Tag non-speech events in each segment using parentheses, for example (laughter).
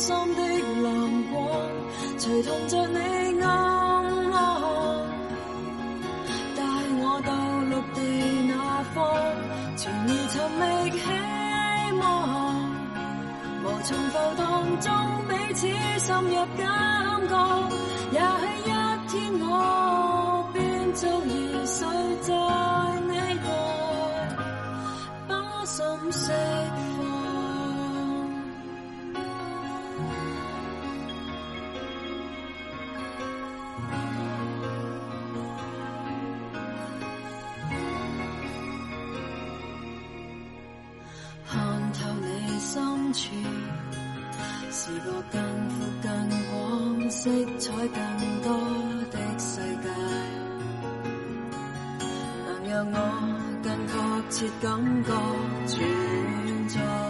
心的藍光，隨同着你暗落，帶我到綠地那方，潛意尋覓希望。無從浮動中彼此深入感覺，也許一天我便足以睡在你內，把心息。色彩更多的世界，能讓我更確切感覺存在。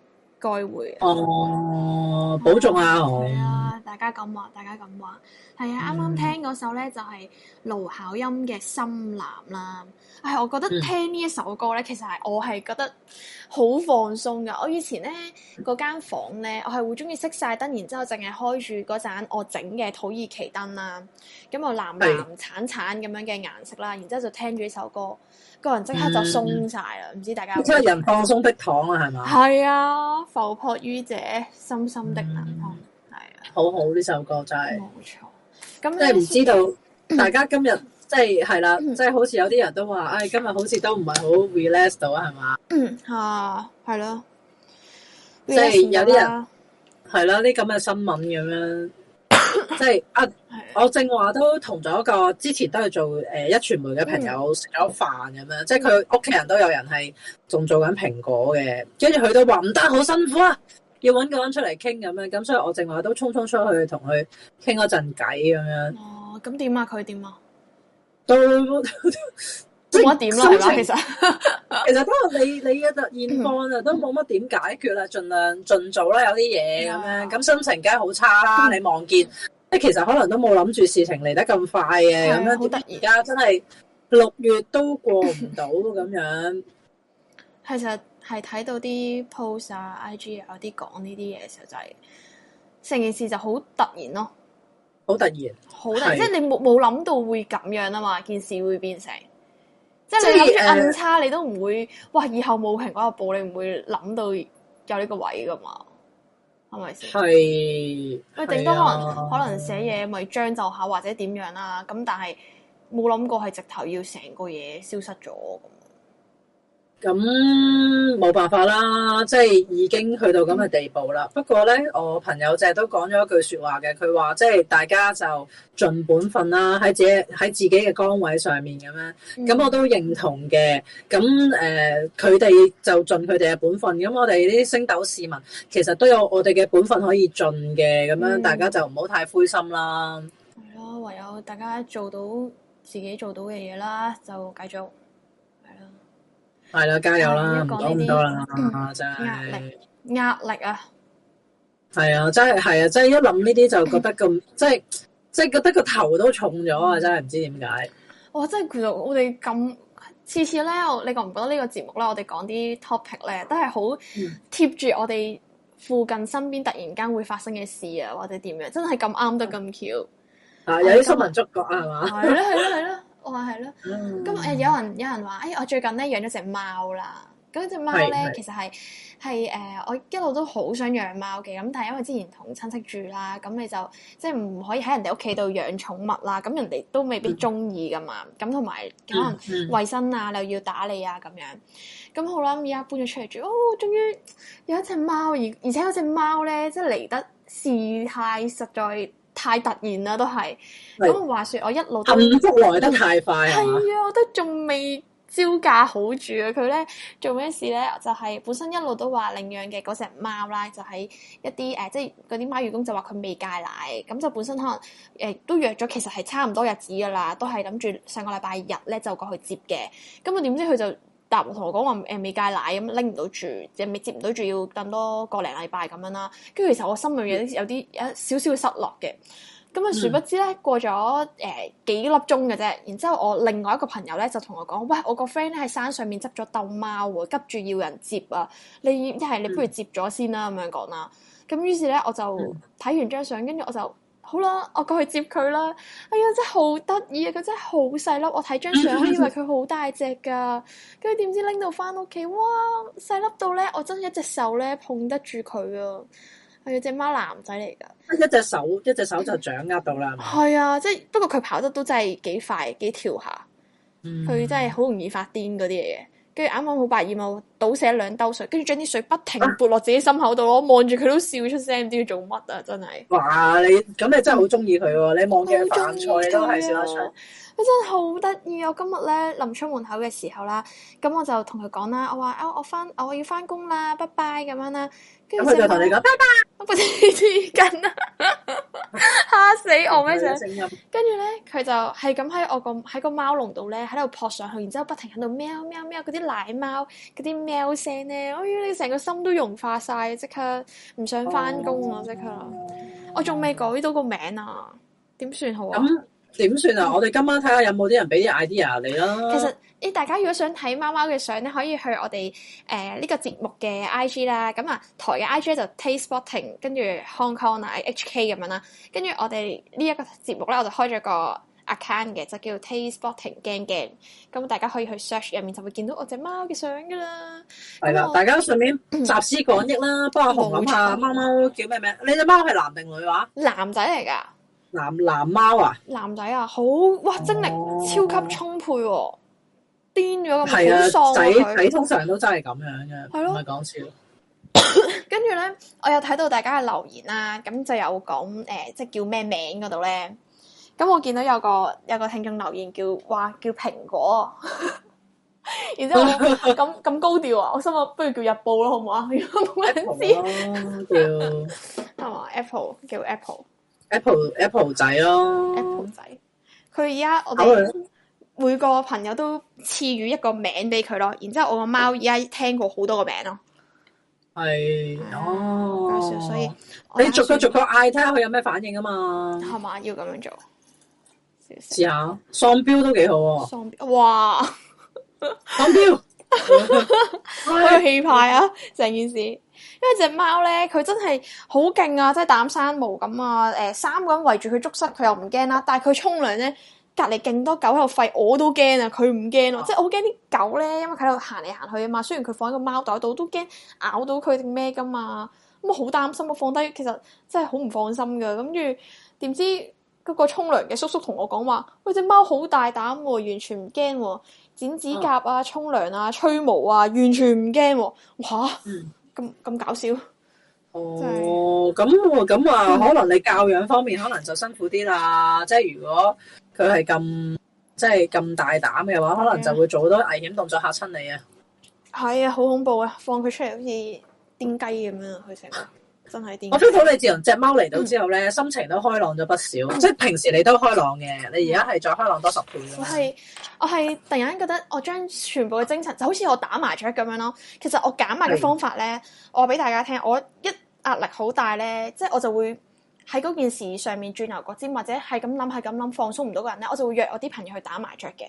該會哦，啊、保重啊！好我，係啊，大家咁話，大家咁話，係啊，啱啱、嗯、聽嗰首咧就係盧巧音嘅《深藍》啦。唉、哎，我覺得聽呢一首歌咧，嗯、其實係我係覺得好放鬆嘅。我以前咧嗰間房咧，我係會中意熄晒燈，然之後淨係開住嗰盞我整嘅土耳其燈啦，咁啊藍藍橙橙咁樣嘅顏色啦，是然之後就聽住呢首歌。個人即刻就鬆曬啦，唔知大家即係人放鬆的糖啊，係嘛？係啊，浮泊於者深深的難，係啊，好好呢首歌真係冇錯，即係唔知道大家今日即係係啦，即係好似有啲人都話，唉，今日好似都唔係好 relax 到係嘛？啊，係咯，即係有啲人係啦，啲咁嘅新聞咁樣，即係啊。我正話都同咗一個之前都係做誒、呃、壹傳媒嘅朋友食咗飯咁樣，mm hmm. 即係佢屋企人都有人係仲做緊蘋果嘅，跟住佢都話唔得，好辛苦啊，要搵個人出嚟傾咁樣，咁所以我正話都匆匆出去同佢傾咗陣偈咁樣。哦，咁點啊？佢點啊？冇乜 (laughs) 以點啦，其實其實不過你你嘅現況啊，都冇乜點解決啦，盡量盡早啦，有啲嘢咁樣，咁心情梗係好差啦。你望見？ (laughs) 即係其實可能都冇諗住事情嚟得咁快嘅，咁樣而家真係六月都過唔到咁樣。其實係睇到啲 post 啊、IG 啊有啲講呢啲嘢嘅時候，就是，就係成件事就好突然咯，好突然，好突然，的即係你冇冇諗到會咁樣啊嘛？件事會變成，即係你諗住暗差，你都唔會，哇是！嗯、以後冇蘋果個報，你唔會諗到有呢個位噶嘛？係，喂，頂、 (noise) (music) (music) (music) 哎、多可能、啊、可能寫嘢咪將就下 (music) 或者點樣啦，咁但係冇諗過係直頭要成個嘢消失咗咁。咁冇、嗯、辦法啦，即係已經去到咁嘅地步啦。嗯、不過咧，我朋友就都講咗一句話說話嘅，佢話即係大家就盡本分啦，喺自己喺自己嘅崗位上面咁樣。咁我都認同嘅。咁、嗯、誒，佢哋就盡佢哋嘅本分。咁、嗯嗯嗯、我哋啲星斗市民其實都有我哋嘅本分可以盡嘅。咁樣大家就唔好太灰心啦。係咯、嗯，嗯嗯嗯、唯有大家做到自己做到嘅嘢啦，就繼續。係啦，加油啦！唔講咁多啦、嗯啊，真係壓、嗯、力，力啊！係啊，真係係啊，真係一諗呢啲就覺得咁，即係即係覺得個頭都重咗啊！真係唔知點解。哇！真係其實我哋咁次次咧，你覺唔覺得個節呢個節目咧，我哋講啲 topic 咧都係好貼住我哋附近身邊突然間會發生嘅事啊，或者點樣，真係咁啱得咁巧啊！有啲新聞觸覺啊，係嘛？係囉，係囉，係囉。 (laughs) (laughs) 我話係咯，咁誒、哦嗯嗯嗯、有人有人話，哎，我最近咧養咗隻貓啦。咁隻貓咧其實係係誒，我一路都好想養貓嘅。咁但係因為之前同親戚住啦，咁你就即係唔可以喺人哋屋企度養寵物啦。咁人哋都未必中意噶嘛。咁同埋可能衞生啊，又要打理啊咁樣。咁好啦，而家搬咗出嚟住，哦，終於有一隻貓。而而且嗰隻貓咧，即係嚟得事態實在。太突然啦，都係咁是話説，我一路都幸福來得太快都啊！係啊，我都仲未招架好住啊！佢咧做咩事咧？就係、是、本身一路都話領養嘅嗰隻貓啦，就喺、是、一啲誒、呃，即係嗰啲貓員工，就話佢未戒奶，咁就本身可能誒、呃、都約咗，其實係差唔多日子噶啦，都係諗住上個禮拜日咧就過去接嘅。咁啊點知佢就～但係同我講話誒未戒奶，咁拎唔到住，即係未接唔到住，要等多個零禮拜咁樣啦。跟住其實我心裏有啲有啲有少少失落嘅。咁啊，殊不知咧過咗誒、呃、幾粒鐘嘅啫。然之後我另外一個朋友咧就同我講：喂，我個 friend 咧喺山上面執咗斗貓，急住要人接啊！你一係你不如接咗先啦。咁樣講啦。咁於是咧我就睇完張相，跟住我就。好啦，我過去接佢啦。哎呀，真係好得意啊！佢真係好細粒，我睇張相，我以為佢好大隻噶。跟住點知拎到翻屋企，哇，細粒到咧，我真係一隻手咧捧得住佢啊！係啊，隻貓男仔嚟噶，一隻手，一隻手就掌握到啦。係 (laughs) 啊，即係，不過佢跑得都真係幾快，幾跳下，佢真係好容易發癲嗰啲嘢。跟住啱啱好百厭啊！剛剛我倒瀉兩兜水，跟住將啲水不停撥落自己心口度咯。啊、我望住佢都笑出聲，唔知要做乜啊？真係哇！你咁你真係好中意佢喎，你望住佢反賽都係笑得出。佢真係好得意。我今日咧臨出門口嘅時候啦，咁我就同佢講啦，我話啊，我返，我要返工啦，拜拜咁樣啦。咁佢就同你講，爸爸，我唔知點解，嚇死我咩聲？跟住咧，佢 (laughs) 事 (laughs) 就係咁喺我個喺個貓籠度咧，喺度撲上去，然之後不停喺度喵喵，喵喵喵，嗰啲奶貓嗰啲喵聲咧，我、哎、依你成個心都融化晒，即刻唔想翻工啊！即、哦、刻，哦、我仲未改到個名啊，點算好啊？咁點算啊？ (laughs) 我哋今晚睇下有冇啲人俾啲 idea 你啦。其實，誒，大家如果想睇貓貓嘅相咧，可以去我哋誒呢個節目嘅 IG 啦。咁啊，台嘅 IG 就 TasteSpotting，跟住 Hong Kong 啊，HK 咁樣啦。跟住我哋呢一個節目咧，我就開咗個 account 嘅，就叫 TasteSpotting GangGang。咁大家可以去 search 入面，就會見到我隻貓嘅相㗎啦。係啦，大家順便集思廣益啦，幫阿紅諗下。貓貓叫咩名？你隻貓係男定女話？男仔嚟㗎。男男貓啊？男仔啊，好哇，精力超級充沛喎！癲咗個仔通常都真係咁樣嘅，唔係講笑。 (laughs) 跟住咧，我又睇到大家嘅留言啦，咁就有講誒，即、呃、係叫咩名嗰度咧？咁我見到有一個有一個聽眾留言叫話叫蘋果， (laughs) 然之後咁咁高調啊！我心諗不如叫日報咯，好唔好 (laughs) 啊？唔知係嘛？Apple 叫 Apple，Apple Apple 仔咯、啊、Apple 仔。佢而家我哋。 (laughs) 每個朋友都賜予一個名俾佢咯，然之後我個貓而家聽過好多個名咯。係、哎、哦、啊，所以看看你逐個逐個嗌，睇下佢有咩反應啊嘛。係嘛，要咁樣做。試下喪標都幾好。啊。喪標哇，喪標好有氣派啊！成件事，因為隻貓咧，佢真係好勁啊，真係膽生毛咁啊。誒，三個人圍住佢捉虱，佢又唔驚啦。但係佢沖涼咧。隔籬勁多狗喺度吠，我都驚啊！佢唔驚咯，即係我好驚啲狗咧，因為佢喺度行嚟行去啊嘛。雖然佢放喺個貓袋度，都驚咬到佢定咩噶嘛。咁啊，好擔心啊！放低其實真係好唔放心噶。咁住點知嗰個沖涼嘅叔叔同我講話：喂，隻貓好大膽喎，完全唔驚喎，剪指甲啊、沖涼啊、吹毛啊，完全唔驚喎。哇！咁咁搞笑。哦，咁喎，咁啊，可能你教養方面可能就辛苦啲啦。即係如果。佢係咁即係咁大膽嘅話，可能就會做好多危險動作嚇親你啊！係啊，好恐怖啊！放佢出嚟好似癲雞咁樣。佢成日真係癲！我 feel 到你自從隻貓嚟到之後咧，嗯、心情都開朗咗不少。 (laughs) 即係平時你都開朗嘅，你而家係再開朗多十倍。我係我係突然間覺得，我將全部嘅精神就好似我打麻雀咁樣咯。其實我減壓嘅方法咧，的我俾大家聽，我一壓力好大咧，即係我就會。喺嗰件事上面轉牛角尖，或者係咁諗，係咁諗，放鬆唔到個人咧，我就會約我啲朋友去打麻雀嘅。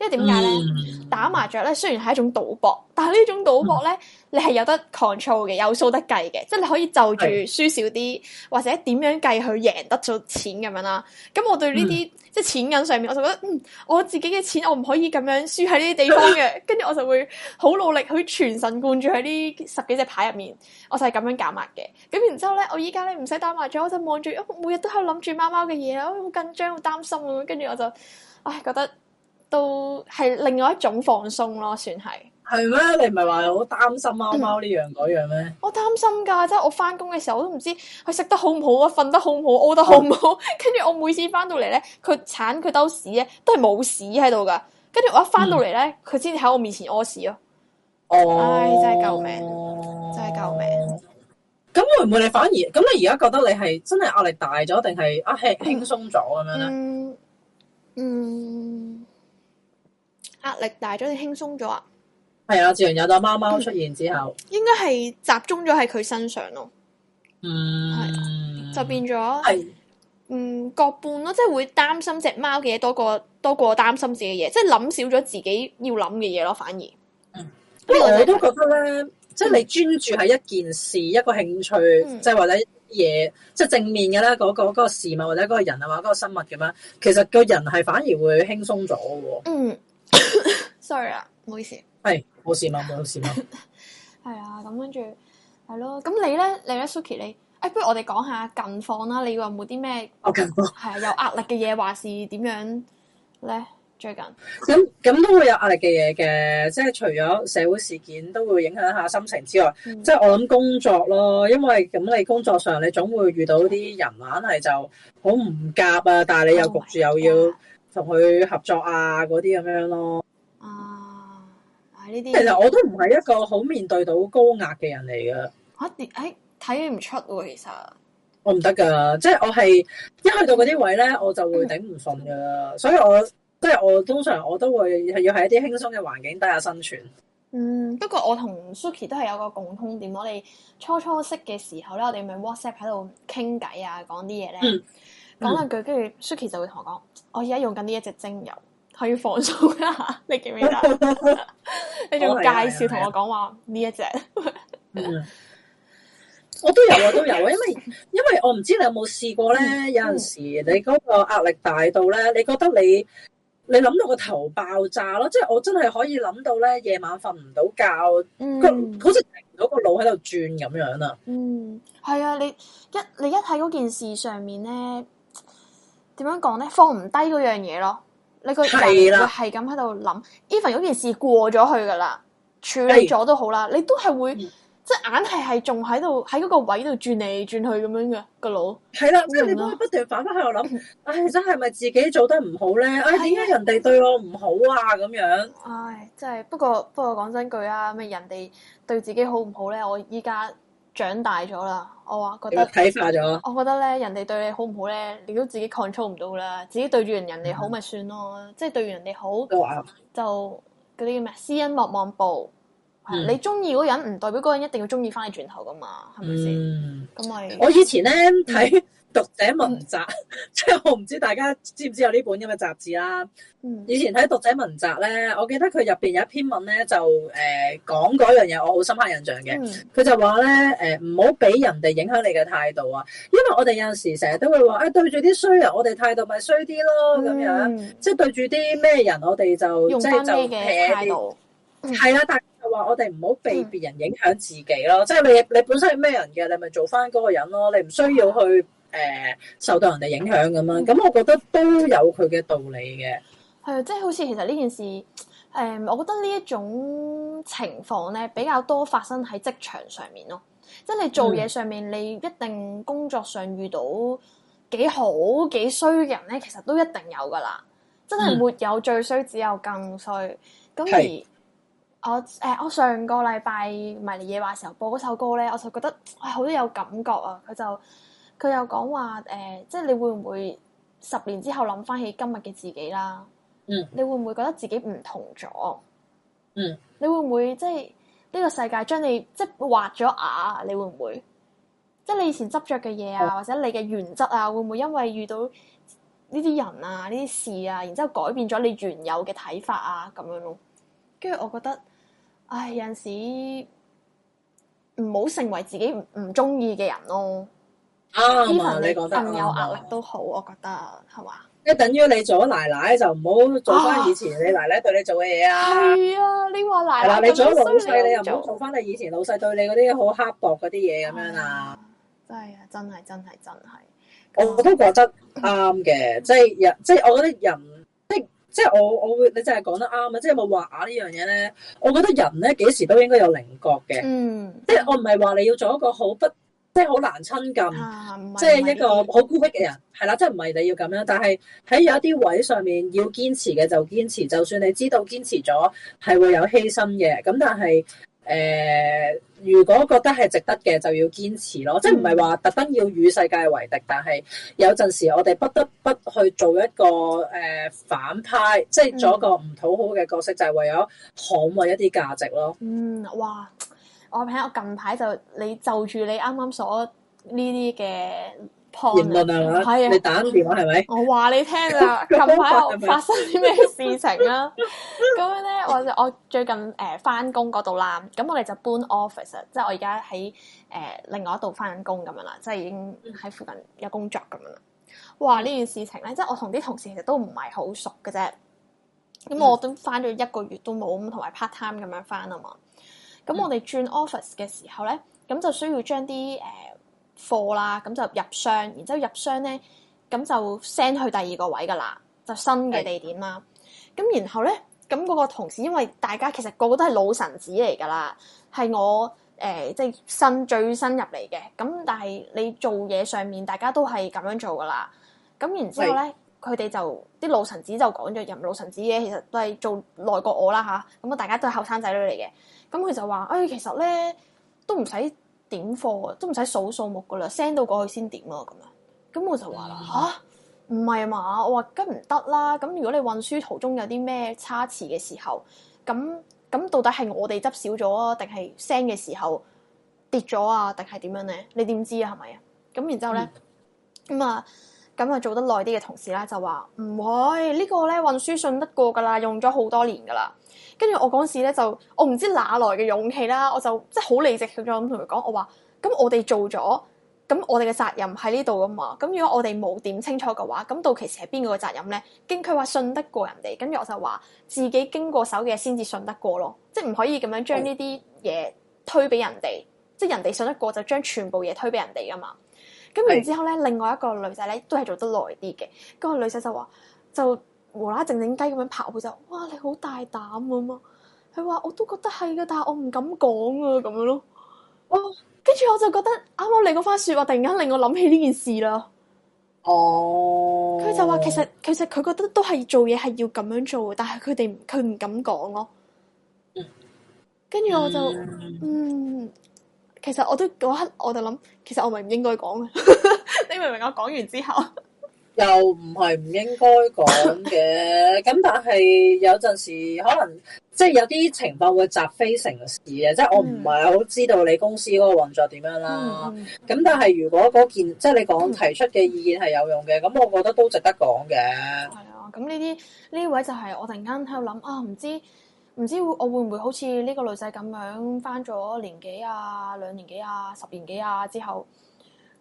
因為點解咧？嗯、打麻雀咧，雖然係一種賭博，但係呢種賭博咧，嗯、你係有得 control 嘅，有數得計嘅，即係你可以就住輸少啲，嗯、或者點樣計佢贏得咗錢咁樣啦。咁我對呢啲。嗯嗯即係錢銀上面，我就覺得嗯，我自己嘅錢我唔可以咁樣輸喺呢啲地方嘅，跟住 (laughs) 我就會好努力去全神貫注喺呢十幾隻牌入面，我就係咁樣減壓嘅。咁然之後咧，我依家咧唔使打麻雀，我就望住，每日都喺度諗住貓貓嘅嘢，我好緊張、好擔心咁樣，跟住我就唉覺得都係另外一種放鬆咯，算係。係咩？你唔係話好擔心貓貓呢樣嗰樣咩？我擔心噶，即係我翻工嘅時候，我都唔知佢食得好唔好啊，瞓得好唔好，屙得好唔好。跟住、嗯、我每次翻到嚟咧，佢鏟佢兜屎咧，都係冇屎喺度噶。跟住我一翻到嚟咧，佢先至喺我面前屙屎咯。哦，唉，真係救命，真係救命。咁會唔會你反而咁？你而家覺得你係真係壓力大咗，定係啊，係輕鬆咗咁樣咧？嗯，壓、嗯、力大咗，你輕鬆咗啊？係啊，自然有咗貓貓出現之後，應該係集中咗喺佢身上咯。嗯，係 (noise) 就變咗係是嗯各半咯，即係會擔心隻貓嘅嘢多過多過擔心自己嘅嘢，即係諗少咗自己要諗嘅嘢咯。反而嗯，不過我都覺得咧，即係你專注喺一件事、嗯、一個興趣，即係或者嘢，即、就、係、是、正面嘅咧、那個，嗰、那個、那個事物或者嗰個人啊嘛，或者嗰個生物咁樣，其實個人係反而會輕鬆咗。嗯 (laughs) ，sorry 啊，唔好意思。係冇、哎、事嘛，冇事嘛。係 (laughs) 啊，咁跟住係咯。咁你咧，你咧，Suki 你誒、哎，不如我哋講下近況啦。你話冇啲咩？哦，近況係啊，有壓力嘅嘢話是點樣咧？最近咁咁都會有壓力嘅嘢嘅，即係除咗社會事件都會影響下心情之外，嗯、即係我諗工作咯。因為咁你工作上你總會遇到啲人，硬係就好唔夾啊。但係你又焗住又要同佢合作啊，嗰啲咁樣咯。其實我都唔係一個好面對到高壓嘅人嚟噶吓，誒睇唔出其實我唔得噶，即係我係一去到嗰啲位咧，我就會頂唔順噶，嗯、所以我即係我通常我都會係要喺一啲輕鬆嘅環境底下生存。嗯，不過我同 Suki 都係有個共通點，我哋初初識嘅時候咧，我哋咪 WhatsApp 喺度傾偈啊，講啲嘢咧，講兩，嗯嗯、句跟住 Suki 就會同我講，我而家用緊呢一隻精油。係要放鬆啦！你記唔記得？ (laughs) 你仲介紹同我講話呢一隻？我都有。啊，都有啊！因為因為我唔知你有冇試過咧？嗯嗯、有陣時你嗰個壓力大到咧，你覺得你你諗到個頭爆炸咯，即係我真係可以諗到咧，夜晚瞓唔到覺，個、嗯、好似停咗個腦喺度轉咁樣啊、嗯！嗯，係啊，你一你一睇嗰件事上面咧，點樣講咧？放唔低嗰樣嘢咯。你個腦會係咁喺度諗，even 嗰件事過咗去噶啦，處理咗都好啦，哎、你都係會，即係硬係係仲喺度喺嗰個位度轉嚟轉去咁樣嘅個腦。係啦的，即係的你都會不斷反翻喺度諗，唉、嗯哎，真係咪自己做得唔好咧？唉的，點解人哋對我唔好啊？咁樣，唉，真係，不過不過講真句啊，咩人哋對自己好唔好咧？我依家。長大咗啦，我話覺得睇化咗。我覺得咧，人哋對你好唔好咧，你都自己 control 唔到啦。自己對住人，嗯、人哋好咪算咯，即係對住人哋好，哇就嗰啲叫咩施恩莫望報。嗯、你中意嗰人，唔代表嗰人一定要中意翻你轉頭噶嘛，係咪先？咁咪我以前咧睇。 (laughs) 讀者文摘，即係我唔知大家知唔知有呢本咁嘅雜誌啦。以前睇讀者文摘咧，我記得佢入邊有一篇文咧，就誒講嗰樣嘢，我好深刻印象嘅。佢就話咧，誒，唔好俾人哋影響你嘅態度啊，因為我哋有陣時成日都會話，誒，對住啲衰人，我哋態度咪衰啲咯，咁樣即係對住啲咩人，我哋就即係就斜啲。係啊，但係就話我哋唔好被別人影響自己咯，即係你你本身係咩人嘅，你咪做翻嗰個人咯，你唔需要去。誒，受到人哋影響咁啊！咁我覺得都有佢嘅道理嘅。係啊、嗯，即、就、係、是、好似其實呢件事，誒、嗯，我覺得呢一種情況咧，比較多發生喺職場上面咯。即、就、係、是、你做嘢上面，嗯、你一定工作上遇到幾好幾衰嘅人咧，其實都一定有噶啦。真係沒有最衰，只有更衰。咁、嗯、而是我誒、呃，我上個禮拜迷你夜話嘅時候播嗰首歌咧，我就覺得啊，好、哎、有感覺啊！佢就～佢又講話誒，即係你會唔會十年之後諗翻起今日嘅自己啦？嗯，你會唔會覺得自己唔同咗？嗯，你會唔會即係呢、這個世界將你即係畫咗牙？你會唔會即係你以前執着嘅嘢啊，哦、或者你嘅原則啊，會唔會因為遇到呢啲人啊、呢啲事啊，然之後改變咗你原有嘅睇法啊，咁樣咯？跟住我覺得，唉，有陣時唔好成為自己唔唔中意嘅人咯。啱，唔你講得啱啊！你有壓力都好，啊、我覺得係嘛？即係、啊、等於你做奶奶、啊、就唔好做翻以前你奶奶對你做嘅嘢啊！係啊，你話奶奶係啦、啊啊、你做老細你又唔好做翻你以前老細對你嗰啲好刻薄嗰啲嘢咁樣啊！真係啊，呀真係真係真係，我都覺得啱嘅，即係人，即、就、係、是、我覺得人，即係即係我我會，你淨係講得啱啊！即係有冇話啊呢樣嘢咧？我覺得人咧幾時都應該有棱角嘅，嗯，即係我唔係話你要做一個好不。即係好難親近，即係一個好孤僻嘅人，係啦，即係唔係你要咁樣，但係喺有一啲位上面要堅持嘅就堅持，就算你知道堅持咗係會有犧牲嘅，咁但係誒、呃，如果覺得係值得嘅就要堅持咯，即係唔係話特登要與世界為敵，嗯、但係有陣時我哋不得不去做一個誒、呃、反派，即係做一個唔討好嘅角色，嗯、就係為咗捍衛一啲價值咯。嗯，哇！我平我近排就你就住你啱啱所呢啲嘅 point 言論係、啊、嘛？啊、你打電話係咪？我話你聽啦，近排我發生啲咩事情啦？咁樣咧，我我最近誒翻工嗰度啦，咁、呃、我哋就搬 office 啊，即係我而家喺誒另外一度翻緊工咁樣啦，即係已經喺附近有工作咁樣啦。哇！呢件事情咧，即係我同啲同事其實都唔係好熟嘅啫。咁我都翻咗一個月都冇，咁同埋 part time 咁樣翻啊嘛。咁、嗯、我哋轉 office 嘅時候咧，咁就需要將啲誒貨啦，咁就入箱，然之後入箱咧，咁就 send 去第二個位噶啦，就新嘅地點啦。咁是然後咧，咁嗰個同事，因為大家其實個個都係老臣子嚟噶啦，係我誒、呃、即係新最新入嚟嘅。咁但係你做嘢上面大家都係咁樣做噶啦。咁然後之後咧。佢哋就啲老臣子就講咗，任老臣子嘅其實都係做耐過我啦吓，咁啊，大家都係後生仔女嚟嘅。咁佢就話：誒、哎，其實咧都唔使點貨，都唔使數數目噶啦，send 到過去先點咯咁樣。咁我就話啦：嚇、啊，唔係嘛？我話梗唔得啦。咁如果你運輸途中有啲咩差池嘅時候，咁咁到底係我哋執少咗啊，定係 send 嘅時候跌咗啊，定係點樣咧？你點知啊？係咪啊？咁然之後咧，咁啊、嗯。嗯咁啊，做得耐啲嘅同事咧就話唔會呢、呢個咧運輸信得過噶啦，用咗好多年噶啦。跟住我嗰時咧就我唔知哪來嘅勇氣啦，我就即係好理直氣壯咁同佢講，我話咁我哋做咗，咁我哋嘅責任喺呢度噶嘛。咁如果我哋冇點清楚嘅話，咁到期時係邊個嘅責任咧？經佢話信得過人哋，跟住我就話自己經過手嘅嘢，先至信得過咯，即係唔可以咁樣將呢啲嘢推俾人哋，哦、即係人哋信得過就將全部嘢推俾人哋噶嘛。咁然之後咧，另外一個女仔咧都係做得耐啲嘅。嗰個女仔就話，就無啦靜靜雞咁樣跑，就哇你好大膽啊嘛！佢話我都覺得係噶，但係我唔敢講啊咁樣咯。哦，跟住我就覺得啱我嚟嗰番說話，突然間令我諗起呢件事啦。哦。佢就話其實其實佢覺得都係做嘢係要咁樣做，但係佢哋佢唔敢講咯、啊。跟住我就嗯。嗯其實我都嗰刻我就諗，其實我咪唔應該講嘅， (laughs) 你明唔明我講完之後？ (laughs) 又唔係唔應該講嘅，咁 (laughs) 但係有陣時可能即係、就是、有啲情況會積非成是嘅，即、就、係、是、我唔係好知道你公司嗰個運作點樣啦。咁、嗯、但係如果嗰件即係、就是、你講提出嘅意見係有用嘅，咁、嗯、我覺得都值得講嘅。係啊、嗯，咁呢啲呢位就係我突然間喺度諗啊，唔知。唔知我會唔會好似呢個女仔咁樣，翻咗年幾啊、兩年幾啊、十年幾啊之後，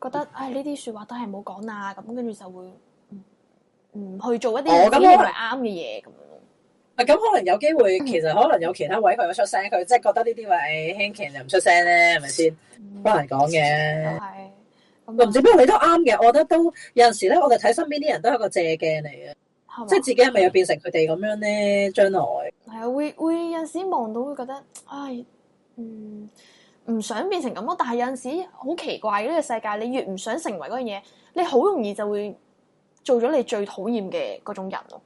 覺得哎呢啲說話都係冇講啦，咁跟住就會唔去做一啲我唔係啱嘅嘢咁樣咯。啊、哦，咁可能有機會，嗯、其實可能有其他位佢出聲，佢即係覺得呢啲位哎，輕言就唔出聲咧，係咪先？好難講嘅。係，咁唔知。不過你、嗯就是、都啱嘅，我覺得都有陣時咧，我哋睇身邊啲人都係個借鏡嚟嘅。即係自己係咪又變成佢哋咁樣咧？將來係啊，會會有時望到會覺得，唉，嗯，唔想變成咁咯。但係有陣時好奇怪，呢個世界你越唔想成為嗰樣嘢，你好容易就會做咗你最討厭嘅嗰種人咯。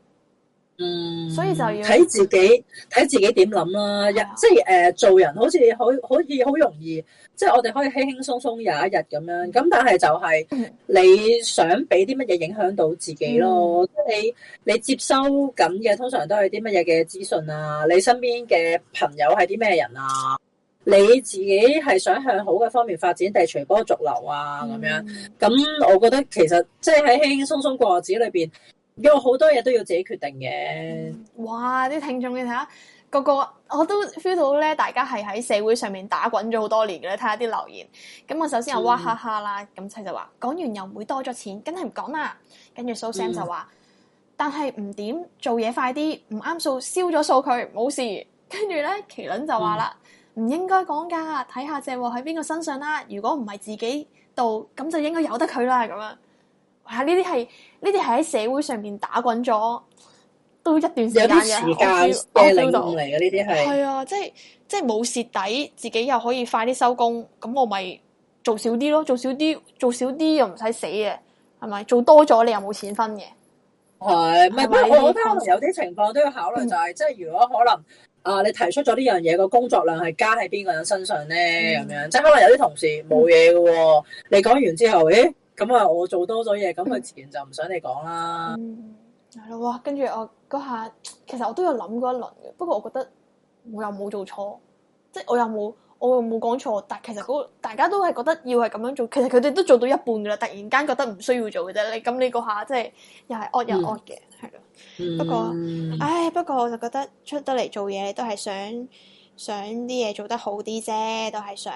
嗯，所以就要睇自己睇自己點諗啦，啊、即係誒、呃，做人好似好可以好容易，即係我哋可以輕輕鬆鬆有一日咁樣。咁但係就係你想俾啲乜嘢影響到自己咯？嗯、你你接收緊嘅通常都係啲乜嘢嘅資訊啊？你身邊嘅朋友係啲咩人啊？你自己係想向好嘅方面發展，定隨波逐流啊？咁、嗯、樣咁，我覺得其實即係喺輕輕鬆鬆過日子裏邊。有好多嘢都要自己決定嘅、嗯。哇！啲聽眾，你睇下，個個我都 feel 到咧，大家係喺社會上面打滾咗好多年嘅。睇下啲留言，咁、嗯、我首先有哇哈哈啦，咁佢就話講完又唔會多咗錢，梗係唔講啦。跟住蘇 Sam 就話，嗯、但係唔點做嘢快啲，唔啱數燒咗數佢冇事。跟住咧，麒麟就話啦，唔、嗯、應該講噶，睇下借喎喺邊個身上啦。如果唔係自己度，咁就應該由得佢啦。咁樣。吓！呢啲係，呢啲係喺社會上邊打滾咗都一段時間嘅，我 feel 到嚟嘅。呢啲係係啊！即係即係冇蝕底，自己又可以快啲收工，咁我咪做少啲咯，做少啲，做少啲又唔使死嘅，係咪？做多咗你又冇錢分嘅，係咪是？不過我覺得可能有啲情況都要考慮，嗯、就係即係如果可能啊、呃，你提出咗呢樣嘢個工作量係加喺邊個人身上咧，咁樣、嗯、即係可能有啲同事冇嘢嘅，嗯、你講完之後，誒。咁啊！嗯嗯、我做多咗嘢，咁佢自然就唔想你講啦。係咯，跟住我嗰下，其實我都有諗過一輪嘅，不過我覺得我又冇做錯，即係我又冇我又冇講錯。但係其實、嗰個，大家都係覺得要係咁樣做，其實佢哋都做到一半噶啦，突然間覺得唔需要做嘅啫。咋你咁你嗰下即係又係惡、嗯、又惡嘅，係咯。嗯、不過唉，不過我就覺得出得嚟做嘢都係想。想啲嘢做得好啲啫，都係想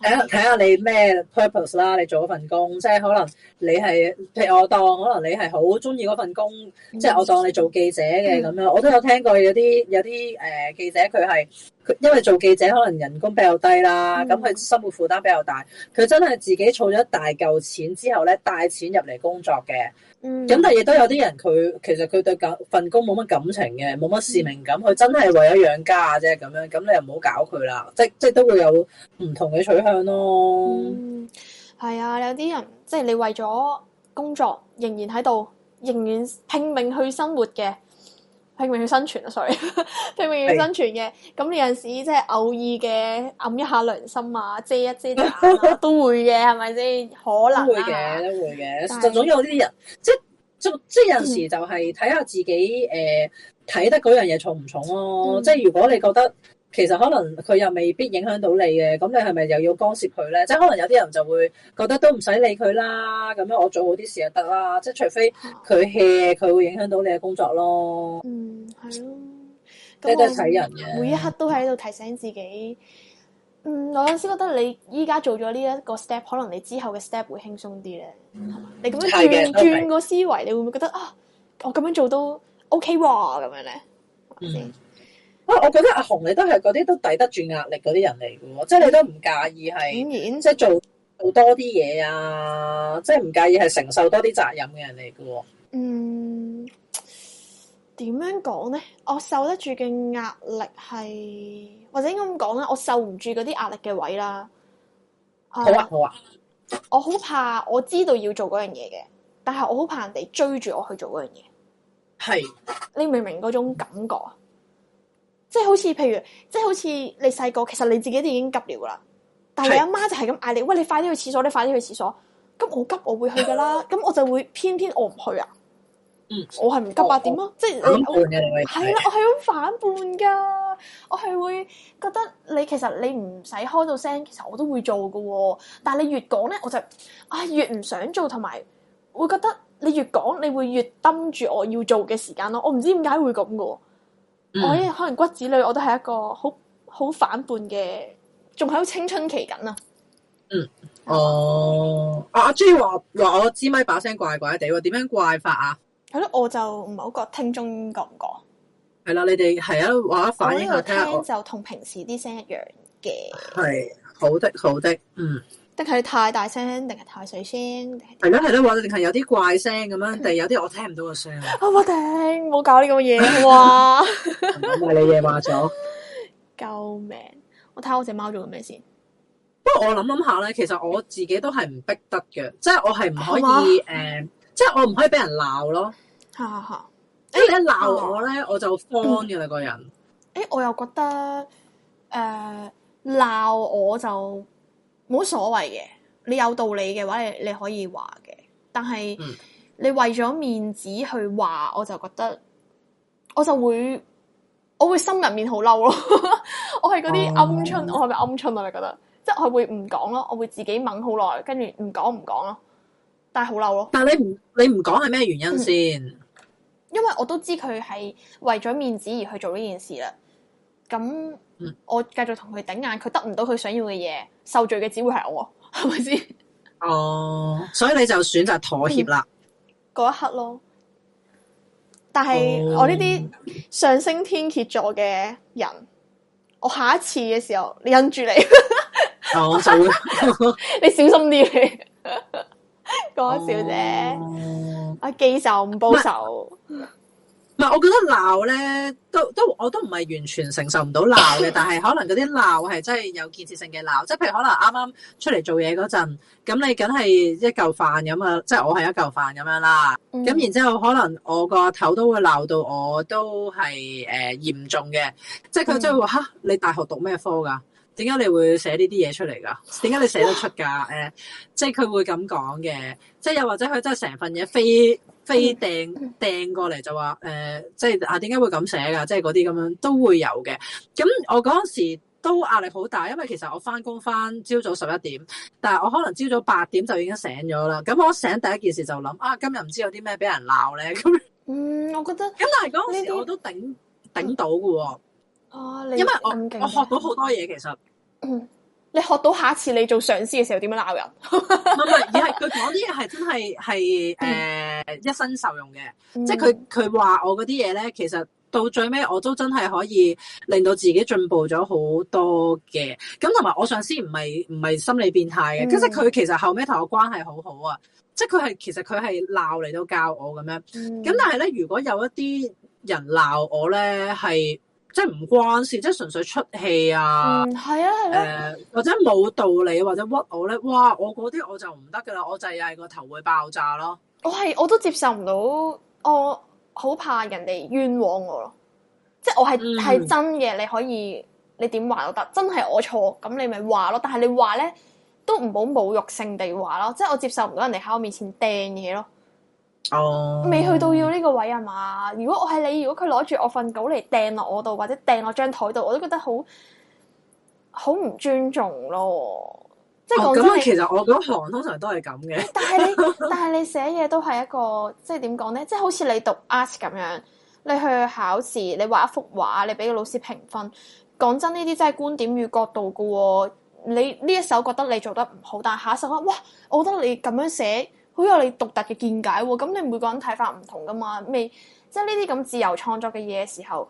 睇下睇下你咩 purpose 啦。你做嗰份工即係可能你係譬如我當可能你係好中意嗰份工，即係、嗯、我當你做記者嘅咁樣。嗯、我都有聽過有啲有啲誒、呃、記者佢係佢因為做記者可能人工比較低啦，咁佢、嗯、生活負擔比較大。佢真係自己儲咗大嚿錢之後咧帶錢入嚟工作嘅。咁、嗯、但係亦都有啲人佢，其實佢對份工冇乜感情嘅，冇乜使命感，佢、嗯、真係為咗養家啊啫咁樣，咁你又唔好搞佢啦，即即係都會有唔同嘅取向咯。係、嗯、啊，有啲人即係你為咗工作，仍然喺度，仍然拼命去生活嘅。拼命要生存啊！sorry，拼命要生存嘅，咁是有陣時即係偶爾嘅，暗一下良心啊，遮一遮眼、啊、 (laughs) 都會嘅，係咪先？可能、啊都會。都會嘅，都會嘅。就總有啲人，即係即即有陣時就係睇下自己，誒、嗯，睇、呃、得嗰樣嘢重唔重咯、啊。嗯、即係如果你覺得。其實可能佢又未必影響到你嘅，咁你係咪又要干涉佢咧？即係可能有啲人就會覺得都唔使理佢啦，咁樣我做好啲事就得啦。即係除非佢 hea，佢會影響到你嘅工作咯。嗯，係咯、啊，都係睇人嘅。每一刻都喺度提醒自己。嗯，我有時覺得你依家做咗呢一個 step，可能你之後嘅 step 會輕鬆啲咧。係嘛、嗯？你咁樣轉轉個思維，你會唔會覺得啊？我咁樣做都 OK 喎、啊，咁樣咧。嗯。啊！我覺得阿紅你都係嗰啲都抵得住壓力嗰啲人嚟嘅喎，嗯、即係你都唔介意係當然即係做做多啲嘢啊，即係唔介意係承受多啲責任嘅人嚟嘅喎。嗯，點樣講咧？我受得住嘅壓力係，或者應該咁講啦，我受唔住嗰啲壓力嘅位啦。好啊，好啊。我好怕，我知道要做嗰樣嘢嘅，但係我好怕人哋追住我去做嗰樣嘢。係是，你明唔明嗰種感覺？嗯即係好似，譬如，即係好似你細個，其實你自己都已經急尿噶啦，但係你阿媽就係咁嗌你，的喂，你快啲去廁所，你快啲去廁所。咁我急我會去噶啦，咁我就會偏偏我唔去啊。嗯、我係唔急、哦、啊，點啊我？即係你係啦，我係咁反叛噶，的我係會覺得你其實你唔使開到聲，其實我都會做噶、哦。但係你越講咧，我就啊越唔想做，同埋會覺得你越講，你會越掹住我要做嘅時間咯。我唔知點解會咁噶。我、嗯、可能骨子裏我都係一個好好反叛嘅，仲喺青春期緊啊！嗯，哦、呃，啊、我我中意話話我支咪把聲怪怪地，點樣怪法啊？係咯，我就唔係好覺聽中覺唔覺？係啦，你哋係啊，話反應該聽就同平時啲聲一樣嘅。係好的，好的，嗯。定係太大聲，定係太細聲？係咯係咯，或者定係有啲怪聲咁樣，定係有啲我聽唔到嘅聲。我 (noise) 頂，冇 (noise) 搞呢咁嘢哇！唔你嘢話咗，救命！我睇 (noise) 下我隻貓做緊咩先。不過我諗諗下咧，其實我自己都係唔逼得嘅，即、就、係、是、我係唔可以誒，即係、 (noise) um, 我唔可以俾人鬧咯。吓吓吓！誒， (noise) 一鬧 (noise) (noise) 我咧，我就慌噶啦個人。誒， (noise) 我又覺得誒鬧、呃、我就。冇所謂嘅，你有道理嘅話，你你可以話嘅。但係、嗯、你為咗面子去話，我就覺得，我就會，我會心入面好嬲咯。 (laughs) 我係嗰啲鵪鶉，嗯、我係咪鵪鶉啊？你覺得？即係我會唔講咯？我會自己掹好耐，跟住唔講唔講咯。但係好嬲咯。但係你唔你唔講係咩原因先、嗯？因為我都知佢係為咗面子而去做呢件事啦。咁。我繼續同佢頂眼，佢得唔到佢想要嘅嘢，受罪嘅只會係我，係咪先？哦，所以你就選擇妥協啦，嗰一刻咯。但係我呢啲上升天蠍座嘅人，我下一次嘅時候，你忍住嚟，我 (laughs) 做，哦， (laughs) (laughs) 你小心啲，你，江 (laughs) 小姐，阿、哦、記仇唔報仇。我覺得鬧咧，都都我都唔係完全承受唔到鬧嘅， (laughs) 但係可能嗰啲鬧係真係有建設性嘅鬧，即係譬如可能啱啱出嚟做嘢嗰陣，咁你梗係一嚿飯咁啊，即係我係一嚿飯咁樣啦。咁、嗯、然之後可能我個頭都會鬧到我都係誒、呃、嚴重嘅，即係佢真係話吓你大學讀咩科㗎？點解你會寫呢啲嘢出嚟㗎？點解你寫得出㗎？誒、 (laughs) 啊，即係佢會咁講嘅，即係又或者佢真係成份嘢飛。飛掟掟過嚟就話誒、呃，即係啊，點解會咁寫噶？即係嗰啲咁樣都會有嘅。咁我嗰陣時都壓力好大，因為其實我翻工翻朝早十一點，但係我可能朝早八點就已經醒咗啦。咁我醒第一件事就諗啊，今日唔知有啲咩俾人鬧咧。咁 (laughs) 嗯，我覺得咁，但係嗰陣時我都頂頂些到嘅喎、哦。啊、你咁勁！因為我我學到好多嘢其實。嗯你學到下一次你做上司嘅時候點樣鬧人？唔係， (laughs) 而係佢講啲嘢係真係係誒一生受用嘅，嗯、即係佢佢話我嗰啲嘢咧，其實到最尾我都真係可以令到自己進步咗好多嘅。咁同埋我上司唔係唔係心理變態嘅，即係佢其實後尾同我關係好好啊，即係佢係其實佢係鬧嚟到教我咁樣。咁、嗯、但係咧，如果有一啲人鬧我咧，係。即係唔關事，即係純粹出氣啊！嗯，係啊，係啊、呃。或者冇道理，或者屈我咧，哇！我嗰啲我就唔得㗎喇，我就又係個頭會爆炸咯。我係我都接受唔到，我好怕人哋冤枉我咯。即係我係係、嗯、真嘅，你可以你點話都得，真係我錯，咁你咪話咯。但係你話咧都唔好侮辱性地話咯，即係我接受唔到人哋喺我面前掟嘢咯。未、oh, 去到要呢個位啊嘛！如果我係你，如果佢攞住我份稿嚟掟落我度，或者掟落張台度，我都覺得好好唔尊重咯。即係講真、哦，其實我咁行通常都係咁嘅。但係但係你寫嘢都係一個即係點講咧？即係好似你讀 art 咁樣，你去考試，你畫一幅畫，你俾個老師評分。講真，呢啲真係觀點與角度噶、哦。你呢一首覺得你做得唔好，但係下一首咧，哇，我覺得你咁樣寫。好有你獨特嘅見解喎、哦，咁你每個人睇法唔同噶嘛，未即係呢啲咁自由創作嘅嘢嘅時候，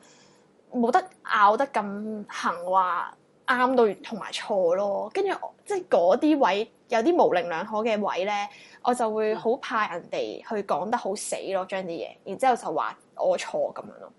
冇得拗得咁行話啱到同埋錯咯。跟住即係嗰啲位有啲模棱兩可嘅位咧，我就會好怕人哋去講得好死咯，將啲嘢，然之後就話我錯咁樣咯。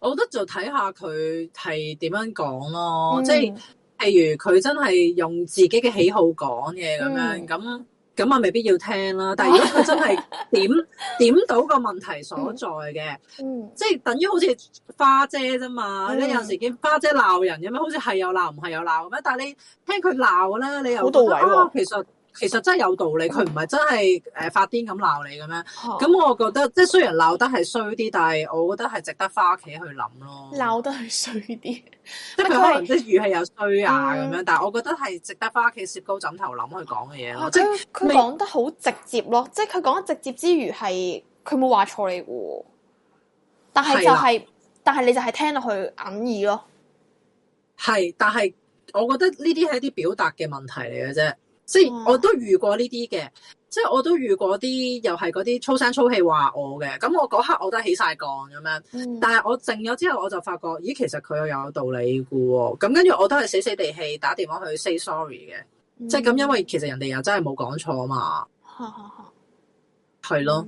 我覺得就睇下佢係點樣講咯，嗯、即係譬如佢真係用自己嘅喜好講嘢咁樣咁。嗯咁啊，未必要聽啦。但係如果佢真係點 (laughs) 點到個問題所在嘅， (laughs) 嗯、即係等於好似花姐啫嘛。嗯、你有時見花姐鬧人嘅咩？好似係有鬧，唔係有鬧咁樣。但係你聽佢鬧咧，你又好到位、啊啊、其實其實真係有道理。佢唔係真係誒發癲咁鬧你嘅咩？咁 (laughs) 我覺得即係雖然鬧得係衰啲，但係我覺得係值得翻屋企去諗咯。鬧得係衰啲。即係佢可能係啲語氣有衰啊咁樣，嗯、但係我覺得係值得翻屋企攝高枕頭諗佢講嘅嘢咯。即係佢講得好直接咯，即係佢講得直接之餘係佢冇話錯你嘅，但係就係、是、的但係你就係聽落去哽耳咯。係，但係我覺得呢啲係一啲表達嘅問題嚟嘅啫。即係我都遇過呢啲嘅，即係我都遇過啲又係嗰啲粗聲粗氣話我嘅，咁我嗰刻我都起晒槓咁樣，嗯、但係我靜咗之後，我就發覺，咦，其實佢又有道理嘅喎、哦，咁跟住我都係死死地氣打電話去 say sorry 嘅，嗯、即係咁，因為其實人哋又真係冇講錯啊嘛，好好好，係咯，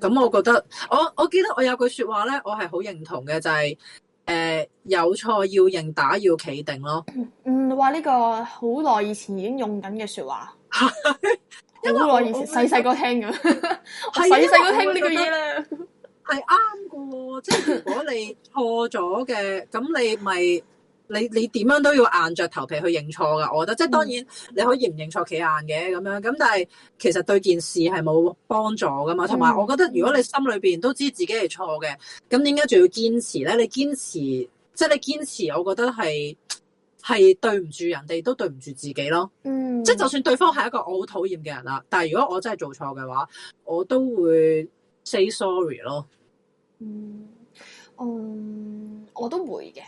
咁、嗯嗯、我覺得，我我記得我有句說話咧，我係好認同嘅就係、是。誒、呃，有錯要認，打要企定咯。嗯，話呢個好耐以前已經用緊嘅說話，好耐 (laughs) (laughs) 以前細細個聽嘅，係細細個聽呢句嘢咧，係啱㗎喎。即係如果你錯咗嘅，咁 (laughs) 你咪。 (laughs) 你你點樣都要硬着頭皮去認錯噶，我覺得即係當然你可以唔認錯企硬嘅咁樣，咁但係其實對件事係冇幫助噶嘛。同埋我覺得如果你心裏邊都知自己係錯嘅，咁點解仲要堅持咧？你堅持即係你堅持，我覺得係係對唔住人哋，都對唔住自己咯。嗯，即係就算對方係一個我好討厭嘅人啦，但係如果我真係做錯嘅話，我都會 say sorry 咯。嗯，嗯，我都會嘅。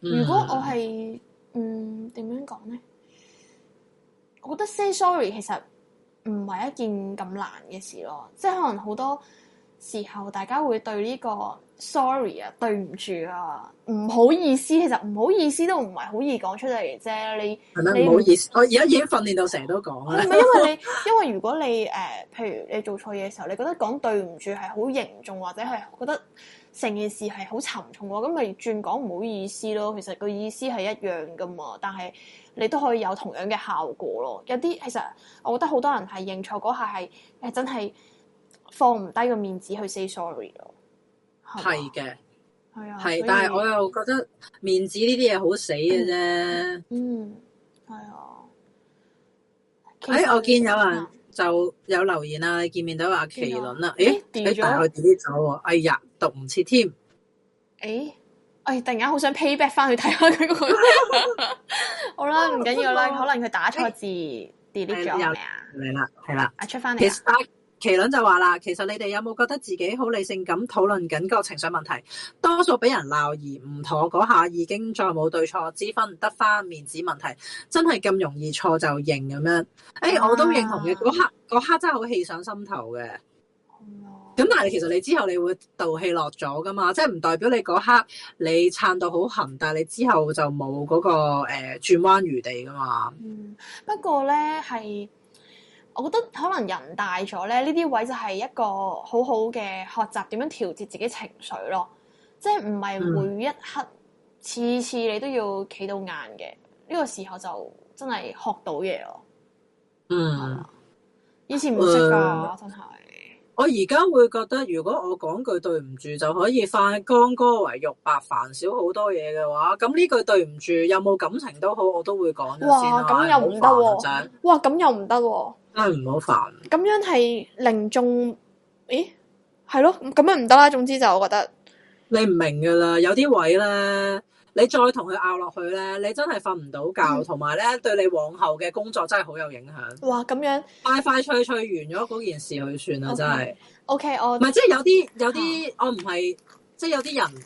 如果我係，嗯，點樣講咧？我覺得 say sorry 其實唔係一件咁難嘅事咯，即係可能好多時候大家會對呢個 sorry 啊，對唔住啊，唔好意思，其實唔好意思都唔係好易講出嚟啫。你，係咯，你唔，唔好意思，我而家已經訓練到成日都講啦。唔係因為你，因為如果你誒、呃，譬如，你做錯嘢嘅時候，你覺得講對唔住係好嚴重，或者係覺得。成件事係好沉重喎，咁咪轉講唔好意思咯。其實個意思係一樣㗎嘛，但係你都可以有同樣嘅效果咯。有啲其實我覺得好多人係認錯嗰下係係真係放唔低個面子去 say sorry 咯，係嘅，係啊，係。但係我又覺得面子呢啲嘢好死嘅啫。嗯，係啊。誒、哎，我見有人就有留言你見啊，見面到阿奇輪啊？誒、哎，佢帶佢自己走喎。哎呀！讀唔切添？誒，誒，突然間好想 pay back 翻去睇下佢嗰個。 (laughs) 好啦，唔、哦、緊要啦，誒可能佢打錯字 delete 咗嚟啊，嚟啦、啊，係啦，出翻嚟。其實，奇輪就話啦，其實你哋有冇覺得自己好理性咁討論緊嗰個情緒問題？多數俾人鬧，而唔妥嗰下，已經再冇對錯之分，得翻面子問題。真係咁容易錯就認咁樣？啊、誒，我都認同嘅。嗰刻嗰刻真係好氣上心頭嘅。咁但係其實你之後你會道氣落咗噶嘛？即係唔代表你嗰刻你撐到好痕，但係你之後就冇嗰、嗰個誒轉彎餘地噶嘛？嗯，不過咧係，我覺得可能人大咗咧，呢啲位就係一個好好嘅學習點樣調節自己情緒咯。即係唔係每一刻次，嗯、次你都要企到硬嘅，呢、呢個時候就真係學到嘢咯，嗯嗯。嗯，以前唔識噶，真係。我而家會覺得，如果我講句對唔住就可以化干戈為玉帛，煩少好多嘢嘅話，咁呢句對唔住，有冇感情都好，我都會講先啦。哇，咁又唔得喎！哇，咁又唔得喎！真係唔好煩。咁樣係零眾，咦？係咯，咁樣唔得啦。總之就我覺得你唔明噶啦，有啲位咧。你再同佢拗落去咧，你真係瞓唔到覺，同埋咧對你往後嘅工作真係好有影響。哇！咁樣快快脆脆完咗嗰件事去算啦，真係。O K，我唔係即係有啲有啲，我唔係即係有啲人，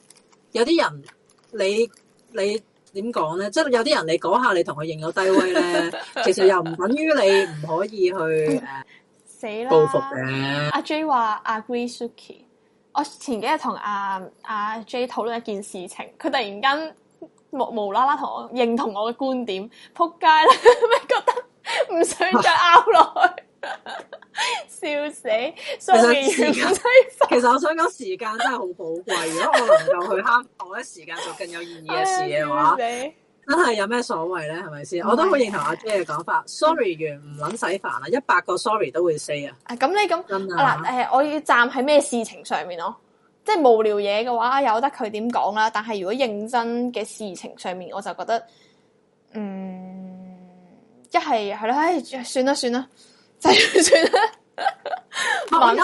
有啲人你你點講咧？即係有啲人你講下，你同佢認有低威咧，其實又唔等於你唔可以去死誒報復嘅。阿 J 話阿 Grace Suki，我前幾日同阿阿 J 討論一件事情，佢突然間，冇無啦啦同我認同我嘅觀點，撲街啦！咩 (laughs) 覺得唔想再拗落去，笑死！ (laughs) 其實時間真其實我想講時間真係好寶貴。如果我能夠去慳 (laughs) 我啲時間做更有意義嘅事嘅話，真係、哎、有咩所謂咧？係咪先？我都好認同阿 J 嘅講法。是 Sorry 完唔撚使煩啦，一百個 Sorry 都會 say 啊！咁你咁嗱誒，我要站喺咩事情上面咯？即係無聊嘢嘅話，有得佢點講啦。但係如果認真嘅事情上面，我就覺得，嗯，一係係咯，唉，算啦算啦，就係、算啦。 (laughs) 啊、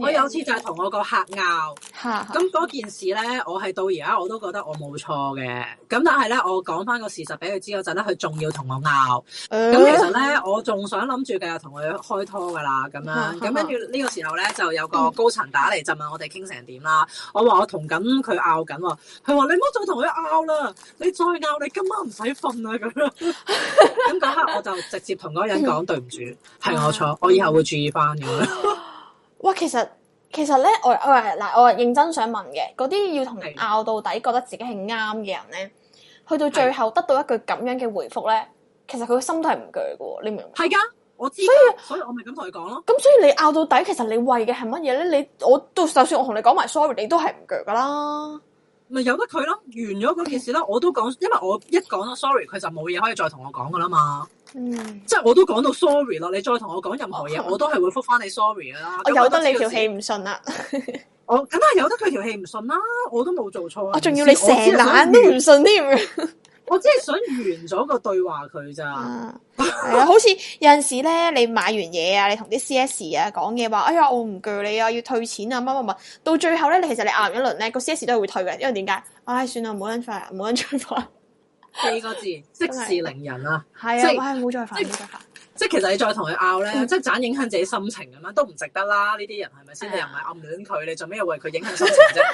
我有一次就係同我個客拗，咁嗰 (laughs) 件事呢，我係到而家我都覺得我冇錯嘅。咁但係呢，我講翻個事實俾佢知嗰陣呢，佢仲要同我拗。咁、嗯、其實呢，我仲想諗住繼續同佢開拖噶啦。咁樣，咁跟住呢個時候呢，就有個高層打嚟，就問我哋傾成點啦。我話我同緊佢拗緊，佢話你唔好再同佢拗啦，你再拗你今晚唔使瞓啦咁樣。咁嗰 (laughs) 刻我就直接同嗰個人講對唔住，係 (laughs) 我錯，我以後會注翻嘅， (laughs) 哇！其實其實咧，我喂嗱、啊，我認真想問嘅，嗰啲要同你拗到底，覺得自己係啱嘅人咧，去到最後得到一句咁樣嘅回覆咧，其實佢個心都係唔鋸噶，你明唔明？係噶，我知所以所以我咪咁同你講咯。咁所以你拗到底，其實你為嘅係乜嘢咧？你我到，就算我同你講埋 sorry，你都係唔鋸噶啦。咪由得佢咯，完咗嗰件事啦， (laughs) 我都講，因為我一講咗 sorry，佢就冇嘢可以再同我講噶啦嘛。嗯，即係我都講到 sorry 咯，你再同我講任何嘢，我都係會覆翻你 sorry 噶啦。 (laughs) 我由得你條氣唔順啊！我咁係由得佢條氣唔順啦，我都冇做錯。我仲要你成晚都唔順添，不 (laughs) 我真係想完咗個對話佢咋 (laughs) 啊啊？好似有陣時咧，你買完嘢啊，你同啲 C S 啊講嘢話說，哎呀，我唔鋸你啊，要退錢啊，乜乜乜，到最後咧，你其實你拗一輪咧，個 C S 都係會退嘅，因為點解？唉、哎，算啦，冇人追，冇人追四個字，息事寧人啊，即係我係冇再煩，即係即係其實你再同佢拗咧，即係盞影響自己心情咁樣，都唔值得啦。呢啲人係咪先，你又唔係暗戀佢，你做咩又為佢影響心情啫，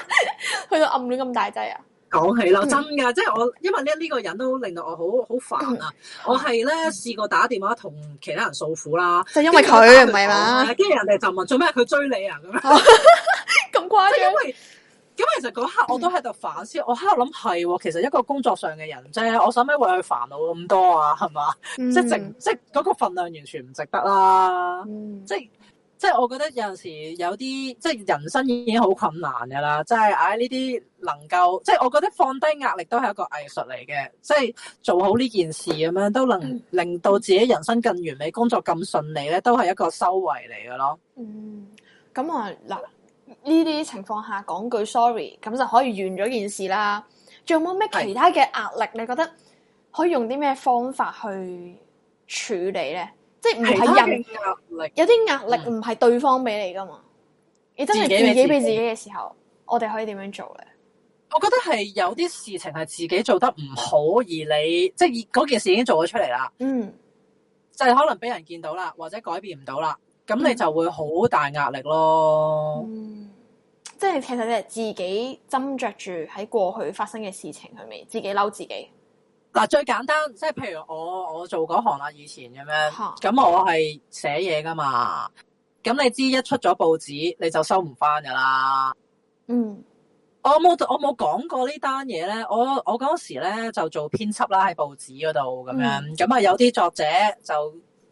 去到暗戀咁大劑啊！講起啦，真噶，即係我因為呢呢個人都令到我好好煩啊！我係咧試過打電話同其他人訴苦啦，就因為佢唔係嘛，跟住人哋就問，做咩佢追你啊咁樣咁誇張。咁、嗯、其實嗰刻我都喺度反思，我喺度諗係其實一個工作上嘅人啫，我使咩為佢煩惱咁多啊？係嘛，嗯、即係值，即係嗰個份量完全唔值得啦。嗯、即係即係，我覺得有陣時有啲即係人生已經好困難噶啦，即係唉呢啲能夠即係，我覺得放低壓力都係一個藝術嚟嘅，即係做好呢件事咁樣，都能、嗯、能令到自己人生更完美，工作咁順利咧，都係一個修為嚟嘅咯嗯。嗯，咁啊嗱。嗯嗯呢啲情況下講句 sorry，咁就可以完咗件事啦。仲有冇咩其他嘅壓力？你覺得可以用啲咩方法去處理咧？即係唔係人壓力？有啲壓力唔係對方俾你㗎嘛？嗯、你真係自己俾自己嘅時候，我哋可以點樣做咧？我覺得係有啲事情係自己做得唔好，而你即係嗰件事已經做咗出嚟啦。嗯，就係可能俾人見到啦，或者改變唔到啦，咁你就會好大壓力咯。嗯。即係其實你係自己斟酌住喺過去發生嘅事情，佢咪自己嬲自己。嗱，最簡單，即係譬如我我做嗰行啦，以前咁樣，咁我係寫嘢噶嘛，咁你知一出咗報紙你就收唔翻噶啦。嗯，我冇我冇講過呢單嘢咧，我呢我嗰時咧就做編輯啦喺報紙嗰度咁樣，咁啊有啲作者就。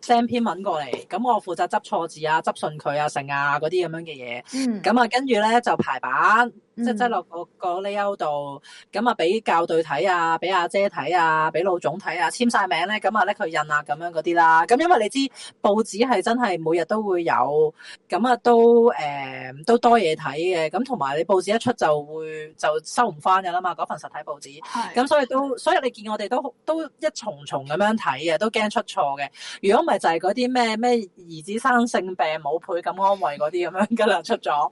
send 篇文過嚟，咁我負責執錯字啊、執順佢啊、成啊嗰啲咁樣嘅嘢，咁啊、嗯、跟住咧就排版。即係擠落個 layout 度，咁啊俾校對睇啊，俾阿姐睇啊，俾老總睇啊，簽晒名咧，咁啊咧佢印啊咁樣嗰啲啦。咁因為你知報紙係真係每日都會有，咁啊都誒、嗯、都多嘢睇嘅。咁同埋你報紙一出就會就收唔翻㗎啦嘛，嗰份實體報紙。咁的所以都所以你見我哋都都一重重咁樣睇嘅，都驚出錯嘅。如果唔係就係嗰啲咩咩兒子生性病母倍感安慰嗰啲咁樣，今 (laughs) 日出咗，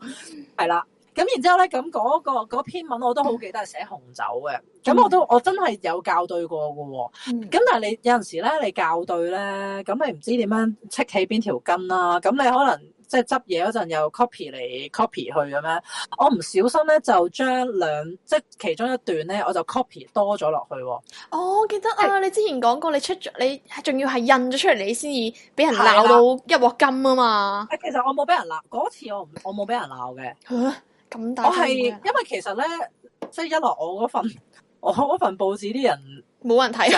係啦。咁然之後咧，咁、那、嗰個篇文我都好記得係寫紅酒嘅。咁、嗯、我都我真係有校對過嘅、哦。咁、嗯、但係你有陣時咧，你校對咧，咁你唔知點樣篤起邊條筋啦。咁、嗯、你可能即係執嘢嗰陣又 copy 嚟 copy 去咁樣，我唔小心咧就將兩即係其中一段咧，我就 copy 多咗落去、哦。我、哦、記得啊，是你之前講過你出咗，你仲要係印咗出嚟，你先至俾人鬧到一鑊金啊嘛。其實我冇俾人鬧嗰次我，我我冇俾人鬧嘅。 (laughs) 大我係因為其實咧，即係一落我嗰份，我嗰份報紙啲人冇人睇，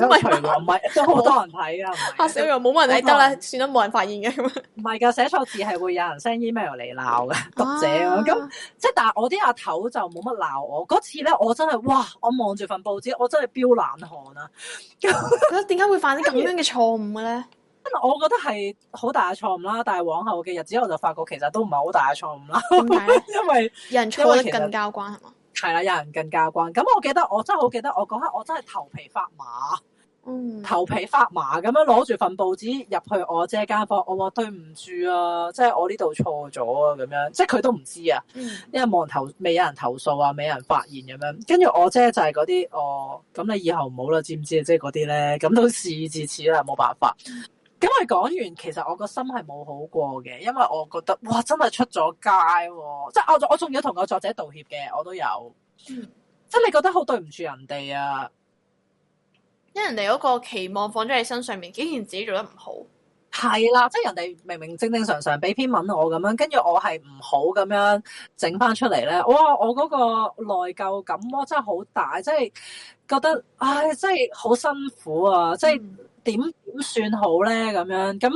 因為唔係都好多人睇噶，阿小玉冇人睇得啦，算啦冇人發現嘅，唔係噶寫錯字係會有人 send email 嚟鬧嘅讀者。咁、啊、即係但係我啲阿頭就冇乜鬧我，嗰次咧我真係哇，我望住份報紙我真係飆冷汗啊，覺得點解會犯啲咁樣嘅錯誤嘅咧？我覺得係好大嘅錯誤啦，但係往後嘅日子我就發覺其實都唔係好大嘅錯誤啦。是 (laughs) 因為有人錯得更加關係嘛，係啦，更有人更加關。咁我記得我真係好記得我嗰刻，我真係頭皮發麻，嗯，頭皮發麻咁樣攞住份報紙入去我姐間房，我話對唔住啊，就是，即係我呢度錯咗啊，咁樣即係佢都唔知啊，因為冇人投未有人投訴啊，未有人發現咁樣。跟住我姐就係嗰啲，哦。咁你以後唔好啦，知唔知啊？即係嗰啲咧，咁都事已至此啦，冇辦法。咁我講完，其實我個心係冇好過嘅，因為我覺得哇，真係出咗街、啊，即係我我仲要同個作者道歉嘅，我都有，嗯、即係你覺得好對唔住人哋啊，因為人哋嗰個期望放咗喺你身上面，竟然自己做得唔好，係啦、啊，即係人哋明明正正常常俾篇文我咁樣，跟住我係唔好咁樣整翻出嚟咧，哇，我嗰個內疚感喎真係好大，即係覺得唉，真係好辛苦啊，即係、嗯。點點算好咧？咁樣咁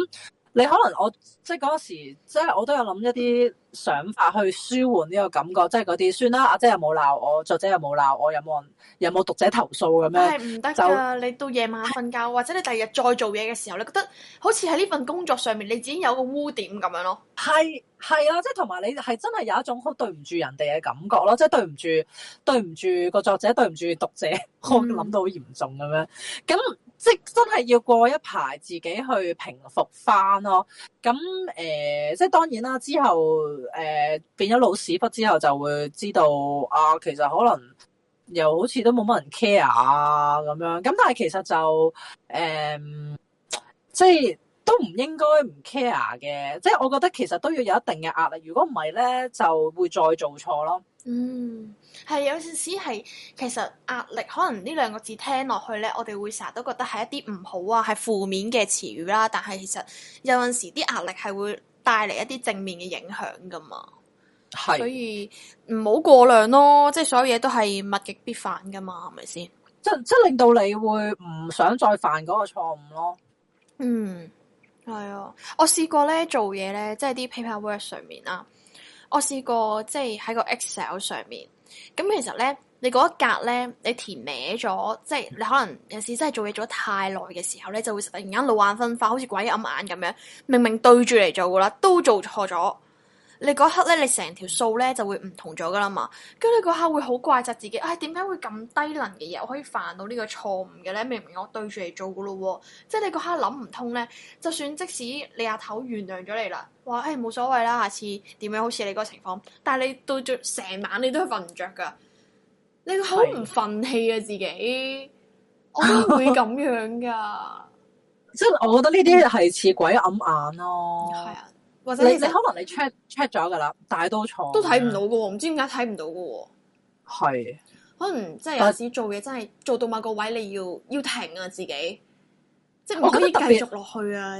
你可能我即係嗰時，即係我都有諗一啲想法去舒緩呢個感覺，即係嗰啲算啦。阿姐又冇鬧我，作者又冇鬧我，有冇有冇讀者投訴咁樣？係唔得㗎！就你到夜晚瞓覺，是或者你第二日再做嘢嘅時候，你覺得好似喺呢份工作上面你自己有個污點咁樣咯。係係啊，即係同埋你係真係有一種好對唔住人哋嘅感覺咯，即係對唔住對唔住個作者，對唔住讀者，我諗到好嚴重咁樣咁。嗯 (laughs) 即真係要過一排自己去平復翻咯，咁誒、呃，即當然啦，之後誒、呃、變咗老屎忽之後就會知道啊，其實可能又好似都冇乜人 care 啊咁樣，咁但係其實就誒、呃，即都唔應該唔 care 嘅，即我覺得其實都要有一定嘅壓力，如果唔係咧就會再做錯咯。嗯，係有陣時係，其實壓力可能呢兩個字聽落去咧，我哋會成日都覺得係一啲唔好啊，係負面嘅詞語啦、啊。但係其實有陣時啲壓力係會帶嚟一啲正面嘅影響噶嘛，係是所以唔好過量咯。即係所有嘢都係物極必反噶嘛，係咪先？即即令到你會唔想再犯嗰個錯誤咯。嗯，係啊，我試過咧做嘢咧，即係啲 paper work 上面啊。我試過即係喺個 Excel 上面，咁其實咧，你嗰一格咧，你填歪咗，即係你可能有時真係做嘢做得太耐嘅時候咧，就會突然間老眼昏花，好似鬼揞眼咁樣，明明對住嚟做噶啦，都做錯咗。你嗰刻咧，你成條數咧就會唔同咗噶啦嘛，跟住你嗰刻會好怪責自己，唉、哎，點解會咁低能嘅嘢，我可以犯到個錯誤呢個錯誤嘅咧？明明我對住你做噶咯，即係你嗰刻諗唔通咧，就算即使你阿頭原諒咗你啦，話唉冇所謂啦，下次點樣好似你嗰個情況，但係你到最成晚你都係瞓唔着噶，你好唔忿氣啊自己， (laughs) 我都會咁樣噶、啊，即係 (laughs) 我覺得呢啲係似鬼揞眼咯，係啊。或者你，你可能你 check check 咗噶啦，大多錯都睇唔到嘅，唔知點解睇唔到嘅，係是可能即係有時做嘢但真係做到某個位，你要要停啊自己，即係唔可以繼續落去啊。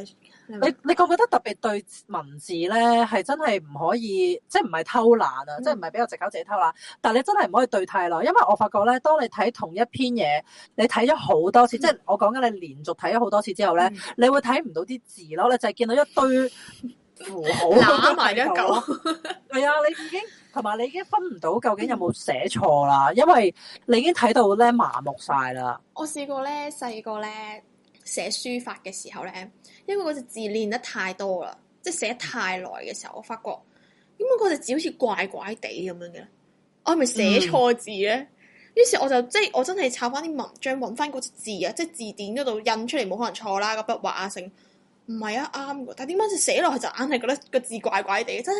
你你覺唔覺得特別對文字咧係真係唔可以，即係唔係偷懶啊，即係唔係畀個藉口自己偷懶，但係你真係唔可以對太耐，因為我發覺咧，當你睇同一篇嘢，你睇咗好多次，即係、嗯、我講緊你連續睇咗好多次之後咧，嗯、你會睇唔到啲字咯，你就係見到一堆。 (laughs) 扶、嗯、好都，攔埋一嚿。係啊，你已經同埋你已經分唔到究竟有冇寫錯啦， (laughs) 因為你已經睇到咧麻木晒啦。我試過咧細個咧寫書法嘅時候咧，因為嗰隻字練得太多啦，即係寫太耐嘅時候，我發覺點解嗰隻字好似怪怪地咁樣嘅，我係咪寫錯字咧？嗯、於是我就即係我真係抄翻啲文章，揾翻嗰隻字啊，即係字典嗰度印出嚟冇可能錯啦，個筆畫性、啊。等等唔係啊，啱嘅。但係點解寫落去就硬係覺得個字怪怪地？真係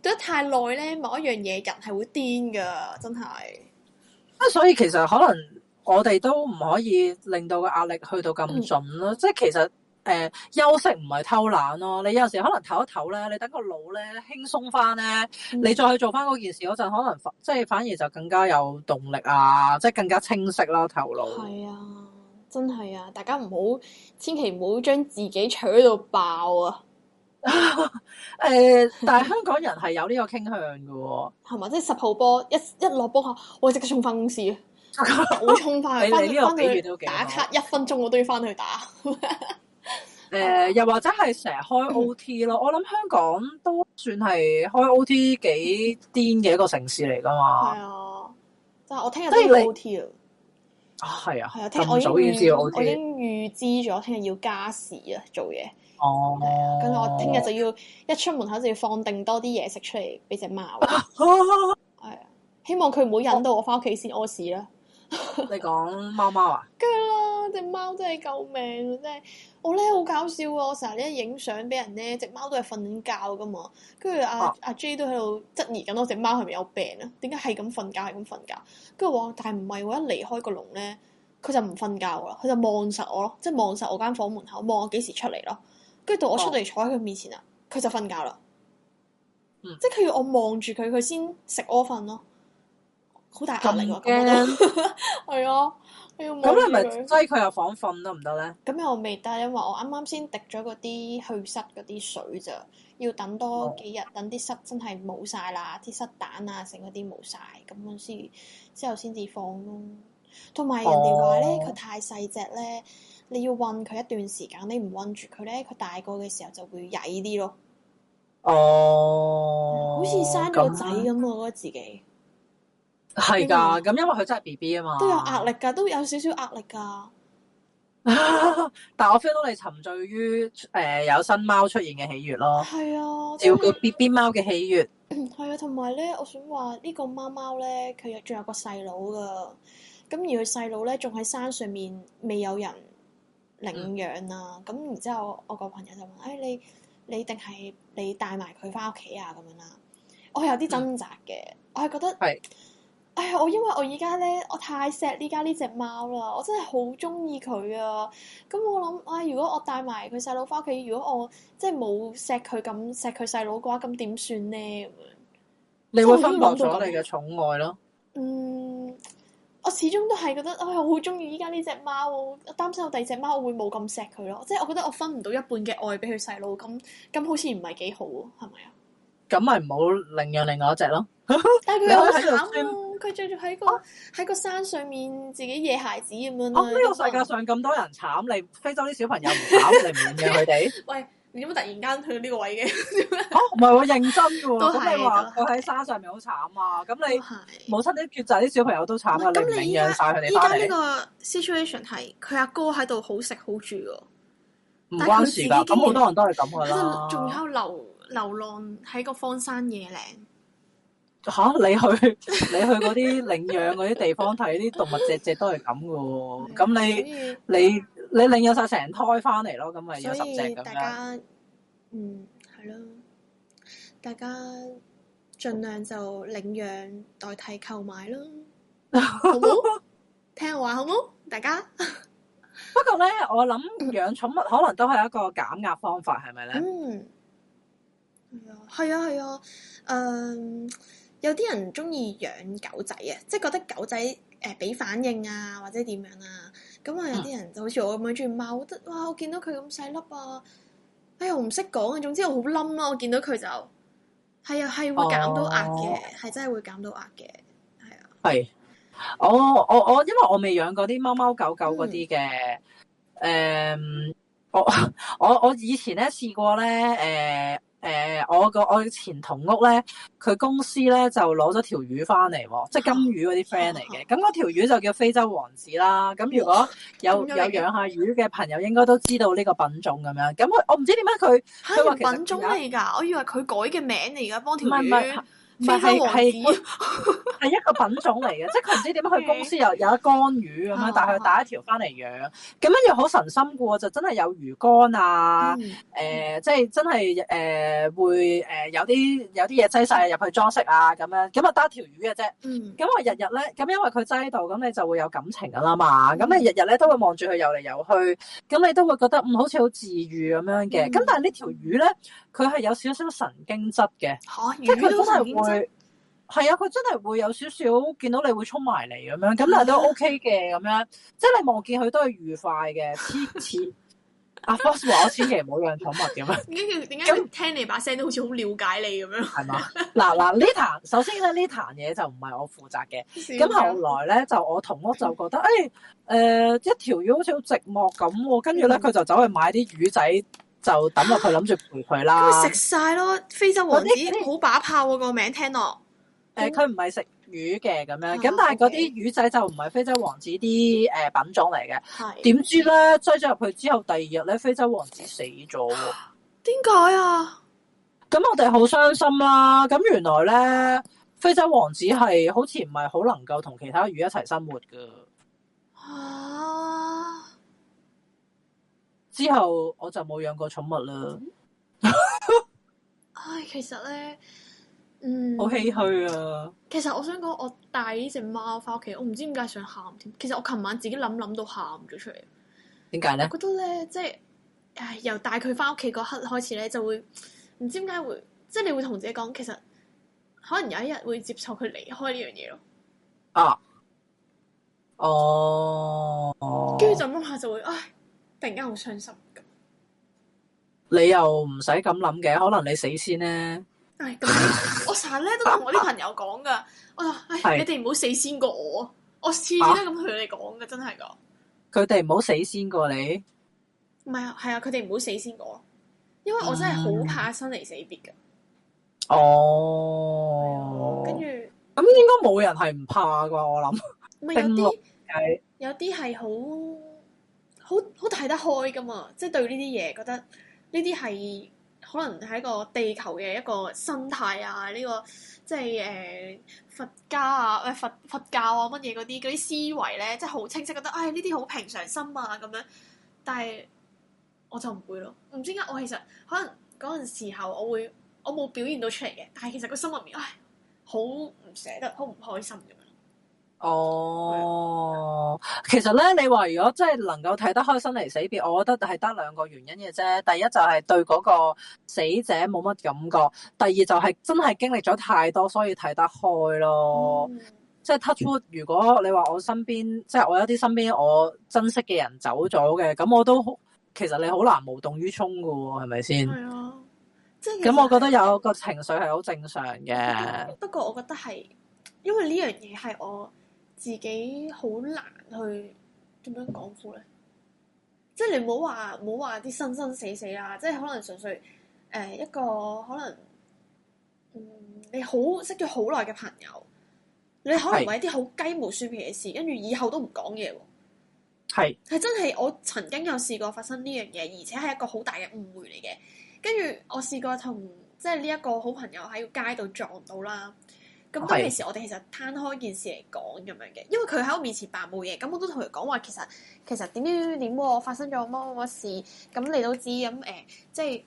對得太耐咧，某一樣嘢人係會癲㗎，真係。啊、嗯，所以其實可能我哋都唔可以令到個壓力去到咁盡咯。嗯、即係其實誒、呃、休息唔係偷懶咯。你有時可能唞一唞咧，你等個腦咧輕鬆翻咧，嗯、你再去做翻嗰件事嗰陣，可能即係反而就更加有動力啊，即係更加清晰啦頭腦。係啊。真係啊！大家唔好，千祈唔好將自己取到爆啊！誒，但係香港人係有呢個傾向噶，係嘛？即係十號波，一一落波下，我即刻衝翻公司，補充翻。你呢個比喻都幾好。打卡一分鐘，我都要翻去打。誒，又或者係成日開 O T 咯。我諗香港都算係開 O T 幾癲嘅一個城市嚟噶嘛？係啊，即係我聽日都要 O T 啊！啊，係啊，聽日我已經我已經預知咗，聽日要加時、哦、啊，做嘢。哦，係啊，跟住我聽日就要一出門口，就要放定多啲嘢食出嚟俾隻貓。係 (laughs) (laughs) 啊，希望佢唔好引到我翻屋企先屙屎啦。 (laughs) 你講貓貓啊？ (laughs) 隻貓真係救命，真係我咧好搞笑啊！啊啊我成日咧影相俾人咧，隻貓都係瞓緊覺噶嘛。跟住阿阿 J 都喺度質疑緊我隻貓係咪有病啊？點解係咁瞓覺，係咁瞓覺？跟住話，但係唔係我一離開個籠咧，佢就唔瞓覺啦，佢就望實我咯，即係望實我間房門口，望我幾時出嚟咯。跟住到我出嚟坐喺佢面前啊，佢就瞓覺啦。即係佢要我望住佢，佢先食我瞓咯。好大壓力喎，咁樣咯。係咁你咪所以佢又房瞓得唔得咧？咁又未得，因為我啱啱先滴咗嗰啲去濕嗰啲水咋。要等多幾日，等啲濕真係冇晒啦，啲濕蛋啊，成嗰啲冇晒。咁樣先之後先至放咯。同埋人哋話咧，佢、oh. 太細隻咧，你要韞佢一段時間，你唔韞住佢咧，佢大個嘅時候就會曳啲咯。哦，oh. 好似生個仔咁，我覺得自己。係噶，咁因為佢真係 B B 啊嘛，都壓，都有壓力噶，都有少少壓力噶。但係我 feel 到你沉醉於誒、呃、有新貓出現嘅喜悅咯。係啊，照顧 B B 貓嘅喜悅。係、嗯、啊，同埋咧，我想話、這個、呢個貓貓咧，佢仲有個細佬噶，咁而佢細佬咧仲喺山上面未有人領養啊。咁、嗯、然之後我，我個朋友就問：，誒、哎，你你，你定係你帶埋佢翻屋企啊？咁樣啦，我係有啲掙扎嘅，嗯、我係覺得。嗯唉，我、哎、因為我而家咧，我太錫呢家呢隻貓啦，我真係好中意佢啊！咁、嗯、我諗，啊、哎，如果我帶埋佢細佬翻屋企，如果我即係冇錫佢咁錫佢細佬嘅話，咁點算呢？你會分薄咗你嘅寵愛咯？嗯，我始終都係覺得，哎、我好中意依家呢隻貓，我擔心我第二隻貓，我會冇咁錫佢咯。即係我覺得我分唔到一半嘅愛俾佢細佬，咁咁好似唔係幾好，係咪啊？咁咪唔好領養另外一隻咯。但佢好慘咯，佢住住喺個喺個山上面，自己野孩子咁樣呢個世界上咁多人慘，你非洲啲小朋友唔慘你唔識佢哋？喂，你點解突然間去到呢個位嘅？唔係我認真嘅，咁你話佢喺山上面好慘啊？咁你冇親啲抉擇，啲小朋友都慘啦，唔晒佢哋。依家呢個 situation 係佢阿哥喺度好食好住，唔關事噶。咁好多人都係咁噶啦，仲有流流浪喺個荒山野嶺。吓，你去你去嗰啲領養嗰啲地方睇啲動物，隻隻都係咁噶喎，咁你你你領養晒成胎翻嚟咯，咁咪有十隻咁樣。所以大家嗯係咯，大家盡量就領養代替購買咯，好唔好？聽話好唔好？大家。不過咧，我諗養寵物可能都係一個減壓方法，係咪咧？嗯，係啊，係啊，係啊，誒。有啲人中意養狗仔啊，即係覺得狗仔誒俾、呃、反應啊，或者點樣啊，咁、嗯、啊、嗯、有啲人就好似我咁樣中意貓，覺得哇，我見到佢咁細粒啊，哎呀唔識講啊，總之我好冧啊，我見到佢就係啊係會減到壓嘅，係真係會減到壓嘅，係啊係我我我因為我未養過啲貓貓狗狗嗰啲嘅，誒、嗯嗯、我我 (laughs) 我以前咧試過咧誒。誒我個我前同屋咧，佢公司咧就攞咗條魚翻嚟，即係金魚嗰啲 friend 嚟嘅。咁嗰 (laughs) 條魚就叫非洲王子啦。咁如果有有，有養下魚嘅朋友，應該都知道呢個品種咁樣。咁我我唔知點解佢話品種嚟㗎，我以為佢改嘅名嚟㗎。幫條咪係係一個品種嚟嘅，即係佢唔知點樣去公司有一缸魚咁樣，但係佢帶一條翻嚟養，咁樣又好神心嘅就真係有魚缸啊，誒，即係真係誒會誒有啲有啲嘢擠晒入去裝飾啊咁樣，咁啊得一條魚嘅啫，咁我日日咧，咁因為佢擠喺度，咁你就會有感情噶啦嘛，咁你日日咧都會望住佢遊嚟遊去，咁你都會覺得嗯好似好治癒咁樣嘅，咁但係呢條魚咧，佢係有少少神經質嘅，即係佢都係佢係啊，佢、 (laughs) 嗯 (laughs) 哎、真係會有少少見到你會衝埋嚟咁樣，咁但係都 OK 嘅咁樣，即係你望見佢都係愉快嘅。阿 Fox 話我千祈唔好養寵物咁樣，點解點解聽你把聲都好似好了解你咁樣？係 (laughs) 嘛？嗱嗱呢壇，首先咧呢壇嘢就唔係我負責嘅。咁驚後來咧就我同屋就覺得誒誒、哎呃、一條魚好似好寂寞咁、啊，跟住咧佢就走去買啲魚仔。Mm. 就抌落去諗住陪佢啦。咁食晒咯，非洲王子好把炮喎，個名聽落。誒、呃，佢唔係食魚嘅咁樣，咁、啊、但係嗰啲魚仔就唔係非洲王子啲誒、呃、品種嚟嘅。係是。點知咧，追咗入去之後，第二日咧，非洲王子死咗。點解 (coughs) 啊？咁我哋好傷心啦、啊。咁原來咧，非洲王子係好似唔係好能夠同其他魚一齊生活㗎。 (coughs) 之後我就冇養過寵物啦、嗯。 (laughs) 唉，其實咧，嗯，好唏噓啊。其。其實我想講，我帶呢隻貓翻屋企，我唔知點解想喊添。其實我琴晚自己諗，諗到喊咗出嚟。點解咧？我覺得咧，即係唉，由帶佢翻屋企嗰刻開始咧，就會唔知點解會，即係你會同自己講，其實可能有一日會接受佢離開呢樣嘢咯。啊，哦，跟住就諗，諗一下就會唉。突然間好傷心，你又唔使咁諗嘅，可能你死先咧。唉、哎，我成日咧都同我啲朋友講噶，啊， (laughs) 唉、哎，是你哋唔好死先過我，我次次都咁同你講噶，真係噶。佢哋唔好死先過你，唔係啊，係啊，佢哋唔好死先過我，因為我真係好怕生離死別噶。哦、oh，跟住咁應該冇人係唔怕啩，我諗。咪有啲係，有啲係好。有好好睇得開噶嘛，即係對呢啲嘢覺得呢啲係可能係一個地球嘅一個生態啊，呢、這個即係誒、呃、佛家啊，誒、呃、佛佛教啊乜嘢啲啲思維咧，即係好清晰覺得，唉呢啲好平常心啊咁樣，但係我就唔會咯。唔知點解我其實可能嗰陣時候我會我冇表現到出嚟嘅，但係其實個心入面唉好唔捨得好唔開心嘅。哦，oh, 的其實咧，你話如果真係能夠睇得開生離死別，我覺得係得兩個原因嘅啫。第一就係對嗰個死者冇乜感覺，第二就係真係經歷咗太多，所以睇得開咯。Mm. 即係 touch wood, 如果你話我身邊，即係我有啲身邊我珍惜嘅人走咗嘅，咁我都其實你好難無動於衷噶，係咪先？係啊，即係咁，我覺得有個情緒係好正常嘅。不過、就是、我覺得係因為呢樣嘢係我。自己好難去點樣講苦咧，即係你唔好話唔好話啲生生死死啦，即係可能純粹誒、呃、一個可能，嗯，你好識咗好耐嘅朋友，你可能為一啲好雞毛蒜皮嘅事，跟住是以後都唔講嘢喎。係係，是真係我曾經有試過發生呢樣嘢，而且係一個好大嘅誤會嚟嘅。跟住我試過同即係呢一個好朋友喺個街度撞到啦。咁嗰，嗯、件事，我哋其實攤開件事嚟講咁樣嘅，因為佢喺我面前扮冇嘢，咁我都同佢講話，其實其實點點點，發生咗乜乜事，咁你都知咁誒，即係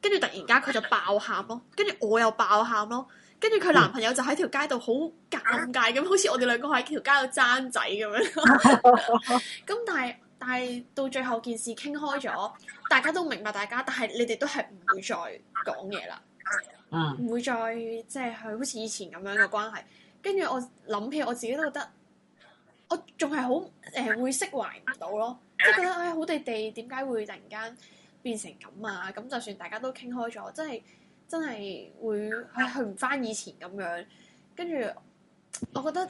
跟住突然間佢就爆喊咯，跟住我又爆喊咯，跟住佢男朋友就喺條街度好尷尬咁，好似我哋兩個喺條街度爭仔咁樣。咁 (laughs) 但係但係到最後件事傾開咗，大家都明白大家，但係你哋都係唔會再講嘢啦。唔、 (noise) 嗯、會再即係去好似以前咁樣嘅關係，跟住我諗起我自己都覺得，我仲係好誒會釋懷唔到咯，即係覺得唉、哎，好地地點解會突然間變成咁啊？咁就算大家都傾開咗，真係真係會去唔翻以前咁樣，跟住我覺得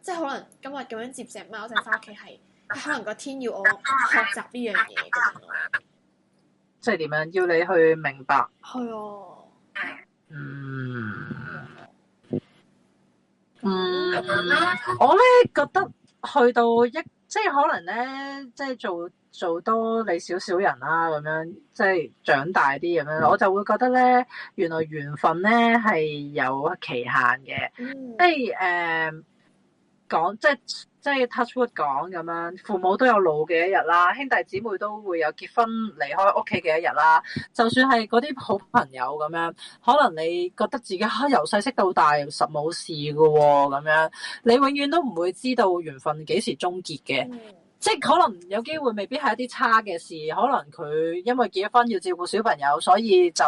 即係可能今日咁樣接隻貓仔翻屋企係，可能個天要我學習呢樣嘢，即係點樣要你去明白？係 (noise) 嗯嗯，我咧覺得去到一即係可能咧，即係做做多你少少人啦，啊，咁樣即係長大啲咁樣，我就會覺得咧，原來緣分咧係有期限嘅，即係誒。講即係即係 touch wood 講咁樣，父母都有老嘅一日啦，兄弟姊妹都會有結婚離開屋企嘅一日啦。就算係嗰啲好朋友咁樣，可能你覺得自己由細識到大實冇事噶、哦，咁樣你永遠都唔會知道緣分幾時終結嘅，嗯、即係可能有機會未必係一啲差嘅事，可能佢因為結咗婚要照顧小朋友，所以就。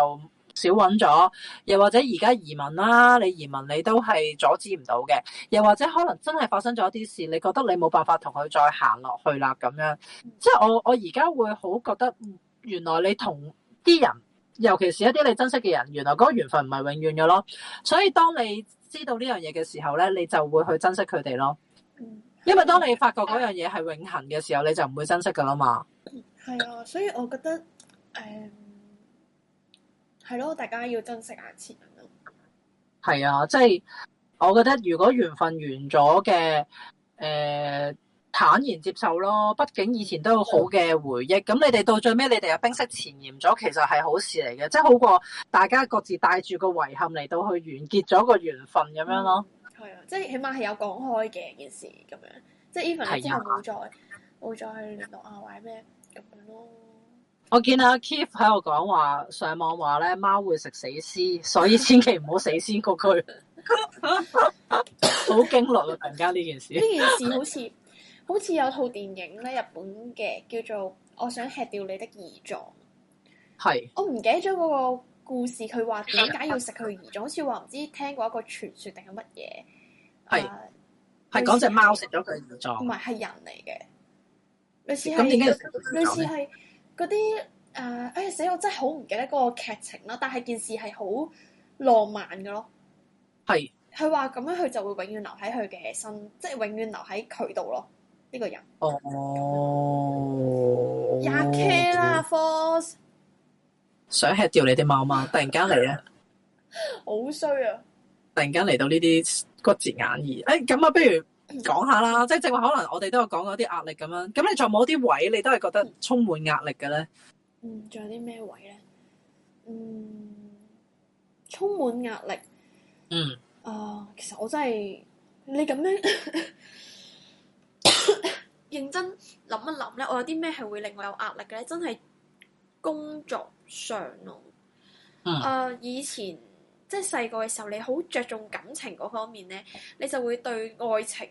少揾咗，又或者而家移民啦，你移民你都係阻止唔到嘅，又或者可能真係發生咗啲事，你覺得你冇辦法同佢再行落去啦咁樣，即係我我而家會好覺得，原來你同啲人，尤其是一啲你珍惜嘅人，原來嗰個緣分唔係永遠嘅咯，所以當你知道呢樣嘢嘅時候咧，你就會去珍惜佢哋咯，因為當你發覺嗰樣嘢係永恆嘅時候，你就唔會珍惜噶啦嘛。係啊、嗯，嗯、所以我覺得誒。嗯係咯，大家要珍惜眼前咯。係啊，即係我覺得如果緣分完咗嘅，誒、呃，坦然接受咯。畢竟以前都有好嘅回憶。咁了你哋到最尾，你哋又冰釋前嫌咗，其實係好事嚟嘅，即係好過大家各自帶住個遺憾嚟到去完結咗個緣分咁樣咯。係啊、嗯，即係起碼係有講開嘅件事咁樣，即係 even 之後冇再冇了再聯絡啊，或者咩咁樣咯。我見阿 Keep 喺度講話上網話咧貓會食死屍，所以千祈唔好死先過佢。好驚落啊！突然間呢件事，呢件事好似好似有套電影咧，日本嘅叫做《我想吃掉你的胰臟》。係。我唔記得咗嗰個故事，佢話點解要食佢胰臟？好似話唔知聽過一個傳說定係乜嘢？係。係講隻貓食咗佢胰臟。唔係，係人嚟嘅。咁點類似係。嗰啲誒哎死，我真係好唔記得嗰個劇情啦，但係件事係好浪漫嘅咯。係是，佢話咁樣佢就會永遠留喺佢嘅身，即係永遠留喺佢度咯。呢個人哦，廿 K 啦 Force 想吃掉你啲貓貓？突然間嚟啊， (laughs) 好衰啊！突然間嚟到呢啲骨節眼耳，哎咁啊，不如～講、嗯、下啦，即係正話可能我哋都有講嗰啲壓力咁樣，咁你仲有冇啲位你都係覺得充滿壓力嘅咧？嗯，仲有啲咩位咧？嗯，充滿壓力。嗯。啊、呃，其實我真係，你咁樣 (laughs) (coughs) 認真諗一諗咧，我有啲咩係會令我有壓力嘅咧？真係工作上咯。嗯、呃。以前即係細個嘅時候，你好着重感情嗰方面咧，你就會對愛情。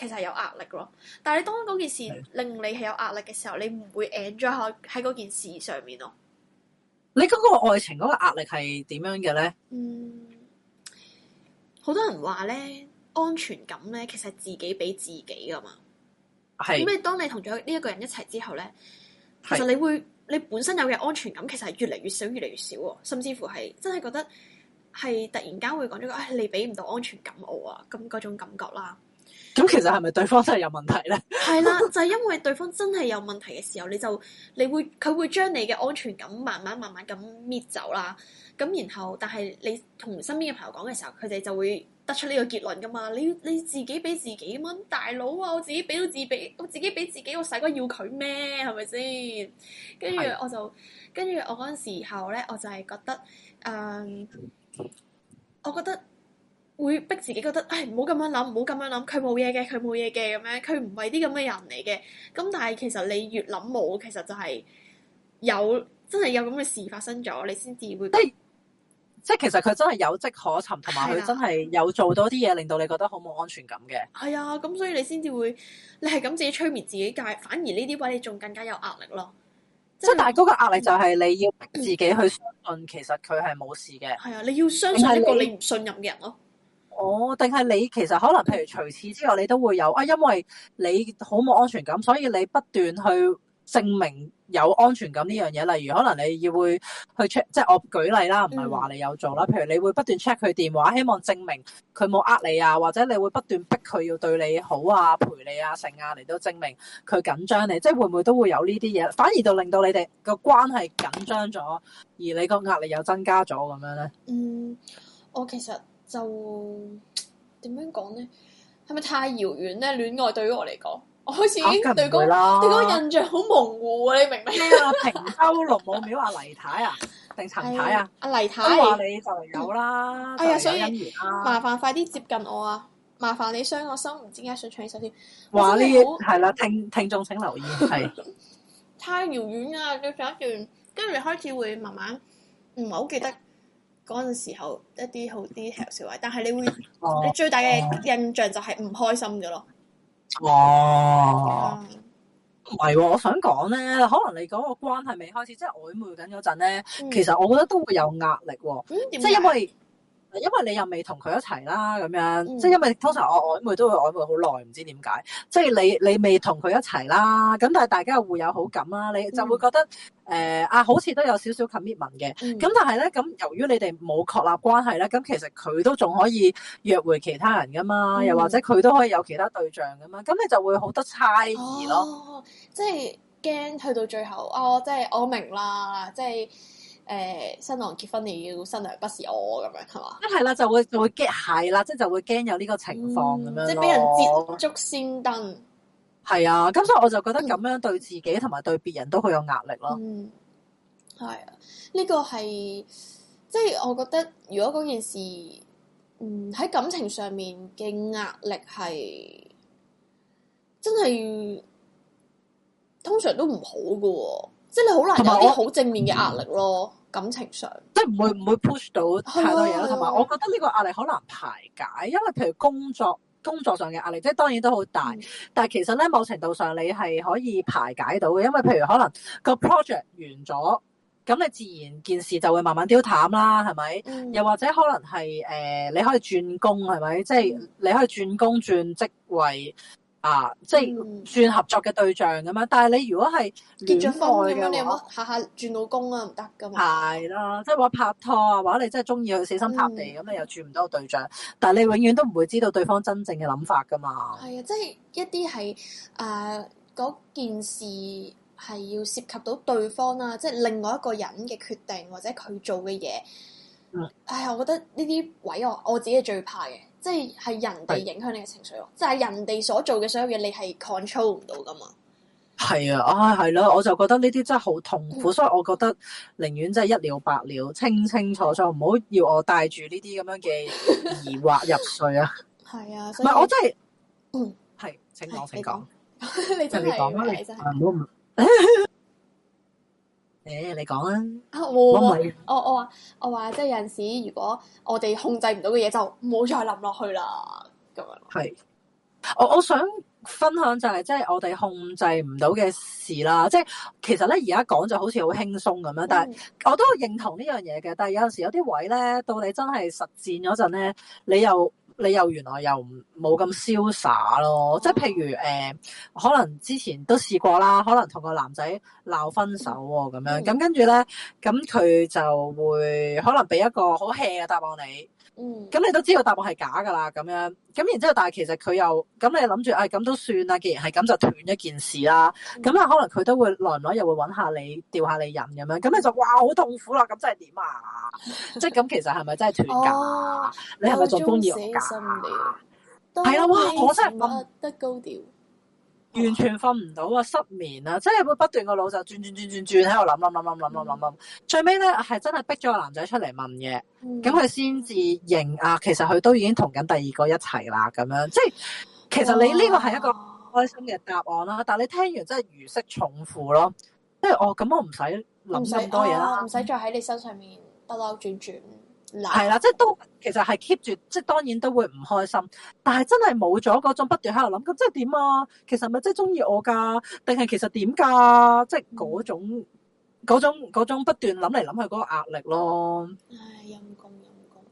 其實係有壓力咯，但係你當嗰件事令你係有壓力嘅時候，的你唔會 enjoy 喺嗰件事上面咯。你嗰個愛情嗰個壓力係點樣嘅咧？嗯，好多人話咧，安全感咧，其實係自己俾自己噶嘛。係咁的，你當你同咗呢一個人一齊之後咧，其實你會的你本身有嘅安全感，其實係越嚟越少，越嚟越少，甚至乎係真係覺得係突然間會講咗句，誒、哎，你俾唔到安全感我啊，咁嗰種感覺啦。咁其實係咪對方真係有問題咧？係 (laughs) 啦，就係、是、因為對方真係有問題嘅時候，你就你會佢會將你嘅安全感慢慢慢慢咁搣走啦。咁然後，但係你同身邊嘅朋友講嘅時候，佢哋就會得出呢個結論噶嘛。你你自己俾自己嘛，大佬啊，我自己俾到自己，我自己俾自己，我使鬼要佢咩？係咪先？跟住我就的跟住我嗰陣時候咧，我就係覺得，誒、嗯，我覺得。會逼自己覺得，唉，唔好咁樣諗，唔好咁樣諗。佢冇嘢嘅，佢冇嘢嘅，咁樣佢唔係啲咁嘅人嚟嘅。咁但係其實你越諗冇，其實就係有真係有咁嘅事發生咗，你先至會即係其實佢真係有迹可尋，同埋佢真係有做多啲嘢，令到你覺得好冇安全感嘅。係啊，咁所以你先至會你係咁自己催眠自己，但反而呢啲位你仲更加有壓力咯。即係是但係嗰個壓力就係你要逼自己去相信，嗯、其實佢係冇事嘅。係啊，你要相信呢個你唔信任嘅人咯。哦，定係你其實可能，譬如除此之外，你都會有啊，因為你好冇安全感，所以你不斷去證明有安全感呢樣嘢。例如，可能你要會去 check，即係我舉例啦，唔係話你有做啦。嗯、譬如你會不斷 check 佢電話，希望證明佢冇呃你啊，或者你會不斷逼佢要對你好啊、陪你啊、成啊，嚟到證明佢緊張你。即係會唔會都會有呢啲嘢，反而就令到你哋個關係緊張咗，而你個壓力又增加咗咁樣呢？嗯，我其實。就點樣講咧？係咪太遙遠咧？戀愛對於我嚟講，我好似已經對嗰、那個、對嗰個印象好模糊啊！你明唔明？啊？ (laughs) 平洲龍母廟阿黎太、太啊，定陳太、太啊？阿、 (laughs) 啊、黎太話你就有啦，嗯、有姻緣啦哎呀！所以，麻煩快啲接近我啊！麻煩你傷我心，唔知點解想唱呢首先。話你係啦，聽聽眾請留意，係 (laughs) 太遙遠啊！要上一段，跟住開始會慢慢唔係好記得。嗰陣時候一啲好啲小愛，但係你會、啊、你最大嘅印象就係唔開心嘅咯。哇！唔係喎，我想講咧，可能你嗰個關係未開始即係、即係、曖昧緊嗰陣咧，嗯、其實我覺得都會有壓力喎、哦，即係、嗯、因為。因為你又未同佢一齊啦，咁樣，嗯、即係因為通常我曖昧都會曖昧好耐，唔知點解，即係你你未同佢一齊啦，咁但係大家又會有好感啦，你就會覺得誒、嗯呃、啊，好似都有少少 commitment 嘅，咁、嗯、但係咧，咁由於你哋冇確立關係咧，咁其實佢都仲可以約會其他人噶嘛，嗯、又或者佢都可以有其他對象噶嘛，咁你就會好多猜疑咯，哦、即係驚去到最後，哦，即係我明啦，即係。誒，新郎結婚你要新娘不是我咁樣，係嘛？一係啦，就會就會驚係啦，即係就會驚有呢個情況咁樣，即係俾人捷足先登。係、嗯、啊，咁所以我就覺得咁樣對自己同埋對別人都好有壓力咯。係、嗯、啊、呢、這個係即係我覺得，如果嗰件事，嗯，喺感情上面嘅壓力係真係通常都唔好嘅喎、哦，即係你好難有啲好正面嘅壓力咯。嗯感情上，即係唔會唔會 push 到太多嘢咯，同埋 (noise) 我覺得呢個壓力好難排解，因為譬如工作工作上嘅壓力，即係當然都好大，嗯、但係其實咧某程度上你係可以排解到嘅，因為譬如可能個 project 完咗，咁你自然件事就會慢慢丟淡啦，係咪？嗯、又或者可能係誒、呃，你可以轉工，係咪？即係你可以轉工轉職位。啊，即係算合作嘅對象咁樣，但係你如果係結咗婚咁樣，你下下轉老公啊唔得噶嘛。係啦，即係話拍拖啊，或者你真係中意佢死心塌地咁，你又轉唔到對象。但係你永遠都唔會知道對方真正嘅諗法噶嘛。係啊，即係一啲係誒，嗰件事係要涉及到對方啦，即係另外一個人嘅決定或者佢做嘅嘢。嗯，唉，我覺得呢啲位我我自己係最怕嘅。即係係人哋影響你嘅情緒咯，就係人哋所做嘅所有嘢，你係 control 唔到噶嘛。係啊，啊係咯、啊，我就覺得呢啲真係好痛苦，嗯、所以我覺得寧願真係一了百了，清清楚楚，唔好要我帶住呢啲咁樣嘅疑惑入睡啊。係、嗯、啊，唔係我真係，嗯，係，請講，請講，你真係，你真係唔好唔。誒，你講啊！我我我我話我話，即係有陣時，如果我哋控制唔到嘅嘢，就唔好再諗落去啦。咁樣係，我我想分享就係、是就是，即係我哋控制唔到嘅事啦。即係其實咧，而家講就好似好輕鬆咁樣，但係我都認同呢樣嘢嘅。但係有陣時，有啲位咧，到你真係實戰嗰陣咧，你又。你又原來又冇咁瀟灑咯，即係譬如誒、呃，可能之前都試過啦，可能同個男仔鬧分手喎、哦、咁樣，咁、嗯嗯、跟住咧，咁佢就會可能俾一個好 hea 嘅答案你。咁、嗯、你都知道答案係假噶啦，咁樣咁，然之後，但係其實佢又咁你諗住，哎，咁都算啦，既然係咁就斷一件事啦。咁啊、嗯，可能佢都會耐唔耐又會搵下你，調下你人咁樣。咁你就哇好痛苦啦，咁即係點啊？ (laughs) 即係咁其實係咪真係斷噶？哦、你係咪做官要噶？係啦，哇、啊，我真係懵。完全瞓唔到啊，失眠啊，即係會不斷個腦就轉轉轉轉轉喺度諗諗諗諗諗諗諗諗，最尾咧係真係逼咗個男仔出嚟問嘅，咁佢先至認啊，其實佢都已經同緊第二個一齊啦，咁樣即係其實你呢、哦、個係一個好開心嘅答案啦，但係你聽完真係如釋重負咯，即、哎、係、哦、我咁我唔使諗咁多嘢啦，唔使、啊、再喺你身上面不嬲轉轉。係啦，即係都其實係 keep 住，即係當然都會唔開心，但係真係冇咗嗰種不斷喺度諗，咁即係點啊？其實咪即係中意我噶，定係其實點噶？即係嗰種嗰、嗯、種種、種不斷諗嚟諗去嗰個壓力咯。唉，陰公陰公，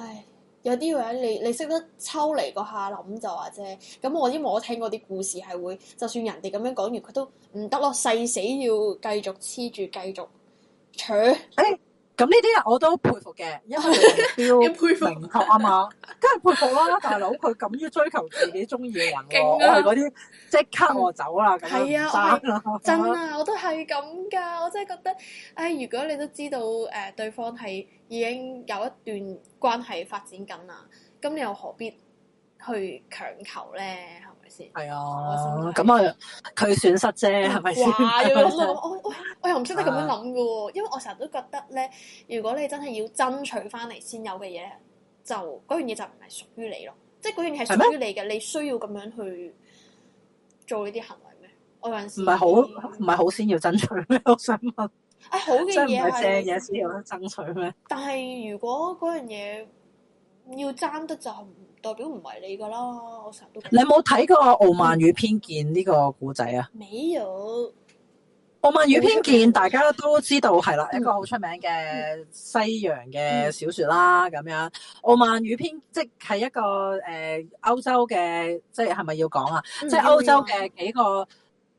唉，有啲嘢，你你識得抽離嗰下諗就話啫。咁我啲我聽過啲故事係會，就算人哋咁樣講完，佢都唔得咯，誓死要繼續黐住繼續娶。咁呢啲人我都佩服嘅，因為目標明確啊嘛，梗係 (laughs) 佩服啦，大佬佢敢於追求自己中意嘅人，我嗰啲即刻我走、嗯、啦，係啊，真啊，我， (laughs) 我都係咁噶，我真係覺得，唉、哎，如果你都知道，誒、呃，對方係已經有一段關係發展緊啦，咁你又何必去強求咧？係啊，咁啊佢損失啫，係咪先？我又唔識得咁樣諗嘅喎，啊、因為我成日都覺得咧，如果你真係要爭取翻嚟先有嘅嘢，就嗰樣嘢就唔係屬於你咯。即係嗰樣嘢係屬於你嘅，嗎你需要咁樣去做呢啲行為咩？我陣時唔係好唔係好先要爭取咩？ (laughs) 我想問，啊、哎、好嘅嘢係嘢先有得爭取咩？但係如果嗰樣嘢要爭得就代表唔係你噶啦，我成日都。你有冇睇過《傲慢與偏見》呢，這個古仔啊？沒有，《傲慢與偏見》大家都知道係啦，嗯、一個好出名嘅西洋嘅小說啦，咁、嗯、樣《傲慢與偏》即係一個誒歐、呃、洲嘅，即係係咪要講啊？嗯、即係歐洲嘅幾個。